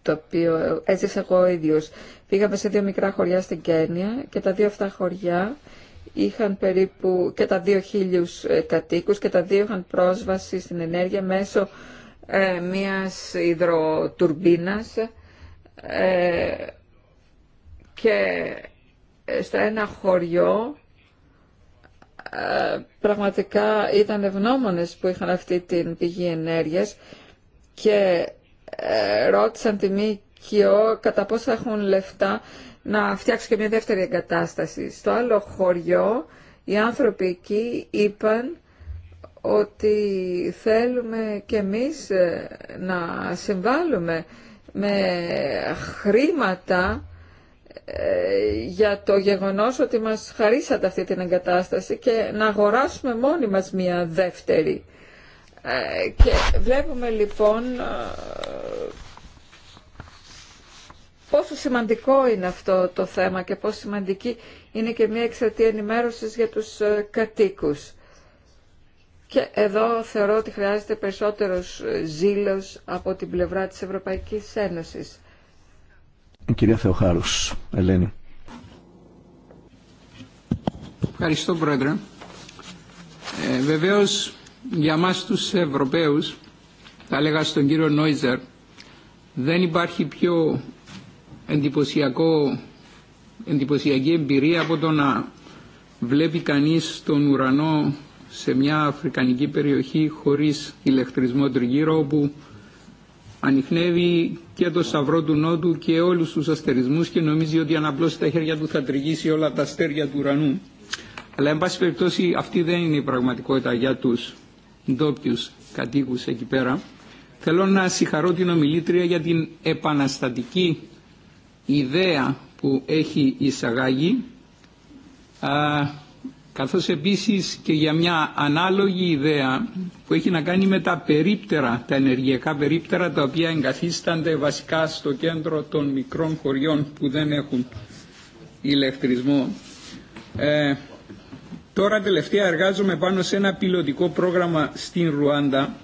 το οποίο έζησα εγώ ίδιο. Πήγαμε σε δύο μικρά χωριά στην Κένια και τα δύο αυτά χωριά είχαν περίπου και τα δύο χίλιους ε, κατοίκους και τα δύο είχαν πρόσβαση στην ενέργεια μέσω ε, μιας υδροτουρμπίνας ε, και στα ένα χωριό ε, πραγματικά ήταν ευγνώμονες που είχαν αυτή την πηγή ενέργειας και ε, ρώτησαν τη ΜΚΟ κατά πόσα έχουν λεφτά να φτιάξουν και μια δεύτερη εγκατάσταση. Στο άλλο χωριό οι άνθρωποι εκεί είπαν ότι θέλουμε και εμείς ε, να συμβάλλουμε με χρήματα ε, για το γεγονός ότι μας χαρίσατε αυτή την εγκατάσταση και να αγοράσουμε μόνοι μας μία δεύτερη. Ε, και βλέπουμε λοιπόν πόσο σημαντικό είναι αυτό το θέμα και πόσο σημαντική είναι και μία εξαρτή ενημέρωσης για τους κατοίκους. Και εδώ θεωρώ ότι χρειάζεται περισσότερος ζήλος από την πλευρά της Ευρωπαϊκής Ένωσης. Κυρία Θεοχάρους, Ελένη. Ευχαριστώ Πρόεδρε. Ε, βεβαίως για μας τους Ευρωπαίους, θα έλεγα στον κύριο Νόιζερ, δεν υπάρχει πιο εντυπωσιακό, εντυπωσιακή εμπειρία από το να βλέπει κανείς τον ουρανό σε μια αφρικανική περιοχή χωρίς ηλεκτρισμό τριγύρω όπου ανοιχνεύει και το Σαυρό του Νότου και όλους τους αστερισμούς και νομίζει ότι αν απλώσει τα χέρια του θα τριγύσει όλα τα αστέρια του ουρανού. Αλλά εν πάση περιπτώσει αυτή δεν είναι η πραγματικότητα για τους ντόπιου κατοίκου εκεί πέρα. Θέλω να συγχαρώ την ομιλήτρια για την επαναστατική ιδέα που έχει εισαγάγει καθώς επίσης και για μια ανάλογη ιδέα που έχει να κάνει με τα περίπτερα, τα ενεργειακά περίπτερα τα οποία εγκαθίστανται βασικά στο κέντρο των μικρών χωριών που δεν έχουν ηλεκτρισμό. Ε, τώρα τελευταία εργάζομαι πάνω σε ένα πιλωτικό πρόγραμμα στην Ρουάντα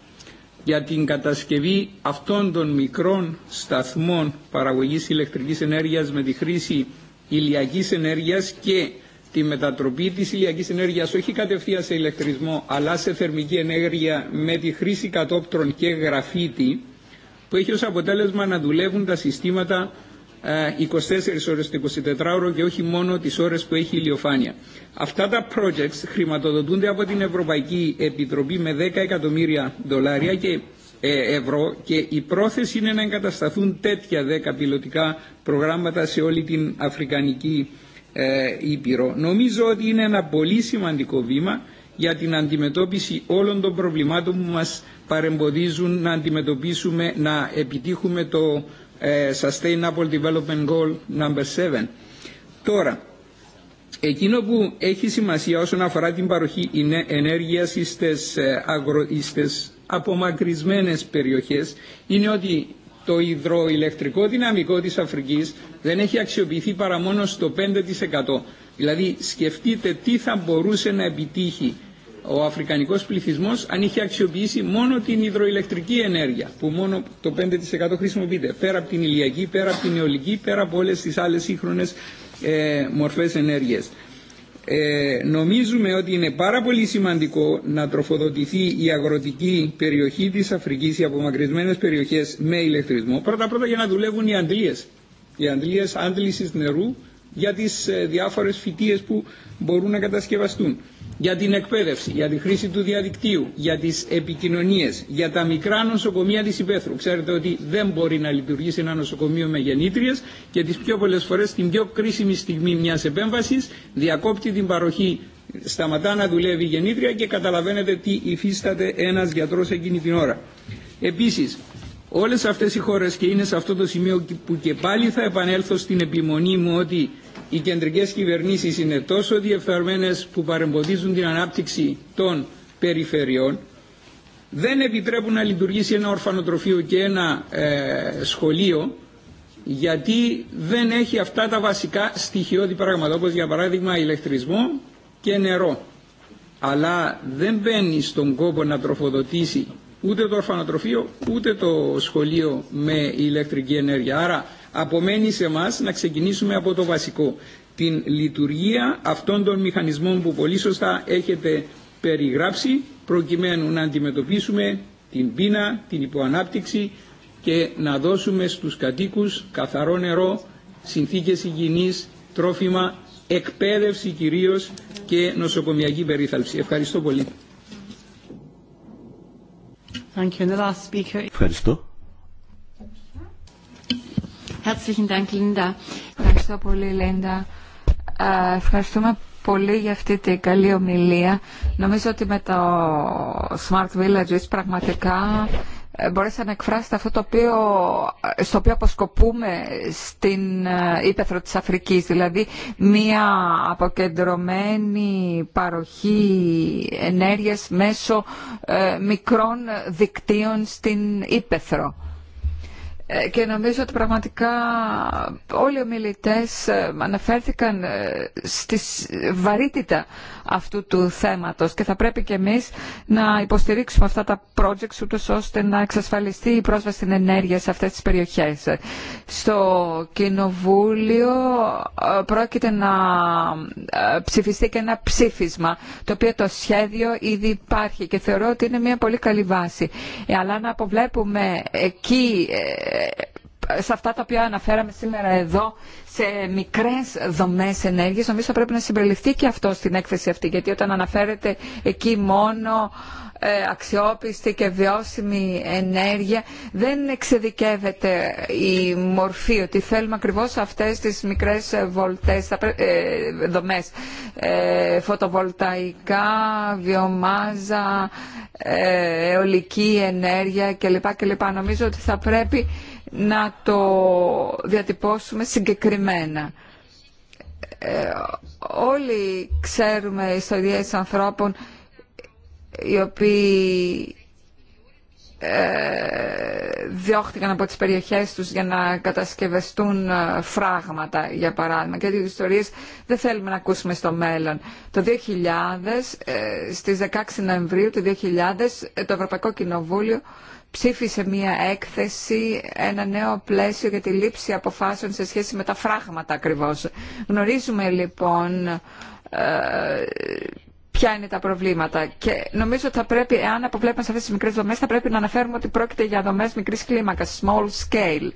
για την κατασκευή αυτών των μικρών σταθμών παραγωγής ηλεκτρικής ενέργειας με τη χρήση ηλιακής ενέργειας και τη μετατροπή της ηλιακής ενέργειας όχι κατευθείαν σε ηλεκτρισμό αλλά σε θερμική ενέργεια με τη χρήση κατόπτρων και γραφίτη που έχει ως αποτέλεσμα να δουλεύουν τα συστήματα 24 ε, ώρες το 24 ώρο και όχι μόνο τις ώρες που έχει ηλιοφάνεια. Αυτά τα projects χρηματοδοτούνται από την Ευρωπαϊκή Επιτροπή με 10 εκατομμύρια δολάρια και ε, ευρώ και η πρόθεση είναι να εγκατασταθούν τέτοια 10 πιλωτικά προγράμματα σε όλη την Αφρικανική ε, Ήπειρο. Νομίζω ότι είναι ένα πολύ σημαντικό βήμα για την αντιμετώπιση όλων των προβλημάτων που μας παρεμποδίζουν να αντιμετωπίσουμε, να επιτύχουμε το ε, Sustainable Development Goal No. 7. Τώρα, Εκείνο που έχει σημασία όσον αφορά την παροχή ενέργειας στις, ε, αγρο... στις απομακρυσμένες περιοχές είναι ότι το υδροηλεκτρικό δυναμικό της Αφρικής δεν έχει αξιοποιηθεί παρά μόνο στο 5%. Δηλαδή σκεφτείτε τι θα μπορούσε να επιτύχει ο αφρικανικός πληθυσμός αν είχε αξιοποιήσει μόνο την υδροηλεκτρική ενέργεια που μόνο το 5% χρησιμοποιείται πέρα από την ηλιακή, πέρα από την αιωλική, πέρα από όλες τις άλλες σύγχρονες ε, μορφές ενέργειας. Ε, νομίζουμε ότι είναι πάρα πολύ σημαντικό να τροφοδοτηθεί η αγροτική περιοχή της Αφρικής, οι απομακρυσμένες περιοχές με ηλεκτρισμό, πρώτα πρώτα για να δουλεύουν οι αντλίες. Οι αντλίες άντλησης νερού για τις ε, διάφορες φοιτίες που μπορούν να κατασκευαστούν, για την εκπαίδευση, για τη χρήση του διαδικτύου, για τις επικοινωνίες, για τα μικρά νοσοκομεία της Υπέθρου. Ξέρετε ότι δεν μπορεί να λειτουργήσει ένα νοσοκομείο με γεννήτριες και τις πιο πολλές φορές την πιο κρίσιμη στιγμή μιας επέμβασης διακόπτει την παροχή σταματά να δουλεύει η γεννήτρια και καταλαβαίνετε τι υφίσταται ένας γιατρός εκείνη την ώρα. Επίσης, όλες αυτές οι χώρε και είναι σε αυτό το σημείο που και πάλι θα επανέλθω στην επιμονή μου ότι οι κεντρικές κυβερνήσεις είναι τόσο διεφθαρμένες που παρεμποδίζουν την ανάπτυξη των περιφερειών, δεν επιτρέπουν να λειτουργήσει ένα ορφανοτροφείο και ένα ε, σχολείο γιατί δεν έχει αυτά τα βασικά στοιχειώδη πράγματα όπως για παράδειγμα ηλεκτρισμό και νερό. Αλλά δεν μπαίνει στον κόπο να τροφοδοτήσει ούτε το ορφανοτροφείο ούτε το σχολείο με ηλεκτρική ενέργεια απομένει σε εμά να ξεκινήσουμε από το βασικό, την λειτουργία αυτών των μηχανισμών που πολύ σωστά έχετε περιγράψει προκειμένου να αντιμετωπίσουμε την πείνα, την υποανάπτυξη και να δώσουμε στους κατοίκους καθαρό νερό, συνθήκες υγιεινής, τρόφιμα, εκπαίδευση κυρίως και νοσοκομιακή περίθαλψη. Ευχαριστώ πολύ. Ευχαριστώ. Ευχαριστώ πολύ, Λίντα. Ευχαριστούμε πολύ για αυτή την καλή ομιλία. Νομίζω ότι με το Smart Villages πραγματικά ε, μπορέσατε να εκφράσετε αυτό το οποίο, ε, στο οποίο αποσκοπούμε στην ύπεθρο ε, της Αφρικής, δηλαδή μία αποκεντρωμένη παροχή ενέργειας μέσω μικρών δικτύων στην ύπεθρο. Ε, και νομίζω ότι πραγματικά όλοι οι ομιλητέ ε, αναφέρθηκαν ε, στη βαρύτητα αυτού του θέματος και θα πρέπει και εμείς να υποστηρίξουμε αυτά τα projects ούτως ώστε να εξασφαλιστεί η πρόσβαση στην ενέργεια σε αυτές τις περιοχές. Στο Κοινοβούλιο πρόκειται να ψηφιστεί και ένα ψήφισμα το οποίο το σχέδιο ήδη υπάρχει και θεωρώ ότι είναι μια πολύ καλή βάση. Αλλά να αποβλέπουμε εκεί σε αυτά τα οποία αναφέραμε σήμερα εδώ, σε μικρέ δομέ ενέργεια, νομίζω πρέπει να συμπεριληφθεί και αυτό στην έκθεση αυτή. Γιατί όταν αναφέρεται εκεί μόνο ε, αξιόπιστη και βιώσιμη ενέργεια, δεν εξεδικεύεται η μορφή ότι θέλουμε ακριβώ αυτέ τι μικρέ ε, δομέ. Ε, φωτοβολταϊκά, βιομάζα, αιωλική ενέργεια κλπ. κλπ. Νομίζω ότι θα πρέπει να το διατυπώσουμε συγκεκριμένα. Ε, όλοι ξέρουμε ιστορίες ανθρώπων οι οποίοι ε, διώχτηκαν από τις περιοχές τους για να κατασκευαστούν ε, φράγματα για παράδειγμα και τις ιστορίες δεν θέλουμε να ακούσουμε στο μέλλον. Το 2000, ε, στις 16 Νοεμβρίου του 2000 ε, το Ευρωπαϊκό Κοινοβούλιο ψήφισε μία έκθεση, ένα νέο πλαίσιο για τη λήψη αποφάσεων σε σχέση με τα φράγματα ακριβώς. Γνωρίζουμε λοιπόν ε, ποια είναι τα προβλήματα. Και νομίζω ότι θα πρέπει, εάν αποβλέπουμε σε αυτές τις μικρές δομές, θα πρέπει να αναφέρουμε ότι πρόκειται για δομές μικρής κλίμακας, small scale.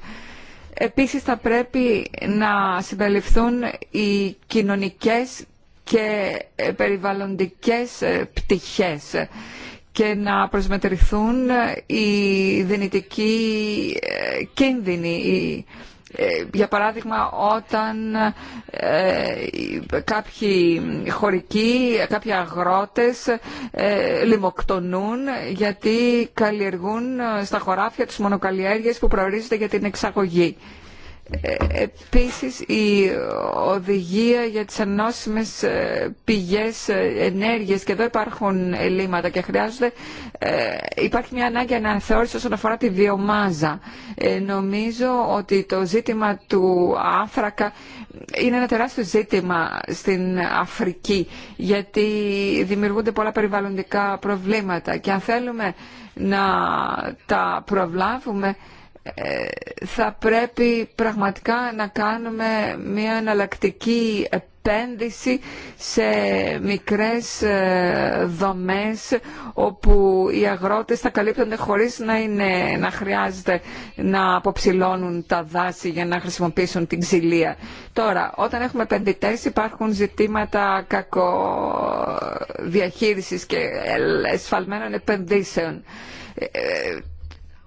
Επίσης θα πρέπει να συμπεριληφθούν οι κοινωνικές και περιβαλλοντικές ε, πτυχές και να προσμετρηθούν οι δυνητικοί ε, κίνδυνοι. Ε, για παράδειγμα, όταν ε, κάποιοι χωρικοί, κάποιοι αγρότες λιμοκτονούν γιατί καλλιεργούν στα χωράφια τους μονοκαλλιέργειες που προορίζονται για την εξαγωγή. Επίσης η οδηγία για τις ανώσιμες ε, πηγές ε, ενέργειας και εδώ υπάρχουν ελλείμματα και χρειάζονται, ε, υπάρχει μια ανάγκη αναθεώρηση όσον αφορά τη βιομάζα. Νομίζω ότι το ζήτημα του άνθρακα είναι ένα τεράστιο ζήτημα στην Αφρική γιατί δημιουργούνται πολλά περιβαλλοντικά προβλήματα και αν θέλουμε να τα προβλάβουμε ε, θα πρέπει πραγματικά να κάνουμε μια εναλλακτική επένδυση σε μικρές ε, δομές όπου οι αγρότες θα καλύπτονται χωρίς να, είναι, να χρειάζεται να αποψηλώνουν τα δάση για να χρησιμοποιήσουν την ξυλία. Τώρα, όταν έχουμε επενδυτές υπάρχουν ζητήματα κακοδιαχείρισης και εσφαλμένων επενδύσεων ε,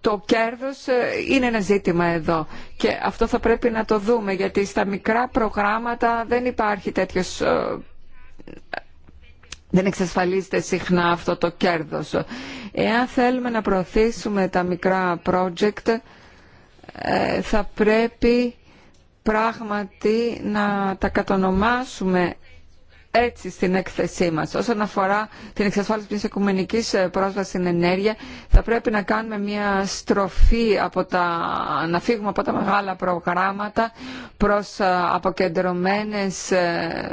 το κέρδος ε, είναι ένα ζήτημα εδώ και αυτό θα πρέπει να το δούμε γιατί στα μικρά προγράμματα δεν υπάρχει τέτοιος ε, δεν εξασφαλίζεται συχνά αυτό το κέρδος. Εάν θέλουμε να προωθήσουμε τα μικρά project ε, θα πρέπει πράγματι να τα κατονομάσουμε έτσι στην έκθεσή μας. Όσον αφορά την εξασφάλιση της οικουμενικής ε, πρόσβασης στην ενέργεια, θα πρέπει να κάνουμε μια στροφή, από τα, να φύγουμε από τα μεγάλα προγράμματα προς ε, αποκεντρωμένες ε,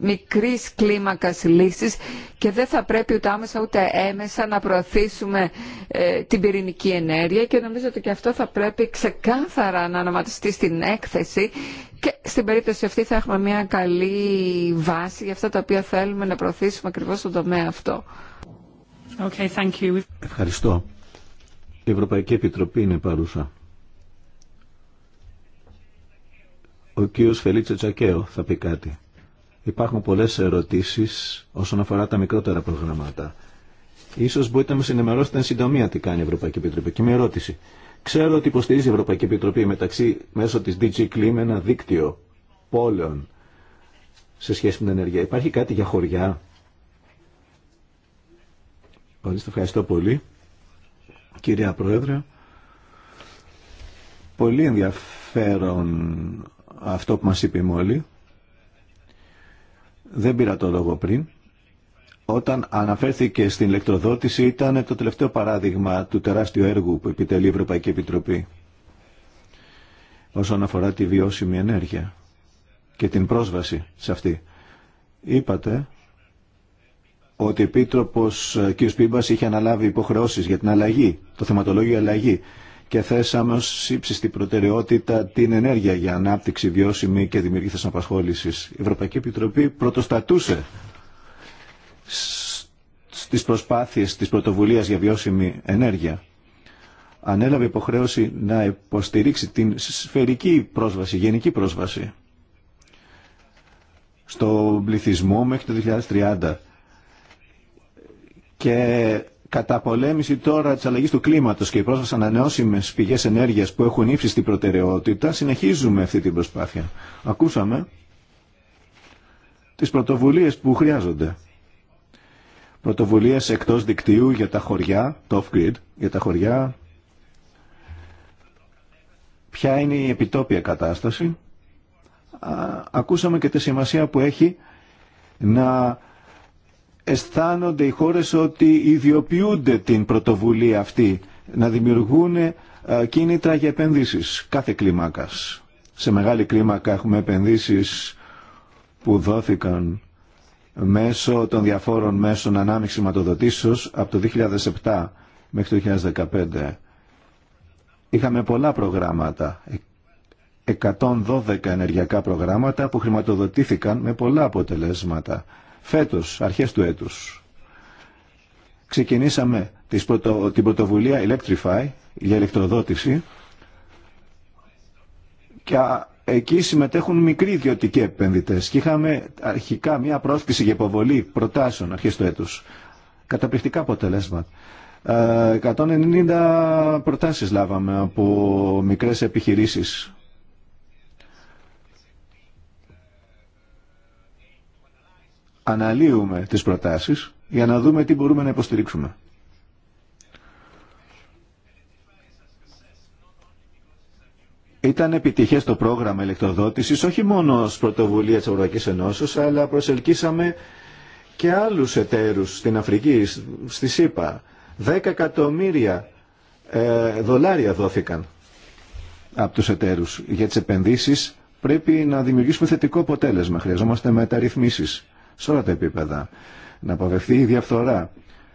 μικρής κλίμακας λύσεις και δεν θα πρέπει ούτε άμεσα ούτε έμεσα να προωθήσουμε ε, την πυρηνική ενέργεια και νομίζω ότι και αυτό θα πρέπει ξεκάθαρα να ονοματιστεί στην έκθεση και στην περίπτωση αυτή θα έχουμε μια καλή βάση για αυτά τα οποία θέλουμε να προωθήσουμε ακριβώς στον τομέα αυτό. Okay, thank you. Ευχαριστώ. Η Ευρωπαϊκή Επιτροπή είναι παρούσα. Ο κύριος Φελίτσε Τσακέο θα πει κάτι. Υπάρχουν πολλές ερωτήσεις όσον αφορά τα μικρότερα προγράμματα. Ίσως μπορείτε να μας ενημερώσετε εν συντομία τι κάνει η Ευρωπαϊκή Επιτροπή. Και μια ερώτηση. Ξέρω ότι υποστηρίζει η Ευρωπαϊκή Επιτροπή μεταξύ μέσω της DG Clean ένα δίκτυο πόλεων σε σχέση με την ενέργεια. Υπάρχει κάτι για χωριά. ευχαριστώ πολύ. Κυρία Πρόεδρε, πολύ ενδιαφέρον αυτό που μας είπε η Μόλη δεν πήρα το λόγο πριν. Όταν αναφέρθηκε στην ηλεκτροδότηση ήταν το τελευταίο παράδειγμα του τεράστιου έργου που επιτελεί η Ευρωπαϊκή Επιτροπή όσον αφορά τη βιώσιμη ενέργεια και την πρόσβαση σε αυτή. Είπατε ότι ο Επίτροπος κ. Πίμπας είχε αναλάβει υποχρεώσεις για την αλλαγή, το θεματολόγιο αλλαγή και θέσαμε ως ύψιστη προτεραιότητα την ενέργεια για ανάπτυξη βιώσιμη και δημιουργή θέσεων απασχόλησης. Η Ευρωπαϊκή Επιτροπή πρωτοστατούσε στις προσπάθειες της πρωτοβουλίας για βιώσιμη ενέργεια. Ανέλαβε υποχρέωση να υποστηρίξει την σφαιρική πρόσβαση, γενική πρόσβαση στον πληθυσμό μέχρι το 2030 και καταπολέμηση τώρα της αλλαγής του κλίματος και οι πρόσφατες ανανεώσιμες πηγές ενέργειας που έχουν στην προτεραιότητα, συνεχίζουμε αυτή την προσπάθεια. Ακούσαμε τις πρωτοβουλίες που χρειάζονται. Πρωτοβουλίες εκτός δικτύου για τα χωριά, το off-grid, για τα χωριά. Ποια είναι η επιτόπια κατάσταση. ακούσαμε και τη σημασία που έχει να αισθάνονται οι χώρες ότι ιδιοποιούνται την πρωτοβουλία αυτή να δημιουργούν ε, κίνητρα για επενδύσεις κάθε κλίμακας. Σε μεγάλη κλίμακα έχουμε επενδύσεις που δόθηκαν μέσω των διαφόρων μέσων ανάμειξη χρηματοδοτήσεω από το 2007 μέχρι το 2015. Είχαμε πολλά προγράμματα, 112 ενεργειακά προγράμματα που χρηματοδοτήθηκαν με πολλά αποτελέσματα. Φέτος, αρχές του έτους, ξεκινήσαμε την πρωτοβουλία Electrify για ηλεκτροδότηση και εκεί συμμετέχουν μικροί ιδιωτικοί επενδυτές και είχαμε αρχικά μια πρόσκληση για υποβολή προτάσεων αρχές του έτους. Καταπληκτικά αποτελέσματα. 190 ε, προτάσεις λάβαμε από μικρές επιχειρήσεις αναλύουμε τις προτάσεις για να δούμε τι μπορούμε να υποστηρίξουμε. Ήταν επιτυχές το πρόγραμμα ηλεκτροδότησης, όχι μόνο ως πρωτοβουλία της Ευρωπαϊκής Ενώσεως, αλλά προσελκύσαμε και άλλους εταίρους στην Αφρική, στη ΣΥΠΑ. Δέκα εκατομμύρια ε, δολάρια δόθηκαν από τους εταίρους για τις επενδύσεις. Πρέπει να δημιουργήσουμε θετικό αποτέλεσμα. Χρειαζόμαστε μεταρρυθμίσεις σε όλα τα επίπεδα. Να αποφευθεί η διαφθορά,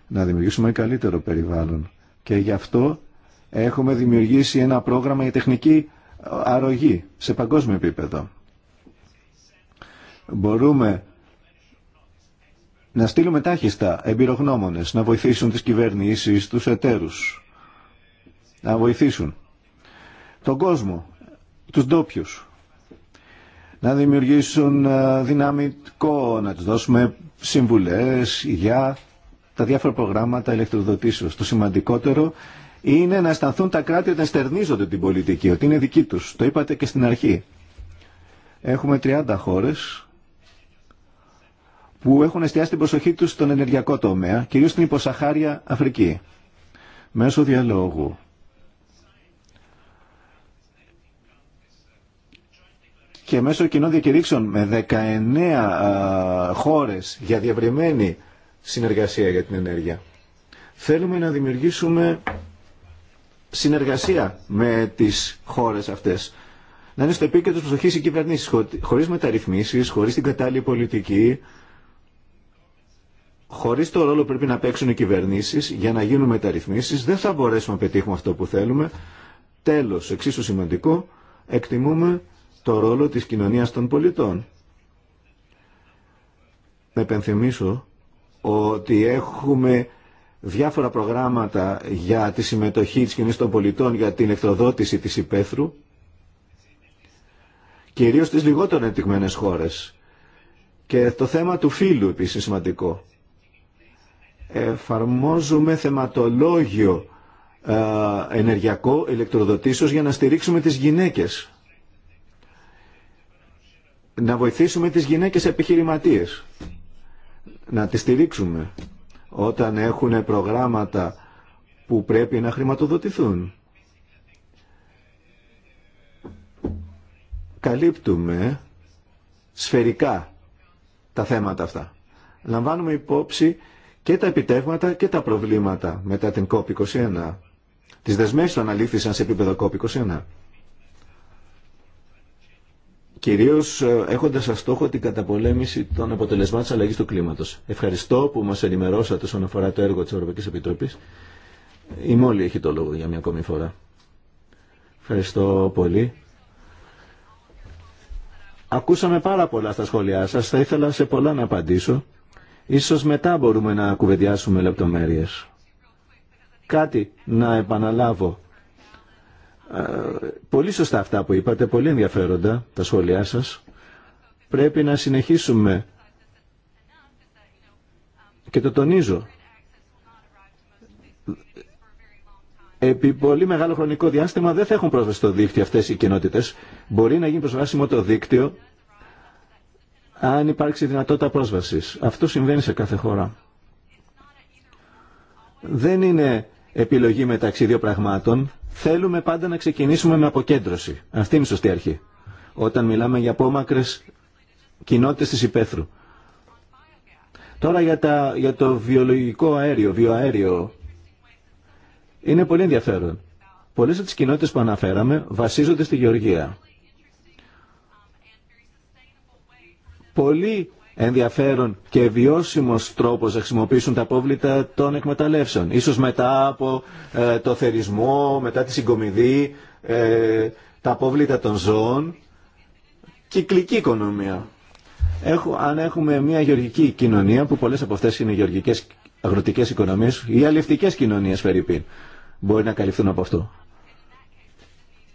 να δημιουργήσουμε καλύτερο περιβάλλον. Και γι' αυτό έχουμε δημιουργήσει ένα πρόγραμμα για τεχνική ε, αρρωγή σε παγκόσμιο επίπεδο. Μπορούμε να στείλουμε τάχιστα εμπειρογνώμονες να βοηθήσουν τις κυβερνήσεις, τους εταίρους, να βοηθήσουν τον κόσμο, τους ντόπιου να δημιουργήσουν ε, δυναμικό, να τους δώσουμε συμβουλές για τα διάφορα προγράμματα ηλεκτροδοτήσεως. Το σημαντικότερο είναι να αισθανθούν τα κράτη όταν στερνίζονται την πολιτική, ότι είναι δική τους. Το είπατε και στην αρχή. Έχουμε 30 χώρες που έχουν εστιάσει την προσοχή τους στον ενεργειακό τομέα, κυρίως στην υποσαχάρια Αφρική, μέσω διαλόγου και μέσω κοινών διακηρύξεων με 19 χώρες για διαβριμένη συνεργασία για την ενέργεια. Θέλουμε να δημιουργήσουμε συνεργασία με τις χώρες αυτές. Να είναι στο επίκεντρο της προσοχής οι κυβερνήσεις, χωρίς μεταρρυθμίσεις, χωρίς την κατάλληλη πολιτική, χωρίς το ρόλο που πρέπει να παίξουν οι κυβερνήσεις για να γίνουν μεταρρυθμίσεις, δεν θα μπορέσουμε να πετύχουμε αυτό που θέλουμε. Τέλος, εξίσου σημαντικό, εκτιμούμε το ρόλο της κοινωνίας των πολιτών. Να επενθυμίσω ότι έχουμε διάφορα προγράμματα για τη συμμετοχή της κοινωνίας των πολιτών για την εκτροδότηση της υπαίθρου, κυρίως στις λιγότερο ενεπτυγμένες χώρες. Και το θέμα του φίλου επίσης σημαντικό. Εφαρμόζουμε θεματολόγιο ε, ενεργειακό ηλεκτροδοτήσεως για να στηρίξουμε τις γυναίκες να βοηθήσουμε τις γυναίκες επιχειρηματίες, να τις στηρίξουμε όταν έχουν προγράμματα που πρέπει να χρηματοδοτηθούν. Καλύπτουμε σφαιρικά τα θέματα αυτά. Λαμβάνουμε υπόψη και τα επιτεύγματα και τα προβλήματα μετά την COP21. Τις δεσμεύσεις του αναλήφθησαν σε επίπεδο COP21 κυρίως ε, έχοντας σαν στόχο την καταπολέμηση των αποτελεσμάτων τη αλλαγή του κλίματος. Ευχαριστώ που μας ενημερώσατε όσον αφορά το έργο τη Ευρωπαϊκή Επιτροπή Η Μόλι έχει το λόγο για μια ακόμη φορά. Ευχαριστώ πολύ. Ακούσαμε πάρα πολλά στα σχόλιά σα, Θα ήθελα σε πολλά να απαντήσω. Ίσως μετά μπορούμε να κουβεντιάσουμε λεπτομέρειε. Κάτι να επαναλάβω πολύ σωστά αυτά που είπατε, πολύ ενδιαφέροντα τα σχόλιά σας. Πρέπει να συνεχίσουμε και το τονίζω. Επί πολύ μεγάλο χρονικό διάστημα δεν θα έχουν πρόσβαση στο δίκτυο αυτές οι κοινότητες. Μπορεί να γίνει προσβάσιμο το δίκτυο αν υπάρξει δυνατότητα πρόσβασης. Αυτό συμβαίνει σε κάθε χώρα. Δεν είναι επιλογή μεταξύ δύο πραγμάτων Θέλουμε πάντα να ξεκινήσουμε με αποκέντρωση. Αυτή είναι η σωστή αρχή. Όταν μιλάμε για απόμακρε κοινότητε τη υπαίθρου. Τώρα για, για το βιολογικό αέριο, βιοαέριο. Είναι πολύ ενδιαφέρον. Πολλές από τις κοινότητες που αναφέραμε βασίζονται στη γεωργία. Πολλοί ενδιαφέρον και βιώσιμος τρόπος να χρησιμοποιήσουν τα απόβλητα των εκμεταλλεύσεων. Ίσως μετά από ε, το θερισμό, μετά τη συγκομιδή, ε, τα απόβλητα των ζώων, κυκλική οικονομία. Έχω, αν έχουμε μια γεωργική κοινωνία, που πολλές από αυτές είναι γεωργικές αγροτικές οικονομίες ή αλληλευτικές κοινωνίες, περίπου, μπορεί να καλυφθούν από αυτό.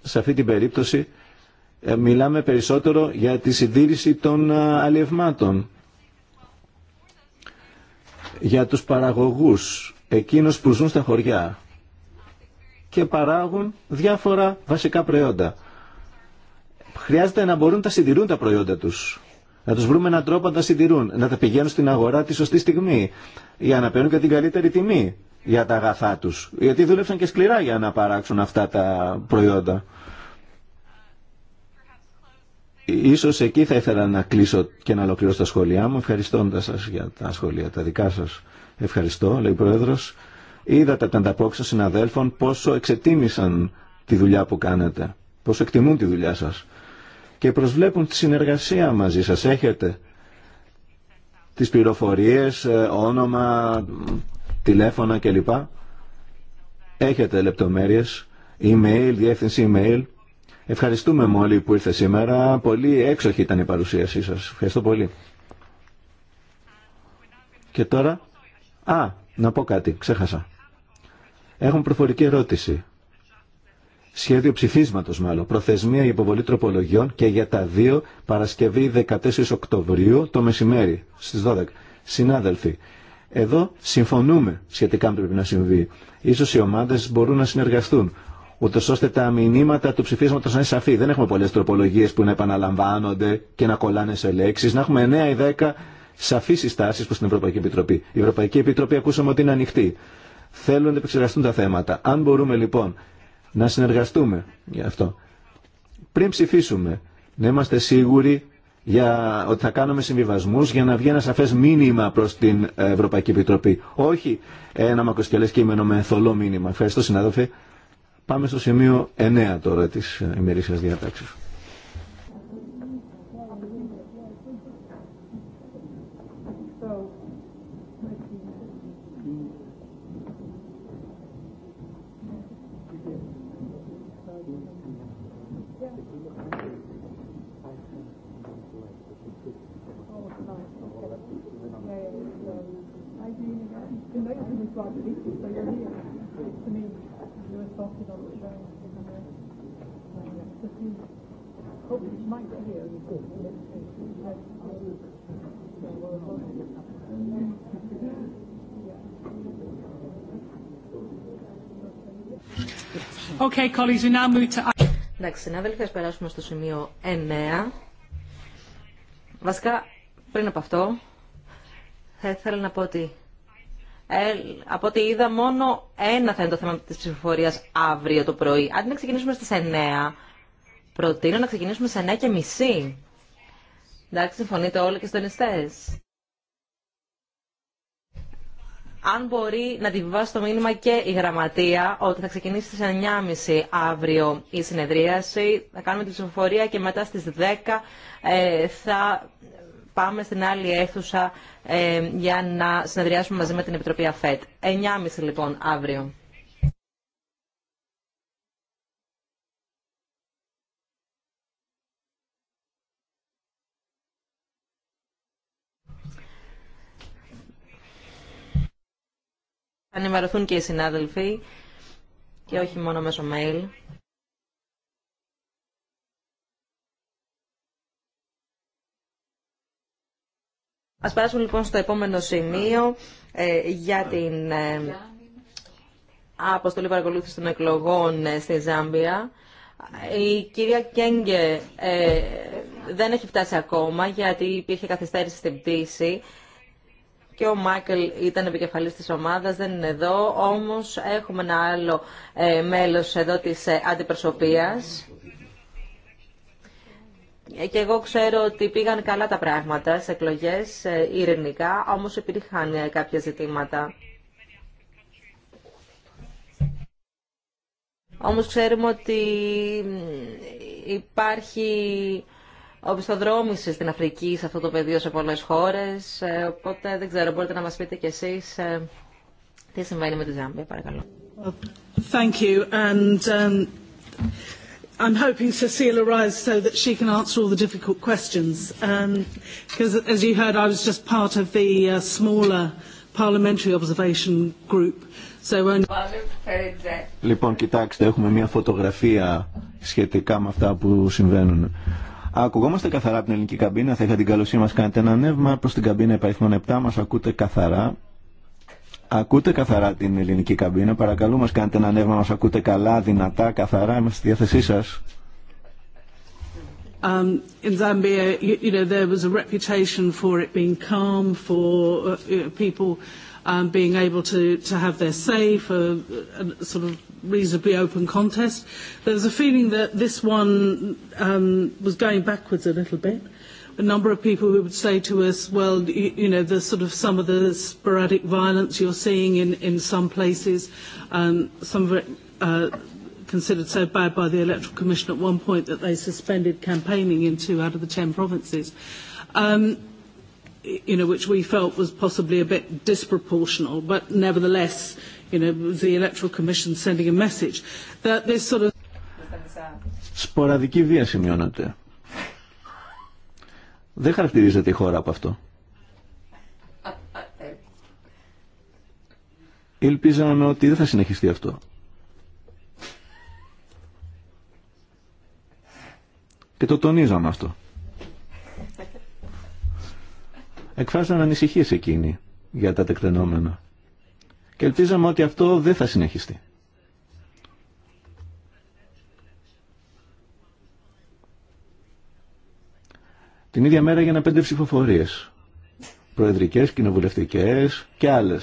Σε αυτή την περίπτωση ε, μιλάμε περισσότερο για τη συντήρηση των ε, αλλιευμάτων. Για τους παραγωγούς, εκείνους που ζουν στα χωριά και παράγουν διάφορα βασικά προϊόντα. Χρειάζεται να μπορούν να συντηρούν τα προϊόντα τους. Να τους βρούμε έναν τρόπο να τα συντηρούν, να τα πηγαίνουν στην αγορά τη σωστή στιγμή, για να παίρνουν και την καλύτερη τιμή για τα αγαθά τους. Γιατί δούλεψαν και σκληρά για να παράξουν αυτά τα προϊόντα. Ίσως εκεί θα ήθελα να κλείσω και να ολοκληρώσω τα σχόλιά μου, ευχαριστώντας σας για τα σχόλια τα δικά σας. Ευχαριστώ, λέει ο Πρόεδρος. Είδατε από την ανταπόκριση συναδέλφων πόσο εξετίμησαν τη δουλειά που κάνετε, πόσο εκτιμούν τη δουλειά σας και προσβλέπουν τη συνεργασία μαζί σας. Έχετε τις πληροφορίες, ε, όνομα, τηλέφωνα κλπ. Έχετε λεπτομέρειες, email, διεύθυνση email Ευχαριστούμε όλοι που ήρθε σήμερα. Πολύ έξοχη ήταν η παρουσίασή σας. Ευχαριστώ πολύ. Και τώρα... Α, να πω κάτι. Ξέχασα. Έχουμε προφορική ερώτηση. Σχέδιο ψηφίσματος μάλλον. Προθεσμία για υποβολή τροπολογιών και για τα δύο Παρασκευή 14 Οκτωβρίου το μεσημέρι στις 12. Συνάδελφοι, εδώ συμφωνούμε σχετικά με πρέπει να συμβεί. Ίσως οι ομάδες μπορούν να συνεργαστούν ούτω ώστε τα μηνύματα του ψηφίσματο να είναι σαφή. Δεν έχουμε πολλέ τροπολογίε που να επαναλαμβάνονται και να κολλάνε σε λέξει. Να έχουμε 9 ή 10 σαφεί συστάσει προ την Ευρωπαϊκή Επιτροπή. Η Ευρωπαϊκή Επιτροπή ακούσαμε ότι είναι ανοιχτή. Θέλουν να επεξεργαστούν τα θέματα. Αν μπορούμε λοιπόν να συνεργαστούμε γι' αυτό, πριν ψηφίσουμε, να είμαστε σίγουροι για ότι θα κάνουμε συμβιβασμού για να βγει ένα σαφέ μήνυμα προ την Ευρωπαϊκή Επιτροπή. Όχι ένα μακροσκελέ κείμενο με θολό μήνυμα. Ευχαριστώ, συνάδελφοι. Πάμε στο σημείο 9 τώρα της ημερήσιας διατάξης. Oh, Εντάξει, συνάδελφοι, περάσουμε στο σημείο 9. Βασικά, πριν από αυτό, θα να πω ότι από ό,τι είδα, μόνο ένα θα είναι το θέμα της ψηφοφορία αύριο το πρωί. Αντί να ξεκινήσουμε στι 9, προτείνω να ξεκινήσουμε στις 9 και μισή. Εντάξει, συμφωνείτε όλοι και συντονιστέ. Αν μπορεί να τη το μήνυμα και η γραμματεία ότι θα ξεκινήσει στις 9.30 αύριο η συνεδρίαση, θα κάνουμε τη ψηφοφορία και μετά στις 10 ε, θα πάμε στην άλλη αίθουσα ε, για να συνεδριάσουμε μαζί με την Επιτροπή ΑΦΕΤ. 9.30 λοιπόν αύριο. Θα ενημερωθούν και οι συνάδελφοι και όχι μόνο μέσω mail. Ας περάσουμε λοιπόν στο επόμενο σημείο ε, για την ε, αποστολή παρακολούθηση των εκλογών ε, στη Ζάμπια. Η κυρία Κέγκε δεν έχει φτάσει ακόμα γιατί υπήρχε καθυστέρηση στην πτήση και ο Μάικλ ήταν επικεφαλής της ομάδας, δεν είναι εδώ, όμως έχουμε ένα άλλο μέλος εδώ της αντιπροσωπείας και εγώ ξέρω ότι πήγαν καλά τα πράγματα σε εκλογές ε, ειρηνικά, όμως υπήρχαν ε, κάποια ζητήματα. Όμως ξέρουμε ότι υπάρχει οπισθοδρόμηση στην Αφρική σε αυτό το πεδίο σε πολλές χώρες, ε, οπότε δεν ξέρω, μπορείτε να μας πείτε κι εσείς τι συμβαίνει με τη Ζάμπια, παρακαλώ. Thank you. And, um, I'm hoping Cecile arrives so that she can answer all the difficult questions, because um, as you heard, I was just part of the uh, smaller parliamentary observation group. So when... Λοιπόν, κοιτάξτε, έχουμε μια φωτογραφία σχετικά με αυτά που συμβαίνουν. Ακουγόμαστε καθαρά από την ελληνική καμπίνα. Θα είχα την καλωσία μα κάνετε ένα ανέβημα προ την καμπίνα υπαριθμών 7. Μα ακούτε καθαρά. Ακούτε καθαρά την ελληνική καμπίνα. Παρακαλώ μας κάντε ένα ανέβημα, μα ακούτε καλά, δυνατά, καθαρά. Είμαστε στη διάθεσή σα. Um, in Zambia, you, you know, there was a reputation for it being calm, for uh, you know, people um, being able to, to have their say, for a, sort of reasonably open contest. There was a feeling that this one um, was going backwards a little bit a number of people who would say to us, well, you know, the sort of some of the sporadic violence you're seeing in in some places, um some of it considered so bad by the electoral commission at one point that they suspended campaigning in two out of the ten provinces. Um, you know, which we felt was possibly a bit disproportional, but nevertheless, you know, the Electoral Commission sending a message that this sort of... Σποραδική βία δεν χαρακτηρίζεται η χώρα από αυτό. Ελπίζαμε ότι δεν θα συνεχιστεί αυτό. Και το τονίζαμε αυτό. Εκφράζαμε ανησυχίες εκείνη για τα τεκτενόμενα. Και ελπίζαμε ότι αυτό δεν θα συνεχιστεί. την ίδια μέρα έγιναν πέντε ψηφοφορίε. Προεδρικέ κοινοβουλευτικέ και άλλε.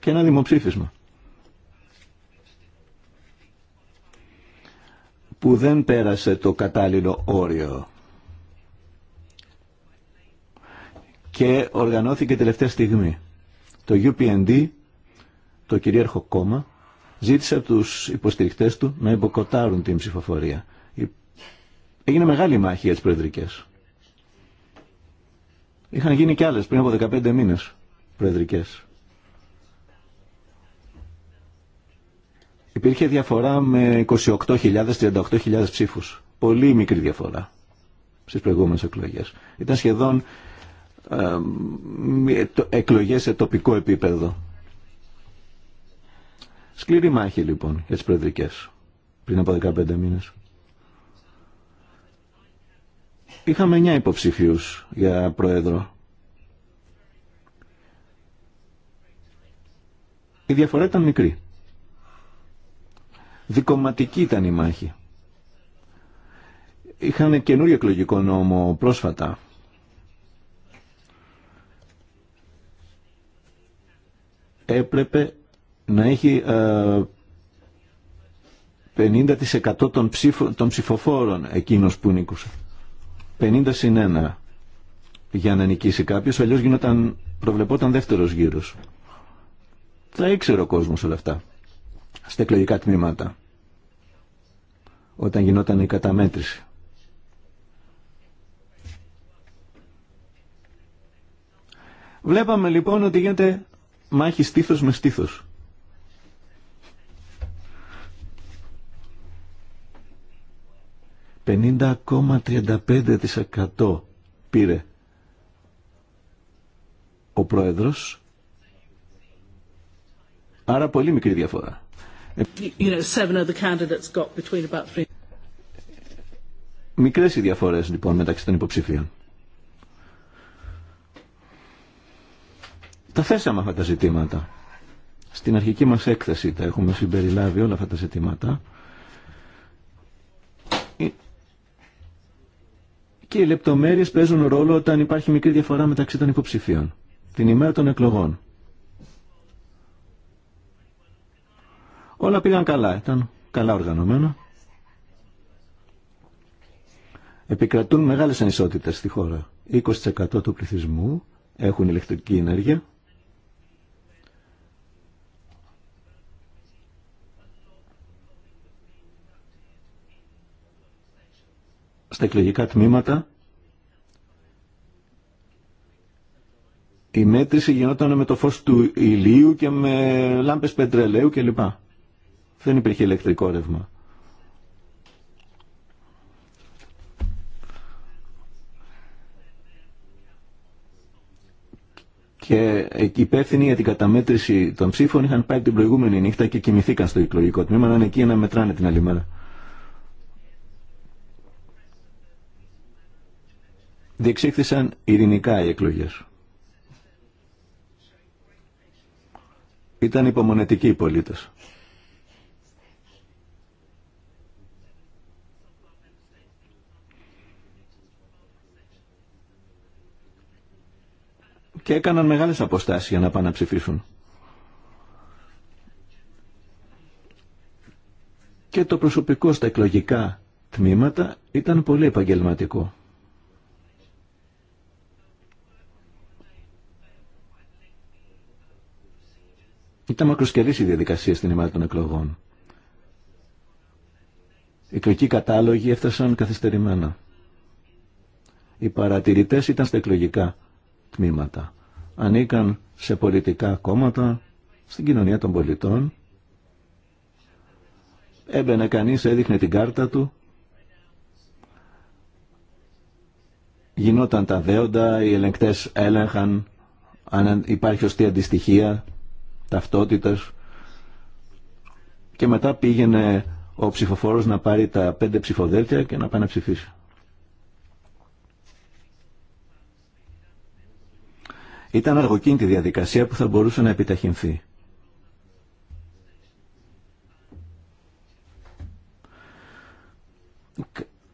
Και ένα δημοψήφισμα. Που δεν πέρασε το κατάλληλο όριο. Και οργανώθηκε τελευταία στιγμή. Το UPND, το κυρίαρχο κόμμα, ζήτησε από τους υποστηριχτές του να υποκοτάρουν την ψηφοφορία. Έγινε μεγάλη μάχη για τι προεδρικέ. Είχαν γίνει και άλλε πριν από 15 μήνες προεδρικέ. Υπήρχε διαφορά με 28.000-38.000 ψήφους. Πολύ μικρή διαφορά στις προηγούμενε εκλογές. Ήταν σχεδόν ε, εκλογές σε τοπικό επίπεδο. Σκληρή μάχη λοιπόν για τι προεδρικές πριν από 15 μήνες. Είχαμε 9 υποψηφίους για πρόεδρο. Η διαφορά ήταν μικρή. Δικοματική ήταν η μάχη. Είχαν καινούριο εκλογικό νόμο πρόσφατα. Έπρεπε να έχει 50% ε, των, των ψηφοφόρων εκείνος που νίκουσε. 50 συν 1 για να νικήσει κάποιο αλλιώς γινόταν, προβλεπόταν δεύτερος γύρος. θα ήξερε ο κόσμος όλα αυτά, στα εκλογικά τμήματα, όταν γινόταν η καταμέτρηση. Βλέπαμε λοιπόν ότι γίνεται μάχη στήθος με στήθος. 50,35% πήρε ο πρόεδρος. Άρα πολύ μικρή διαφορά. Μικρές οι διαφορές λοιπόν μεταξύ των υποψηφίων. Τα θέσαμε αυτά τα ζητήματα. Στην αρχική μας έκθεση τα έχουμε συμπεριλάβει όλα αυτά τα ζητήματα. και οι λεπτομέρειες παίζουν ρόλο όταν υπάρχει μικρή διαφορά μεταξύ των υποψηφίων την ημέρα των εκλογών. Όλα πήγαν καλά, ήταν καλά οργανωμένα. Επικρατούν μεγάλες ανισότητες στη χώρα. 20% του πληθυσμού έχουν ηλεκτρική ενέργεια στα εκλογικά τμήματα η μέτρηση γινόταν με το φως του ηλίου και με λάμπες πετρελαίου κλπ. Δεν υπήρχε ηλεκτρικό ρεύμα. Και οι υπεύθυνοι για την καταμέτρηση των ψήφων είχαν πάει την προηγούμενη νύχτα και κοιμηθήκαν στο εκλογικό τμήμα, να είναι εκεί να μετράνε την άλλη μέρα. διεξήχθησαν ειρηνικά οι εκλογές. Ήταν υπομονετικοί οι πολίτες. Και έκαναν μεγάλες αποστάσεις για να πάνε να ψηφίσουν. Και το προσωπικό στα εκλογικά τμήματα ήταν πολύ επαγγελματικό. Ήταν μακροσκελής η διαδικασία στην ημέρα των εκλογών. Οι εκλογικοί κατάλογοι έφτασαν καθυστερημένα. Οι παρατηρητές ήταν στα εκλογικά τμήματα. Ανήκαν σε πολιτικά κόμματα, στην κοινωνία των πολιτών. Έμπαινε κανείς, έδειχνε την κάρτα του. Γινόταν τα δέοντα, οι ελεγκτές έλεγχαν αν υπάρχει ωστή αντιστοιχεία ταυτότητας και μετά πήγαινε ο ψηφοφόρος να πάρει τα πέντε ψηφοδέλτια και να πάει να ψηφίσει. Ήταν αργοκίνητη διαδικασία που θα μπορούσε να επιταχυνθεί.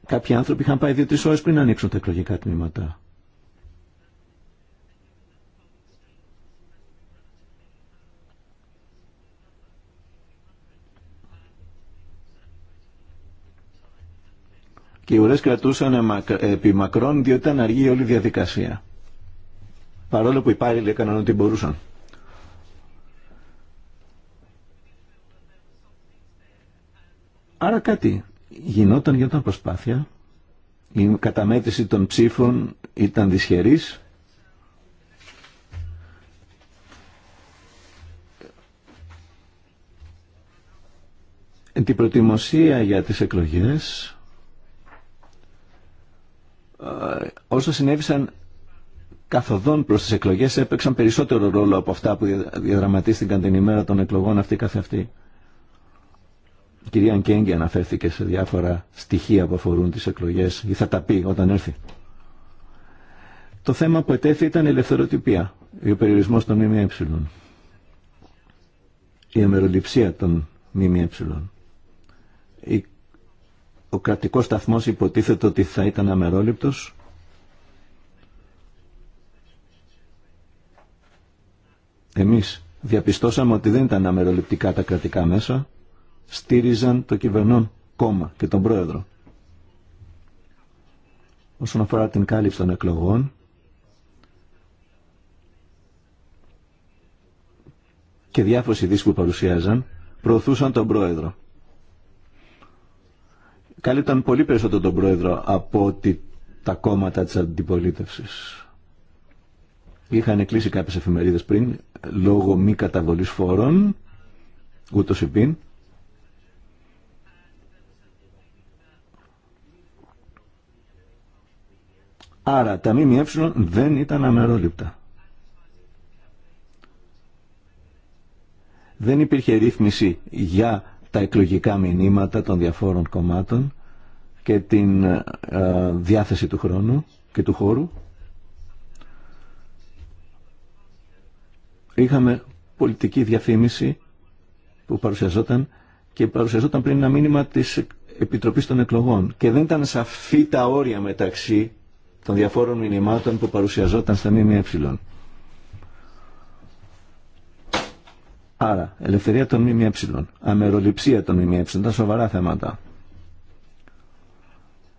Κάποιοι άνθρωποι είχαν πάει δύο-τρεις ώρες πριν ανοίξουν τα εκλογικά τμήματα. και οι ουρές κρατούσαν επί μακρόν διότι ήταν αργή όλη η διαδικασία. Παρόλο που οι υπάλληλοι έκαναν ό,τι μπορούσαν. Άρα κάτι γινόταν, τα προσπάθεια. Η καταμέτρηση των ψήφων ήταν δυσχερής. Την προτιμωσία για τις εκλογές όσο συνέβησαν καθοδόν προς τις εκλογές έπαιξαν περισσότερο ρόλο από αυτά που διαδραματίστηκαν την ημέρα των εκλογών αυτή καθε αυτή. Η κυρία Αγκέγγι αναφέρθηκε σε διάφορα στοιχεία που αφορούν τις εκλογές ή θα τα πει όταν έρθει. Το θέμα που ετέθη ήταν η ελευθεροτυπία, ο περιορισμός των ΜΜΕ, η αμεροληψία των ΜΜΕ, η ο κρατικός σταθμός υποτίθεται ότι θα ήταν αμερόληπτος. Εμείς διαπιστώσαμε ότι δεν ήταν αμεροληπτικά τα κρατικά μέσα. Στήριζαν το κυβερνόν κόμμα και τον πρόεδρο. Όσον αφορά την κάλυψη των εκλογών, και διάφοροι δίσκου που παρουσιάζαν, προωθούσαν τον πρόεδρο καλύπταν πολύ περισσότερο τον πρόεδρο από ότι τα κόμματα της αντιπολίτευσης. Είχαν κλείσει κάποιες εφημερίδες πριν λόγω μη καταβολής φόρων, ούτως πίν. Άρα τα ΜΜΕ δεν ήταν αμερόληπτα. Δεν υπήρχε ρύθμιση για τα εκλογικά μηνύματα των διαφόρων κομμάτων και την ε, διάθεση του χρόνου και του χώρου. Είχαμε πολιτική διαφήμιση που παρουσιαζόταν και παρουσιαζόταν πριν ένα μήνυμα της Επιτροπής των Εκλογών και δεν ήταν σαφή τα όρια μεταξύ των διαφόρων μηνυμάτων που παρουσιαζόταν στα ΜΜΕ. Άρα, ελευθερία των ΜΜΕ, αμεροληψία των ΜΜΕ, τα σοβαρά θέματα.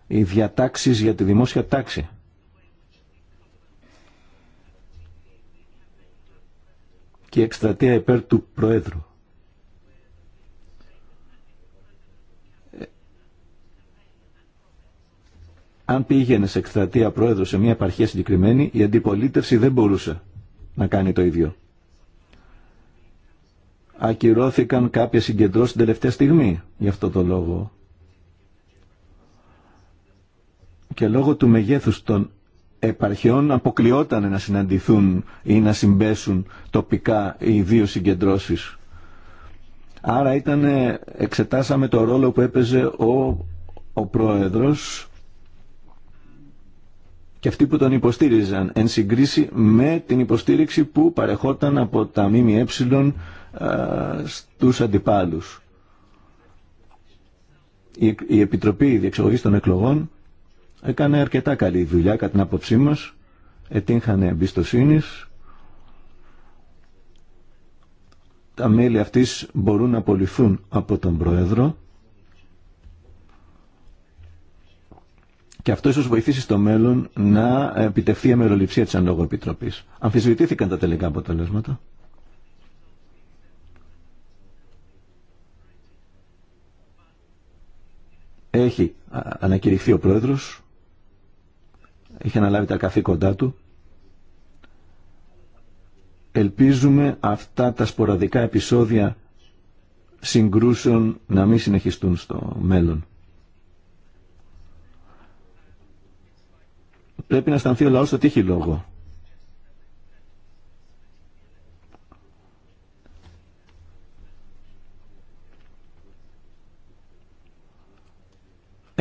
Οι διατάξει για τη δημόσια τάξη. Και η εκστρατεία υπέρ του Προέδρου. Αν πήγαινε σε εκστρατεία Προέδρου σε μια επαρχία συγκεκριμένη, η αντιπολίτευση δεν μπορούσε να κάνει το ίδιο ακυρώθηκαν κάποιες συγκεντρώσεις την τελευταία στιγμή γι' αυτό το λόγο. Και λόγω του μεγέθους των επαρχιών αποκλειόταν να συναντηθούν ή να συμπέσουν τοπικά οι δύο συγκεντρώσεις. Άρα ήταν, εξετάσαμε το ρόλο που έπαιζε ο, ο πρόεδρος και αυτοί που τον υποστήριζαν εν συγκρίση με την υποστήριξη που παρεχόταν από τα ΜΜΕ στους αντιπάλους. Η Επιτροπή Διεξαγωγής των Εκλογών έκανε αρκετά καλή δουλειά κατά την άποψή μας, ετύχανε εμπιστοσύνη. Τα μέλη αυτής μπορούν να απολυθούν από τον Πρόεδρο και αυτό ίσως βοηθήσει στο μέλλον να επιτευχθεί η αμεροληψία της Ανλόγου Επιτροπής. Αμφισβητήθηκαν τα τελικά αποτελέσματα. Έχει ανακηρυχθεί ο πρόεδρος, έχει αναλάβει τα καθήκοντά του. Ελπίζουμε αυτά τα σποραδικά επεισόδια συγκρούσεων να μην συνεχιστούν στο μέλλον. Πρέπει να αισθανθεί ο λαός ότι έχει λόγο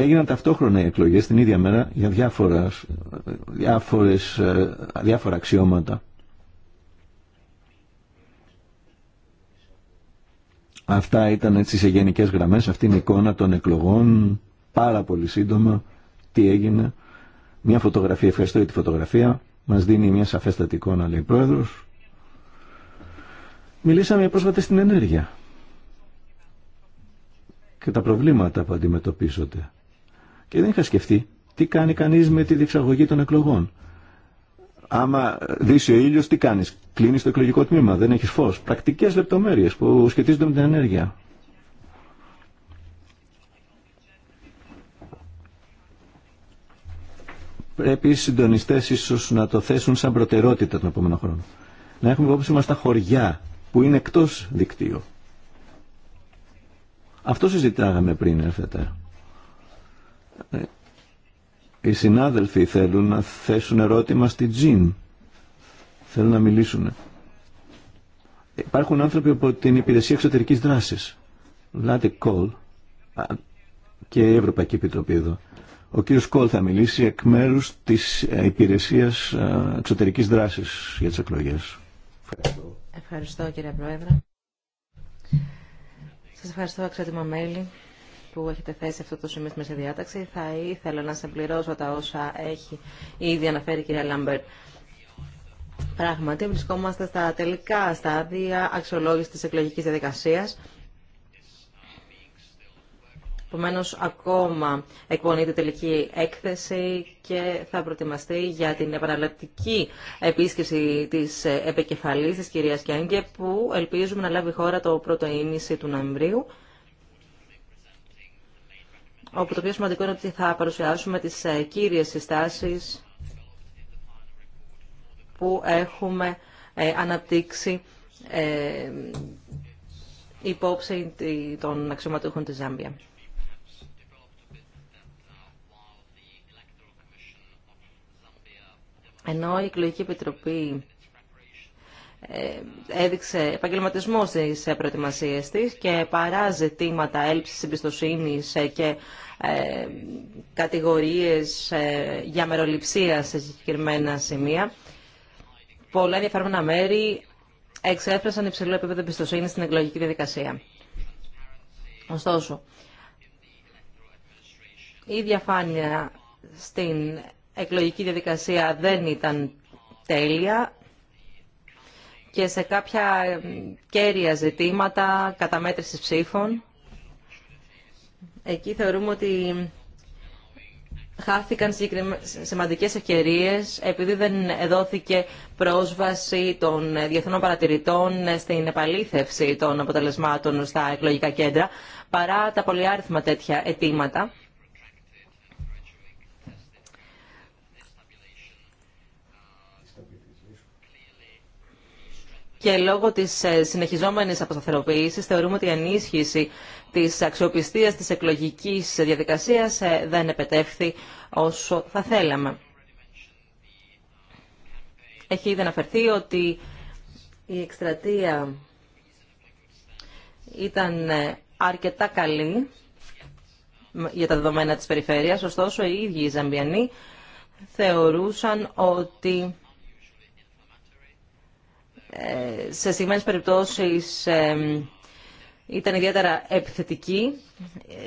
έγιναν ταυτόχρονα οι εκλογές την ίδια μέρα για διάφορα, διάφορες, ε, διάφορα αξιώματα. Αυτά ήταν έτσι σε γενικές γραμμές, αυτή είναι η εικόνα των εκλογών, πάρα πολύ σύντομα, τι έγινε. Μια φωτογραφία, ευχαριστώ για τη φωτογραφία, μας δίνει μια σαφέστατη εικόνα, λέει πρόεδρος. Μιλήσαμε πρόσφατα στην ενέργεια και τα προβλήματα που αντιμετωπίζονται. Και δεν είχα σκεφτεί τι κάνει κανεί με τη διεξαγωγή των εκλογών. Άμα δει ο ήλιος, τι κάνεις. Κλείνεις το εκλογικό τμήμα, δεν έχεις φως. Πρακτικές λεπτομέρειες που σχετίζονται με την ενέργεια. Πρέπει οι συντονιστές ίσως να το θέσουν σαν προτεραιότητα τον επόμενο χρόνο. Να έχουμε υπόψη μα τα χωριά που είναι εκτό δικτύου. Αυτό συζητάγαμε πριν έρθετε. Οι συνάδελφοι θέλουν να θέσουν ερώτημα στη Τζιν. Θέλουν να μιλήσουν. Υπάρχουν άνθρωποι από την Υπηρεσία Εξωτερικής Δράσης. Λάτε Κόλ και η Ευρωπαϊκή Επιτροπή εδώ. Ο κύριος Κόλ θα μιλήσει εκ μέρους της ε, Υπηρεσίας ε, Εξωτερικής Δράσης για τις εκλογές. Ευχαριστώ. Ευχαριστώ κύριε Πρόεδρε. Σας ευχαριστώ αξιότιμα μέλη που έχετε θέσει αυτό το σημείο στη διάταξη. Θα ήθελα να συμπληρώσω τα όσα έχει ήδη αναφέρει η κυρία Λάμπερτ. Πράγματι, βρισκόμαστε στα τελικά στάδια αξιολόγηση τη εκλογική διαδικασία. Επομένω, ακόμα εκπονείται τελική έκθεση και θα προετοιμαστεί για την επαναληπτική επίσκεψη τη επικεφαλή τη κυρία Κιάνγκε που ελπίζουμε να λάβει χώρα το πρώτο ίνιση του Νοεμβρίου όπου το πιο σημαντικό είναι ότι θα παρουσιάσουμε τις ε, κύριες συστάσεις που έχουμε ε, αναπτύξει ε, υπόψη των αξιωματούχων της Ζάμπια. Ενώ η Εκλογική Επιτροπή έδειξε επαγγελματισμό στις προετοιμασίες της και παρά ζητήματα έλψης εμπιστοσύνη και ε, κατηγορίες ε, για μεροληψία σε συγκεκριμένα σημεία. Πολλά ενδιαφέροντα μέρη εξέφρασαν υψηλό επίπεδο εμπιστοσύνη στην εκλογική διαδικασία. Ωστόσο, η διαφάνεια στην εκλογική διαδικασία δεν ήταν τέλεια και σε κάποια ε, κέρια ζητήματα καταμέτρησης ψήφων Εκεί θεωρούμε ότι χάθηκαν σημαντικές ευκαιρίες επειδή δεν δόθηκε πρόσβαση των διεθνών παρατηρητών στην επαλήθευση των αποτελεσμάτων στα εκλογικά κέντρα παρά τα πολυάριθμα τέτοια αιτήματα. Και λόγω της ε, συνεχιζόμενης αποσταθεροποίησης θεωρούμε ότι η ενίσχυση τη αξιοπιστία, της εκλογική διαδικασίας ε, δεν επετεύχθη όσο θα θέλαμε. Έχει ήδη αναφερθεί ότι η εκστρατεία ήταν ε, αρκετά καλή για τα δεδομένα της περιφέρειας, ωστόσο οι ίδιοι οι Ζαμπιανοί θεωρούσαν ότι ε, σε συγκεκριμένες περιπτώσεις ήταν ιδιαίτερα επιθετική.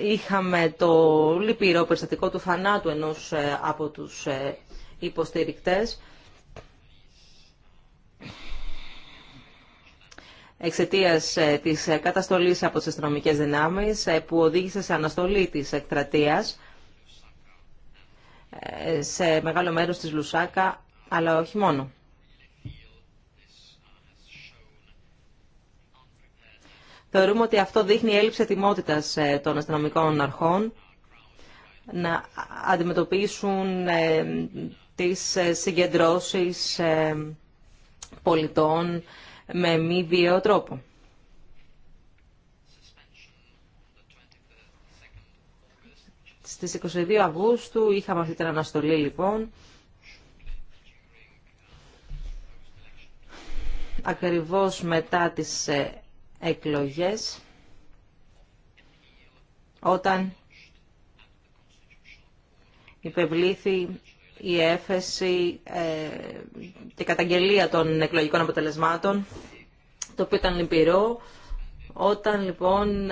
Είχαμε το λυπηρό περιστατικό του θανάτου ενός ε, από τους ε, υποστηρικτές. Εξαιτία ε, τη καταστολή από τι αστυνομικέ δυνάμει που οδήγησε σε αναστολή τη εκτρατεία σε μεγάλο μέρο τη Λουσάκα, αλλά όχι μόνο. Θεωρούμε ότι αυτό δείχνει έλλειψη ετοιμότητας ε, των αστυνομικών αρχών να αντιμετωπίσουν ε, τις ε, συγκεντρώσεις πολιτών με μη βίαιο τρόπο. Στις 22 Αυγούστου είχαμε αυτή την αναστολή λοιπόν. Ακριβώς μετά τις εκλογές όταν υπευλήθη η έφεση ε, και καταγγελία των εκλογικών αποτελεσμάτων, το οποίο ήταν λυπηρό, όταν λοιπόν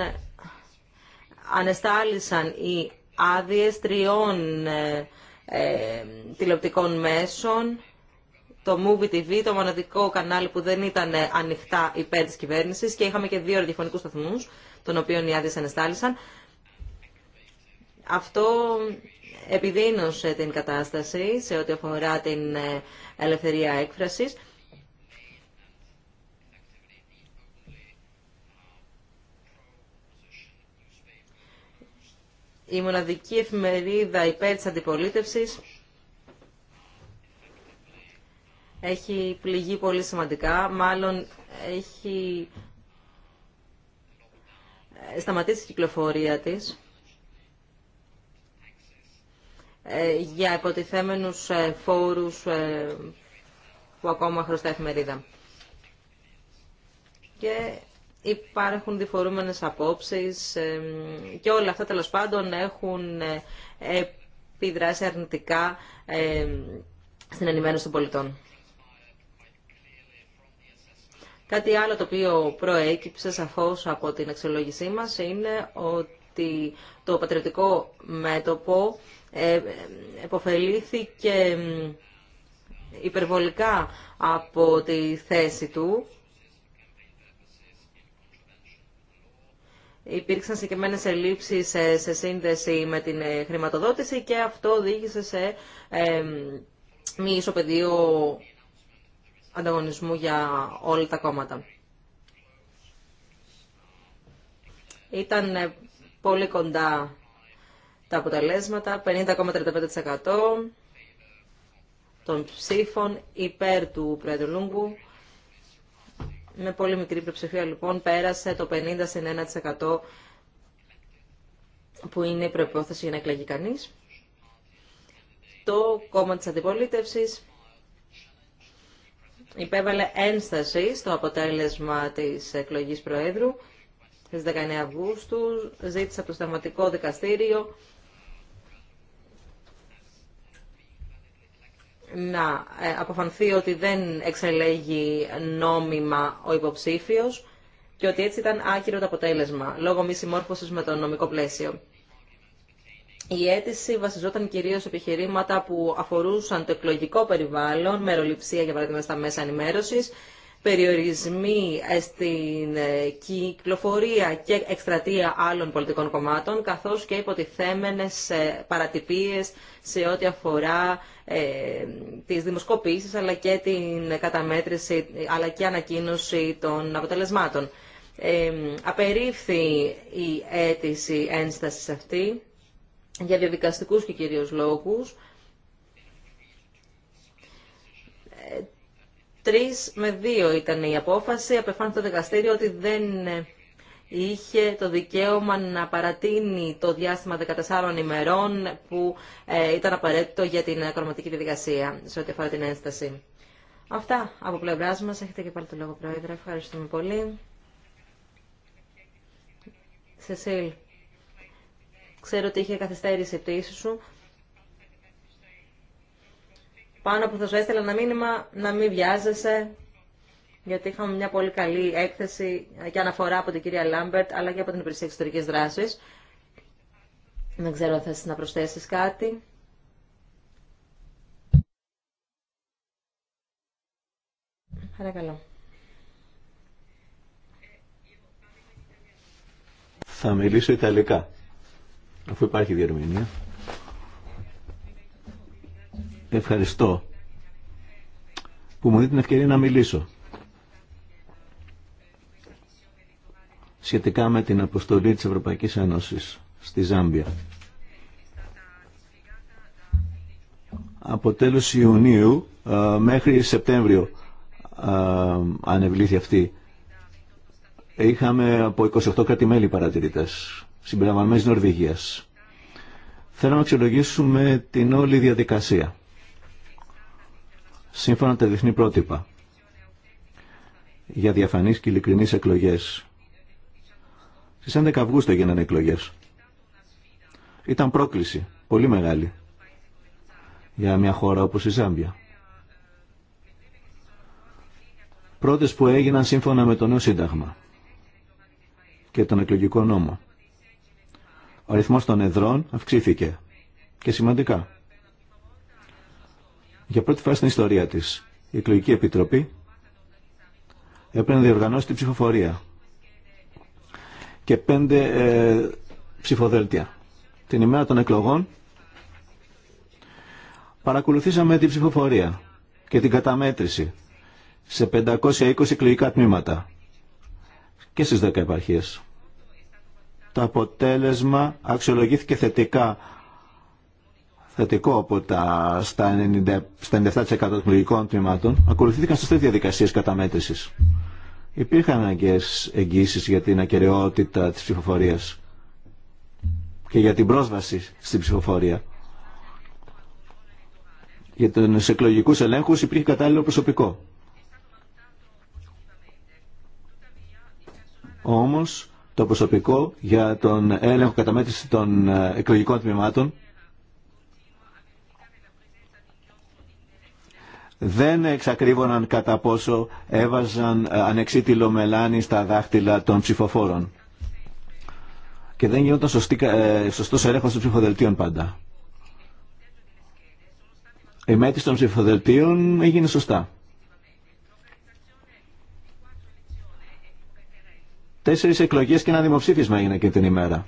ανεστάλησαν οι άδειες τριών ε, ε τηλεοπτικών μέσων το Movie TV, το μοναδικό κανάλι που δεν ήταν ανοιχτά υπέρ τη κυβέρνηση και είχαμε και δύο ραδιοφωνικούς σταθμούς, των οποίων οι άδειε ανεστάλησαν. Αυτό επιδείνωσε την κατάσταση σε ό,τι αφορά την ε, ελευθερία έκφρασης. Η μοναδική εφημερίδα υπέρ της αντιπολίτευσης έχει πληγεί πολύ σημαντικά, μάλλον έχει ε, σταματήσει η κυκλοφορία της ε, για υποτιθέμενους ε, φόρους που ακόμα χρωστά εφημερίδα. Και υπάρχουν διφορούμενες απόψεις και όλα αυτά τέλος πάντων έχουν επιδράσει αρνητικά στην ενημέρωση των πολιτών. Κάτι άλλο το οποίο προέκυψε σαφώς από την αξιολόγησή μας είναι ότι το πατριωτικό μέτωπο ε, ε, εποφελήθηκε υπερβολικά από τη θέση του. Υπήρξαν συγκεκριμένες ελλείψεις ε, σε σύνδεση με την χρηματοδότηση και αυτό οδήγησε σε μη ισοπεδίο ανταγωνισμού για όλα τα κόμματα. Ήταν ε, πολύ κοντά τα αποτελέσματα, 50,35% των ψήφων υπέρ του Πρέδρου Λούγκου. Με πολύ μικρή πλειοψηφία λοιπόν πέρασε το 50 που είναι η προπόθεση για να εκλεγεί κανείς. Το κόμμα της αντιπολίτευσης υπέβαλε ένσταση στο αποτέλεσμα της εκλογής Προέδρου στις 19 Αυγούστου, ζήτησε από το Σταγματικό Δικαστήριο να ε, αποφανθεί ότι δεν εξελέγει νόμιμα ο υποψήφιος και ότι έτσι ήταν άκυρο το αποτέλεσμα, λόγω μη συμμόρφωσης με το νομικό πλαίσιο. Η αίτηση βασιζόταν κυρίως σε επιχειρήματα που αφορούσαν το εκλογικό περιβάλλον, μεροληψία για παράδειγμα στα μέσα ενημέρωσης, περιορισμοί ε, στην ε, κυκλοφορία και εκστρατεία άλλων πολιτικών κομμάτων, καθώς και υποτιθέμενες ε, παρατυπίες σε ό,τι αφορά ε, τις δημοσκοπήσεις, αλλά και την καταμέτρηση, αλλά και ανακοίνωση των αποτελεσμάτων. Ε, απερίφθη η αίτηση ένστασης αυτή για διαδικαστικούς και κυρίως λόγους. Τρεις με δύο ήταν η απόφαση. Απεφάνει το δικαστήριο ότι δεν είχε το δικαίωμα να παρατείνει το διάστημα 14 ημερών που ε, ήταν απαραίτητο για την ακροματική διαδικασία σε ό,τι αφορά την ένσταση. Αυτά από πλευρά μα. Έχετε και πάλι το λόγο, Πρόεδρε. Ευχαριστούμε πολύ. Σεσίλ. Ξέρω ότι είχε καθυστέρηση η πτήση σου. Πάνω που θα σου έστειλα ένα μήνυμα να μην βιάζεσαι, γιατί είχαμε μια πολύ καλή έκθεση και αναφορά από την κυρία Λάμπερτ, αλλά και από την Υπηρεσία Εξωτερικής Δράσης. Δεν ξέρω αν θες να προσθέσεις κάτι. Παρακαλώ. Θα μιλήσω Ιταλικά αφού υπάρχει διερμηνία. Ευχαριστώ που μου δίνει την ευκαιρία να μιλήσω. σχετικά με την αποστολή της Ευρωπαϊκής Ένωσης στη Ζάμπια. Από τέλος Ιουνίου ε, μέχρι Σεπτέμβριο ε, ανεβλήθη αυτή. Είχαμε από 28 κράτη-μέλη παρατηρητές συμπεριλαμβανομένης Νορβηγίας. Θέλω να αξιολογήσουμε την όλη διαδικασία σύμφωνα τα διεθνή πρότυπα για διαφανείς και ειλικρινείς εκλογές. Στις 11 Αυγούστου έγιναν εκλογές. Ήταν πρόκληση, πολύ μεγάλη, για μια χώρα όπως η Ζάμπια. Πρώτες που έγιναν σύμφωνα με το νέο σύνταγμα και τον εκλογικό νόμο. Ο αριθμός των εδρών αυξήθηκε και σημαντικά. Για πρώτη φορά στην ιστορία της, η εκλογική επιτροπή έπρεπε να διοργανώσει την ψηφοφορία και πέντε ε, ψηφοδέλτια. Την ημέρα των εκλογών παρακολουθήσαμε την ψηφοφορία και την καταμέτρηση σε 520 εκλογικά τμήματα και στις 10 επαρχίες. Το αποτέλεσμα αξιολογήθηκε θετικά. Θετικό από τα, στα, 97% των εκλογικών τμήματων. Ακολουθήθηκαν σωστές διαδικασίες καταμέτρησης. Υπήρχαν αναγκαίες εγγύσεις για την ακαιρεότητα της ψηφοφορίας και για την πρόσβαση στην ψηφοφορία. Για του εκλογικού ελέγχου υπήρχε κατάλληλο προσωπικό. Όμως το προσωπικό για τον έλεγχο μέτρηση των ε, εκλογικών τμήματων δεν εξακρίβωναν κατά πόσο έβαζαν ε, ανεξίτηλο μελάνι στα δάχτυλα των ψηφοφόρων. Και δεν γινόταν σωστή, ε, σωστός έλεγχος των ψηφοδελτίων πάντα. Η μέτρηση των ψηφοδελτίων έγινε σωστά. Τέσσερι εκλογέ και ένα δημοψήφισμα έγινε και την ημέρα.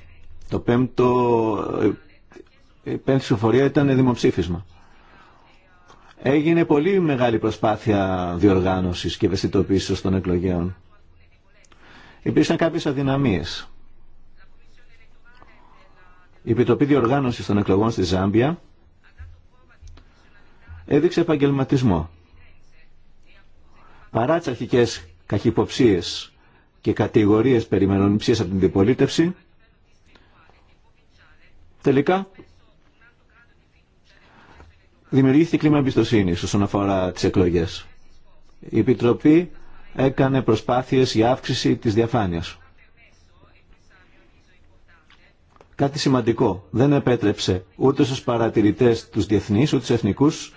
Το πέμπτο, ε, η πέμπτη συμφορία ήταν δημοψήφισμα. Έγινε πολύ μεγάλη προσπάθεια διοργάνωσης και ευαισθητοποίηση των εκλογέων. Υπήρξαν κάποιες αδυναμίες. Η Επιτροπή διοργάνωση των Εκλογών στη Ζάμπια έδειξε επαγγελματισμό. Παρά τι αρχικέ καχυποψίες και κατηγορίες περιμένων ψίες από την αντιπολίτευση. Τελικά, δημιουργήθηκε κλίμα εμπιστοσύνη όσον αφορά τις εκλογές. Η Επιτροπή έκανε προσπάθειες για αύξηση της διαφάνειας. Κάτι σημαντικό. Δεν επέτρεψε ούτε στους παρατηρητές τους διεθνείς, ούτε στους εθνικούς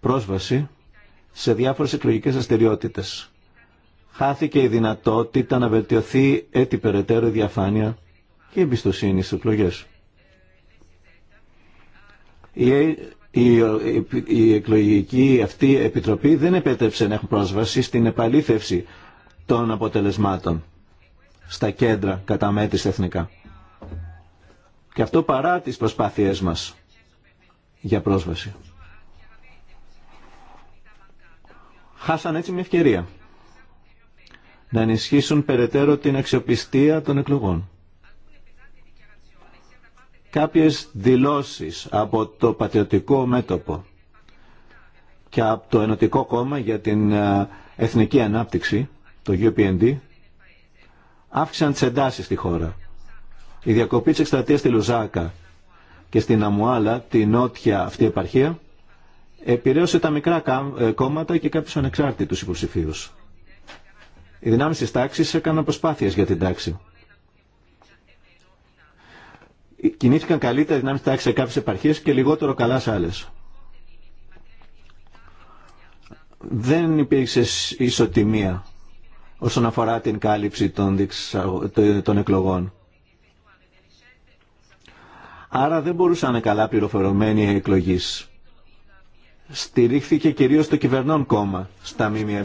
πρόσβαση σε διάφορες εκλογικές αστεριότητες χάθηκε η δυνατότητα να βελτιωθεί έτσι περαιτέρω η διαφάνεια και η εμπιστοσύνη στις εκλογέ. Η, η, η, εκλογική αυτή επιτροπή δεν επέτρεψε να έχουν πρόσβαση στην επαλήθευση των αποτελεσμάτων στα κέντρα κατά μέτρης εθνικά. Και αυτό παρά τις προσπάθειές μας για πρόσβαση. Χάσαν έτσι μια ευκαιρία να ενισχύσουν περαιτέρω την αξιοπιστία των εκλογών. Κάποιες δηλώσεις από το πατριωτικό μέτωπο και από το Ενωτικό Κόμμα για την ε, Εθνική Ανάπτυξη, το UPND, αύξησαν τις εντάσεις στη χώρα. Η διακοπή της εκστρατείας στη Λουζάκα και στην Αμουάλα, τη νότια αυτή επαρχία, επηρέωσε τα μικρά ε, κόμματα και κάποιους ανεξάρτητους υποψηφίους. Οι δυνάμεις της τάξης έκαναν προσπάθειες για την τάξη. Κινήθηκαν καλύτερα οι δυνάμεις της τάξης σε κάποιες επαρχίες και λιγότερο καλά σε άλλες. Δεν υπήρξε ισοτιμία όσον αφορά την κάλυψη των εκλογών. Άρα δεν μπορούσαν καλά πληροφορωμένοι οι εκλογείς. Στηρίχθηκε κυρίως το κυβερνών κόμμα στα ΜΜΕ.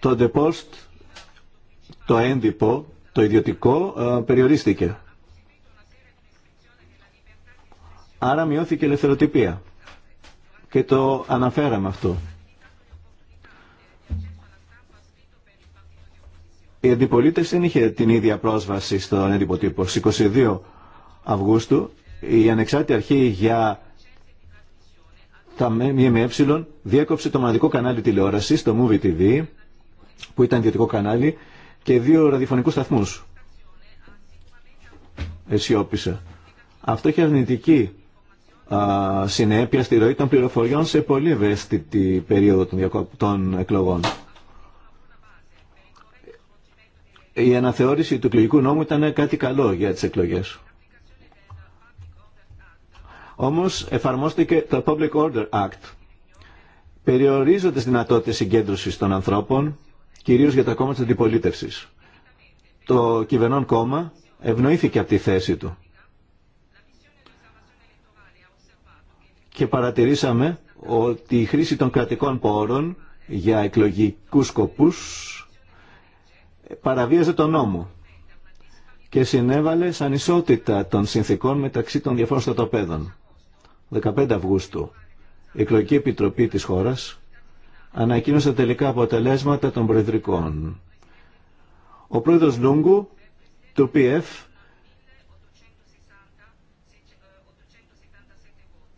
το δεπόστ, το έντυπο, το ιδιωτικό ε, περιορίστηκε. Άρα μειώθηκε η ελευθεροτυπία. Και το αναφέραμε αυτό. Η αντιπολίτευση δεν είχε την ίδια πρόσβαση στον έντυπο τύπο. Στις 22 Αυγούστου η ανεξάρτητη αρχή για τα ΜΜΕ διέκοψε το μοναδικό κανάλι τηλεόρασης, το Movie TV, που ήταν ιδιωτικό κανάλι και δύο ραδιοφωνικούς σταθμούς. Εσιώπησε. Αυτό έχει αρνητική α, συνέπεια στη ροή των πληροφοριών σε πολύ ευαίσθητη περίοδο των, των εκλογών. Η αναθεώρηση του εκλογικού νόμου ήταν κάτι καλό για τις εκλογές. Όμως εφαρμόστηκε το Public Order Act. Περιορίζονται τις δυνατότητες συγκέντρωσης των ανθρώπων κυρίως για τα κόμματα της αντιπολίτευσης. Το κυβερνών κόμμα ευνοήθηκε από τη θέση του. Και παρατηρήσαμε ότι η χρήση των κρατικών πόρων για εκλογικούς σκοπούς παραβίαζε τον νόμο και συνέβαλε σαν ισότητα των συνθήκων μεταξύ των διαφόρων στρατοπέδων. 15 Αυγούστου, η Εκλογική Επιτροπή της χώρας ανακοίνωσε τελικά αποτελέσματα των προεδρικών. Ο πρόεδρος Λούγκου του PF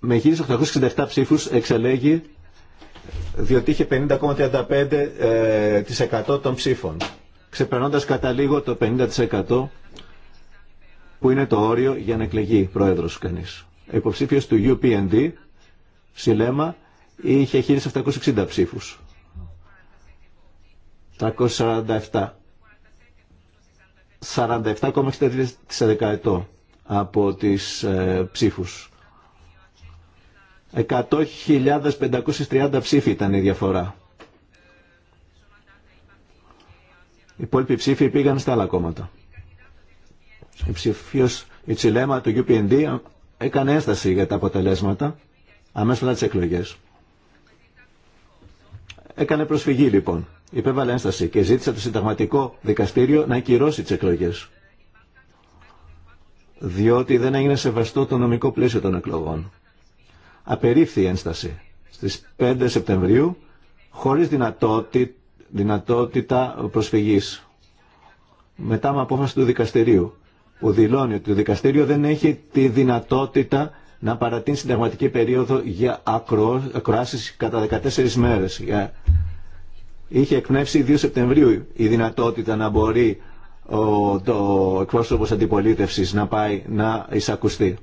με 1867 ψήφους εξελέγει διότι είχε 50,35% ε, των ψήφων ξεπερνώντας κατά λίγο το 50% που είναι το όριο για να εκλεγεί πρόεδρος κανείς. Υποψήφιος του UPND, Σιλέμα, είχε 1.760 ψήφους. 347. 47,63% από τις ε, ψήφους. 100.530 ψήφοι ήταν η διαφορά. Οι υπόλοιποι ψήφοι πήγαν στα άλλα κόμματα. Η ψηφίος η Τσιλέμα του UPND έκανε ένσταση για τα αποτελέσματα αμέσως μετά τις εκλογές. Έκανε προσφυγή λοιπόν. Υπέβαλε ένσταση και ζήτησε το συνταγματικό δικαστήριο να ακυρώσει τι εκλογέ. Διότι δεν έγινε σεβαστό το νομικό πλαίσιο των εκλογών. Απερίφθη η ένσταση στις 5 Σεπτεμβρίου χωρί δυνατότητα προσφυγή Μετά με απόφαση του δικαστηρίου που δηλώνει ότι το δικαστήριο δεν έχει τη δυνατότητα να παρατείνει συνταγματική περίοδο για ακροάσεις κατά 14 μέρες. Είχε εκπνεύσει 2 Σεπτεμβρίου η δυνατότητα να μπορεί το εκπρόσωπος αντιπολίτευσης να πάει να εισακουστεί.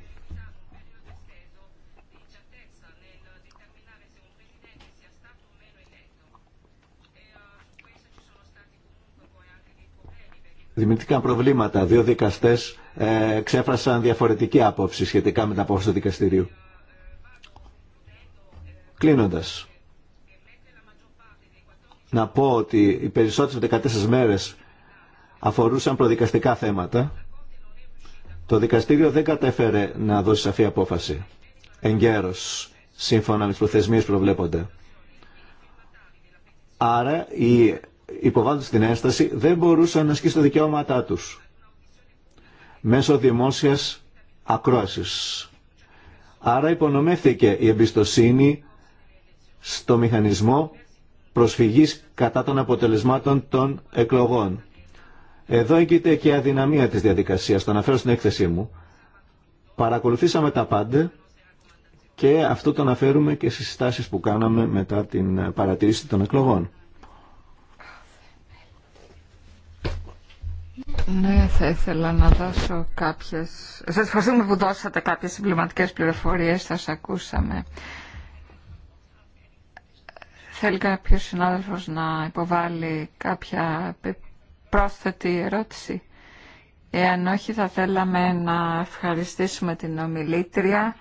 δημιουργήθηκαν προβλήματα. Δύο δικαστέ ε, ξέφρασαν διαφορετική άποψη σχετικά με την απόφαση του δικαστηρίου. Κλείνοντα. να πω ότι οι περισσότερε 14 μέρε αφορούσαν προδικαστικά θέματα. Το δικαστήριο δεν κατέφερε να δώσει σαφή απόφαση. Εγκαίρω, σύμφωνα με τις προθεσμίες προβλέπονται. Άρα οι υποβάλλοντας την ένσταση δεν μπορούσαν να ασκήσουν τα δικαιώματά τους μέσω δημόσιας ακρόασης. Άρα υπονομεύθηκε η εμπιστοσύνη στο μηχανισμό προσφυγής κατά των αποτελεσμάτων των εκλογών. Εδώ έγκυται και η αδυναμία της διαδικασίας, το αναφέρω στην έκθεσή μου. Παρακολουθήσαμε τα πάντα και αυτό το αναφέρουμε και στις συστάσεις που κάναμε μετά την παρατήρηση των εκλογών. Ναι, θα ήθελα να δώσω κάποιες... Σας ευχαριστούμε που δώσατε κάποιες συμπληρωματικές πληροφορίες, θα σας ακούσαμε. Θέλει κάποιος συνάδελφος να υποβάλει κάποια πρόσθετη ερώτηση. Εάν όχι, θα θέλαμε να ευχαριστήσουμε την ομιλήτρια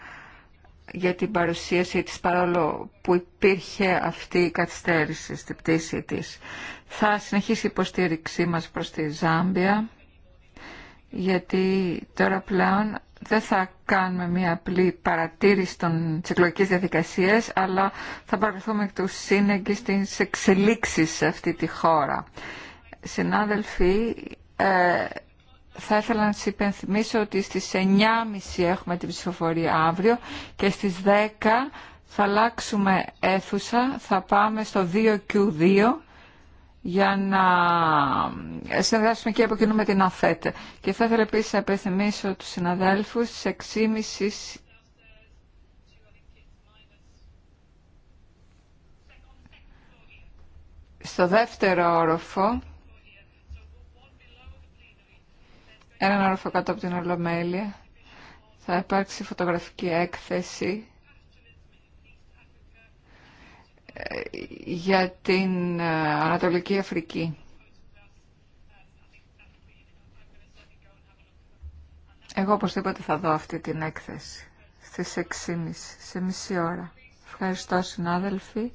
για την παρουσίαση της παρόλο που υπήρχε αυτή η καθυστέρηση στη πτήση της. Θα συνεχίσει η υποστήριξή μας προς τη Ζάμπια, γιατί τώρα πλέον δεν θα κάνουμε μια απλή παρατήρηση των εκλογική διαδικασίας, αλλά θα παρακολουθούμε εκ του σύνεγγι στις εξελίξεις σε αυτή τη χώρα. Συνάδελφοι, ε, θα ήθελα να σας υπενθυμίσω ότι στις 9.30 έχουμε την ψηφοφορία αύριο και στις 10 θα αλλάξουμε αίθουσα, θα πάμε στο 2Q2 για να συνδέσουμε και από με την ΑΦΕΤ. Και θα ήθελα επίση να του συναδέλφους στις 6.30 στο δεύτερο όροφο, έναν όροφο κάτω από την Ολομέλεια, θα υπάρξει φωτογραφική έκθεση για την ε, Ανατολική Αφρική. Εγώ οπωσδήποτε θα δω αυτή την έκθεση στις 6.30, σε μισή ώρα. Ευχαριστώ συνάδελφοι.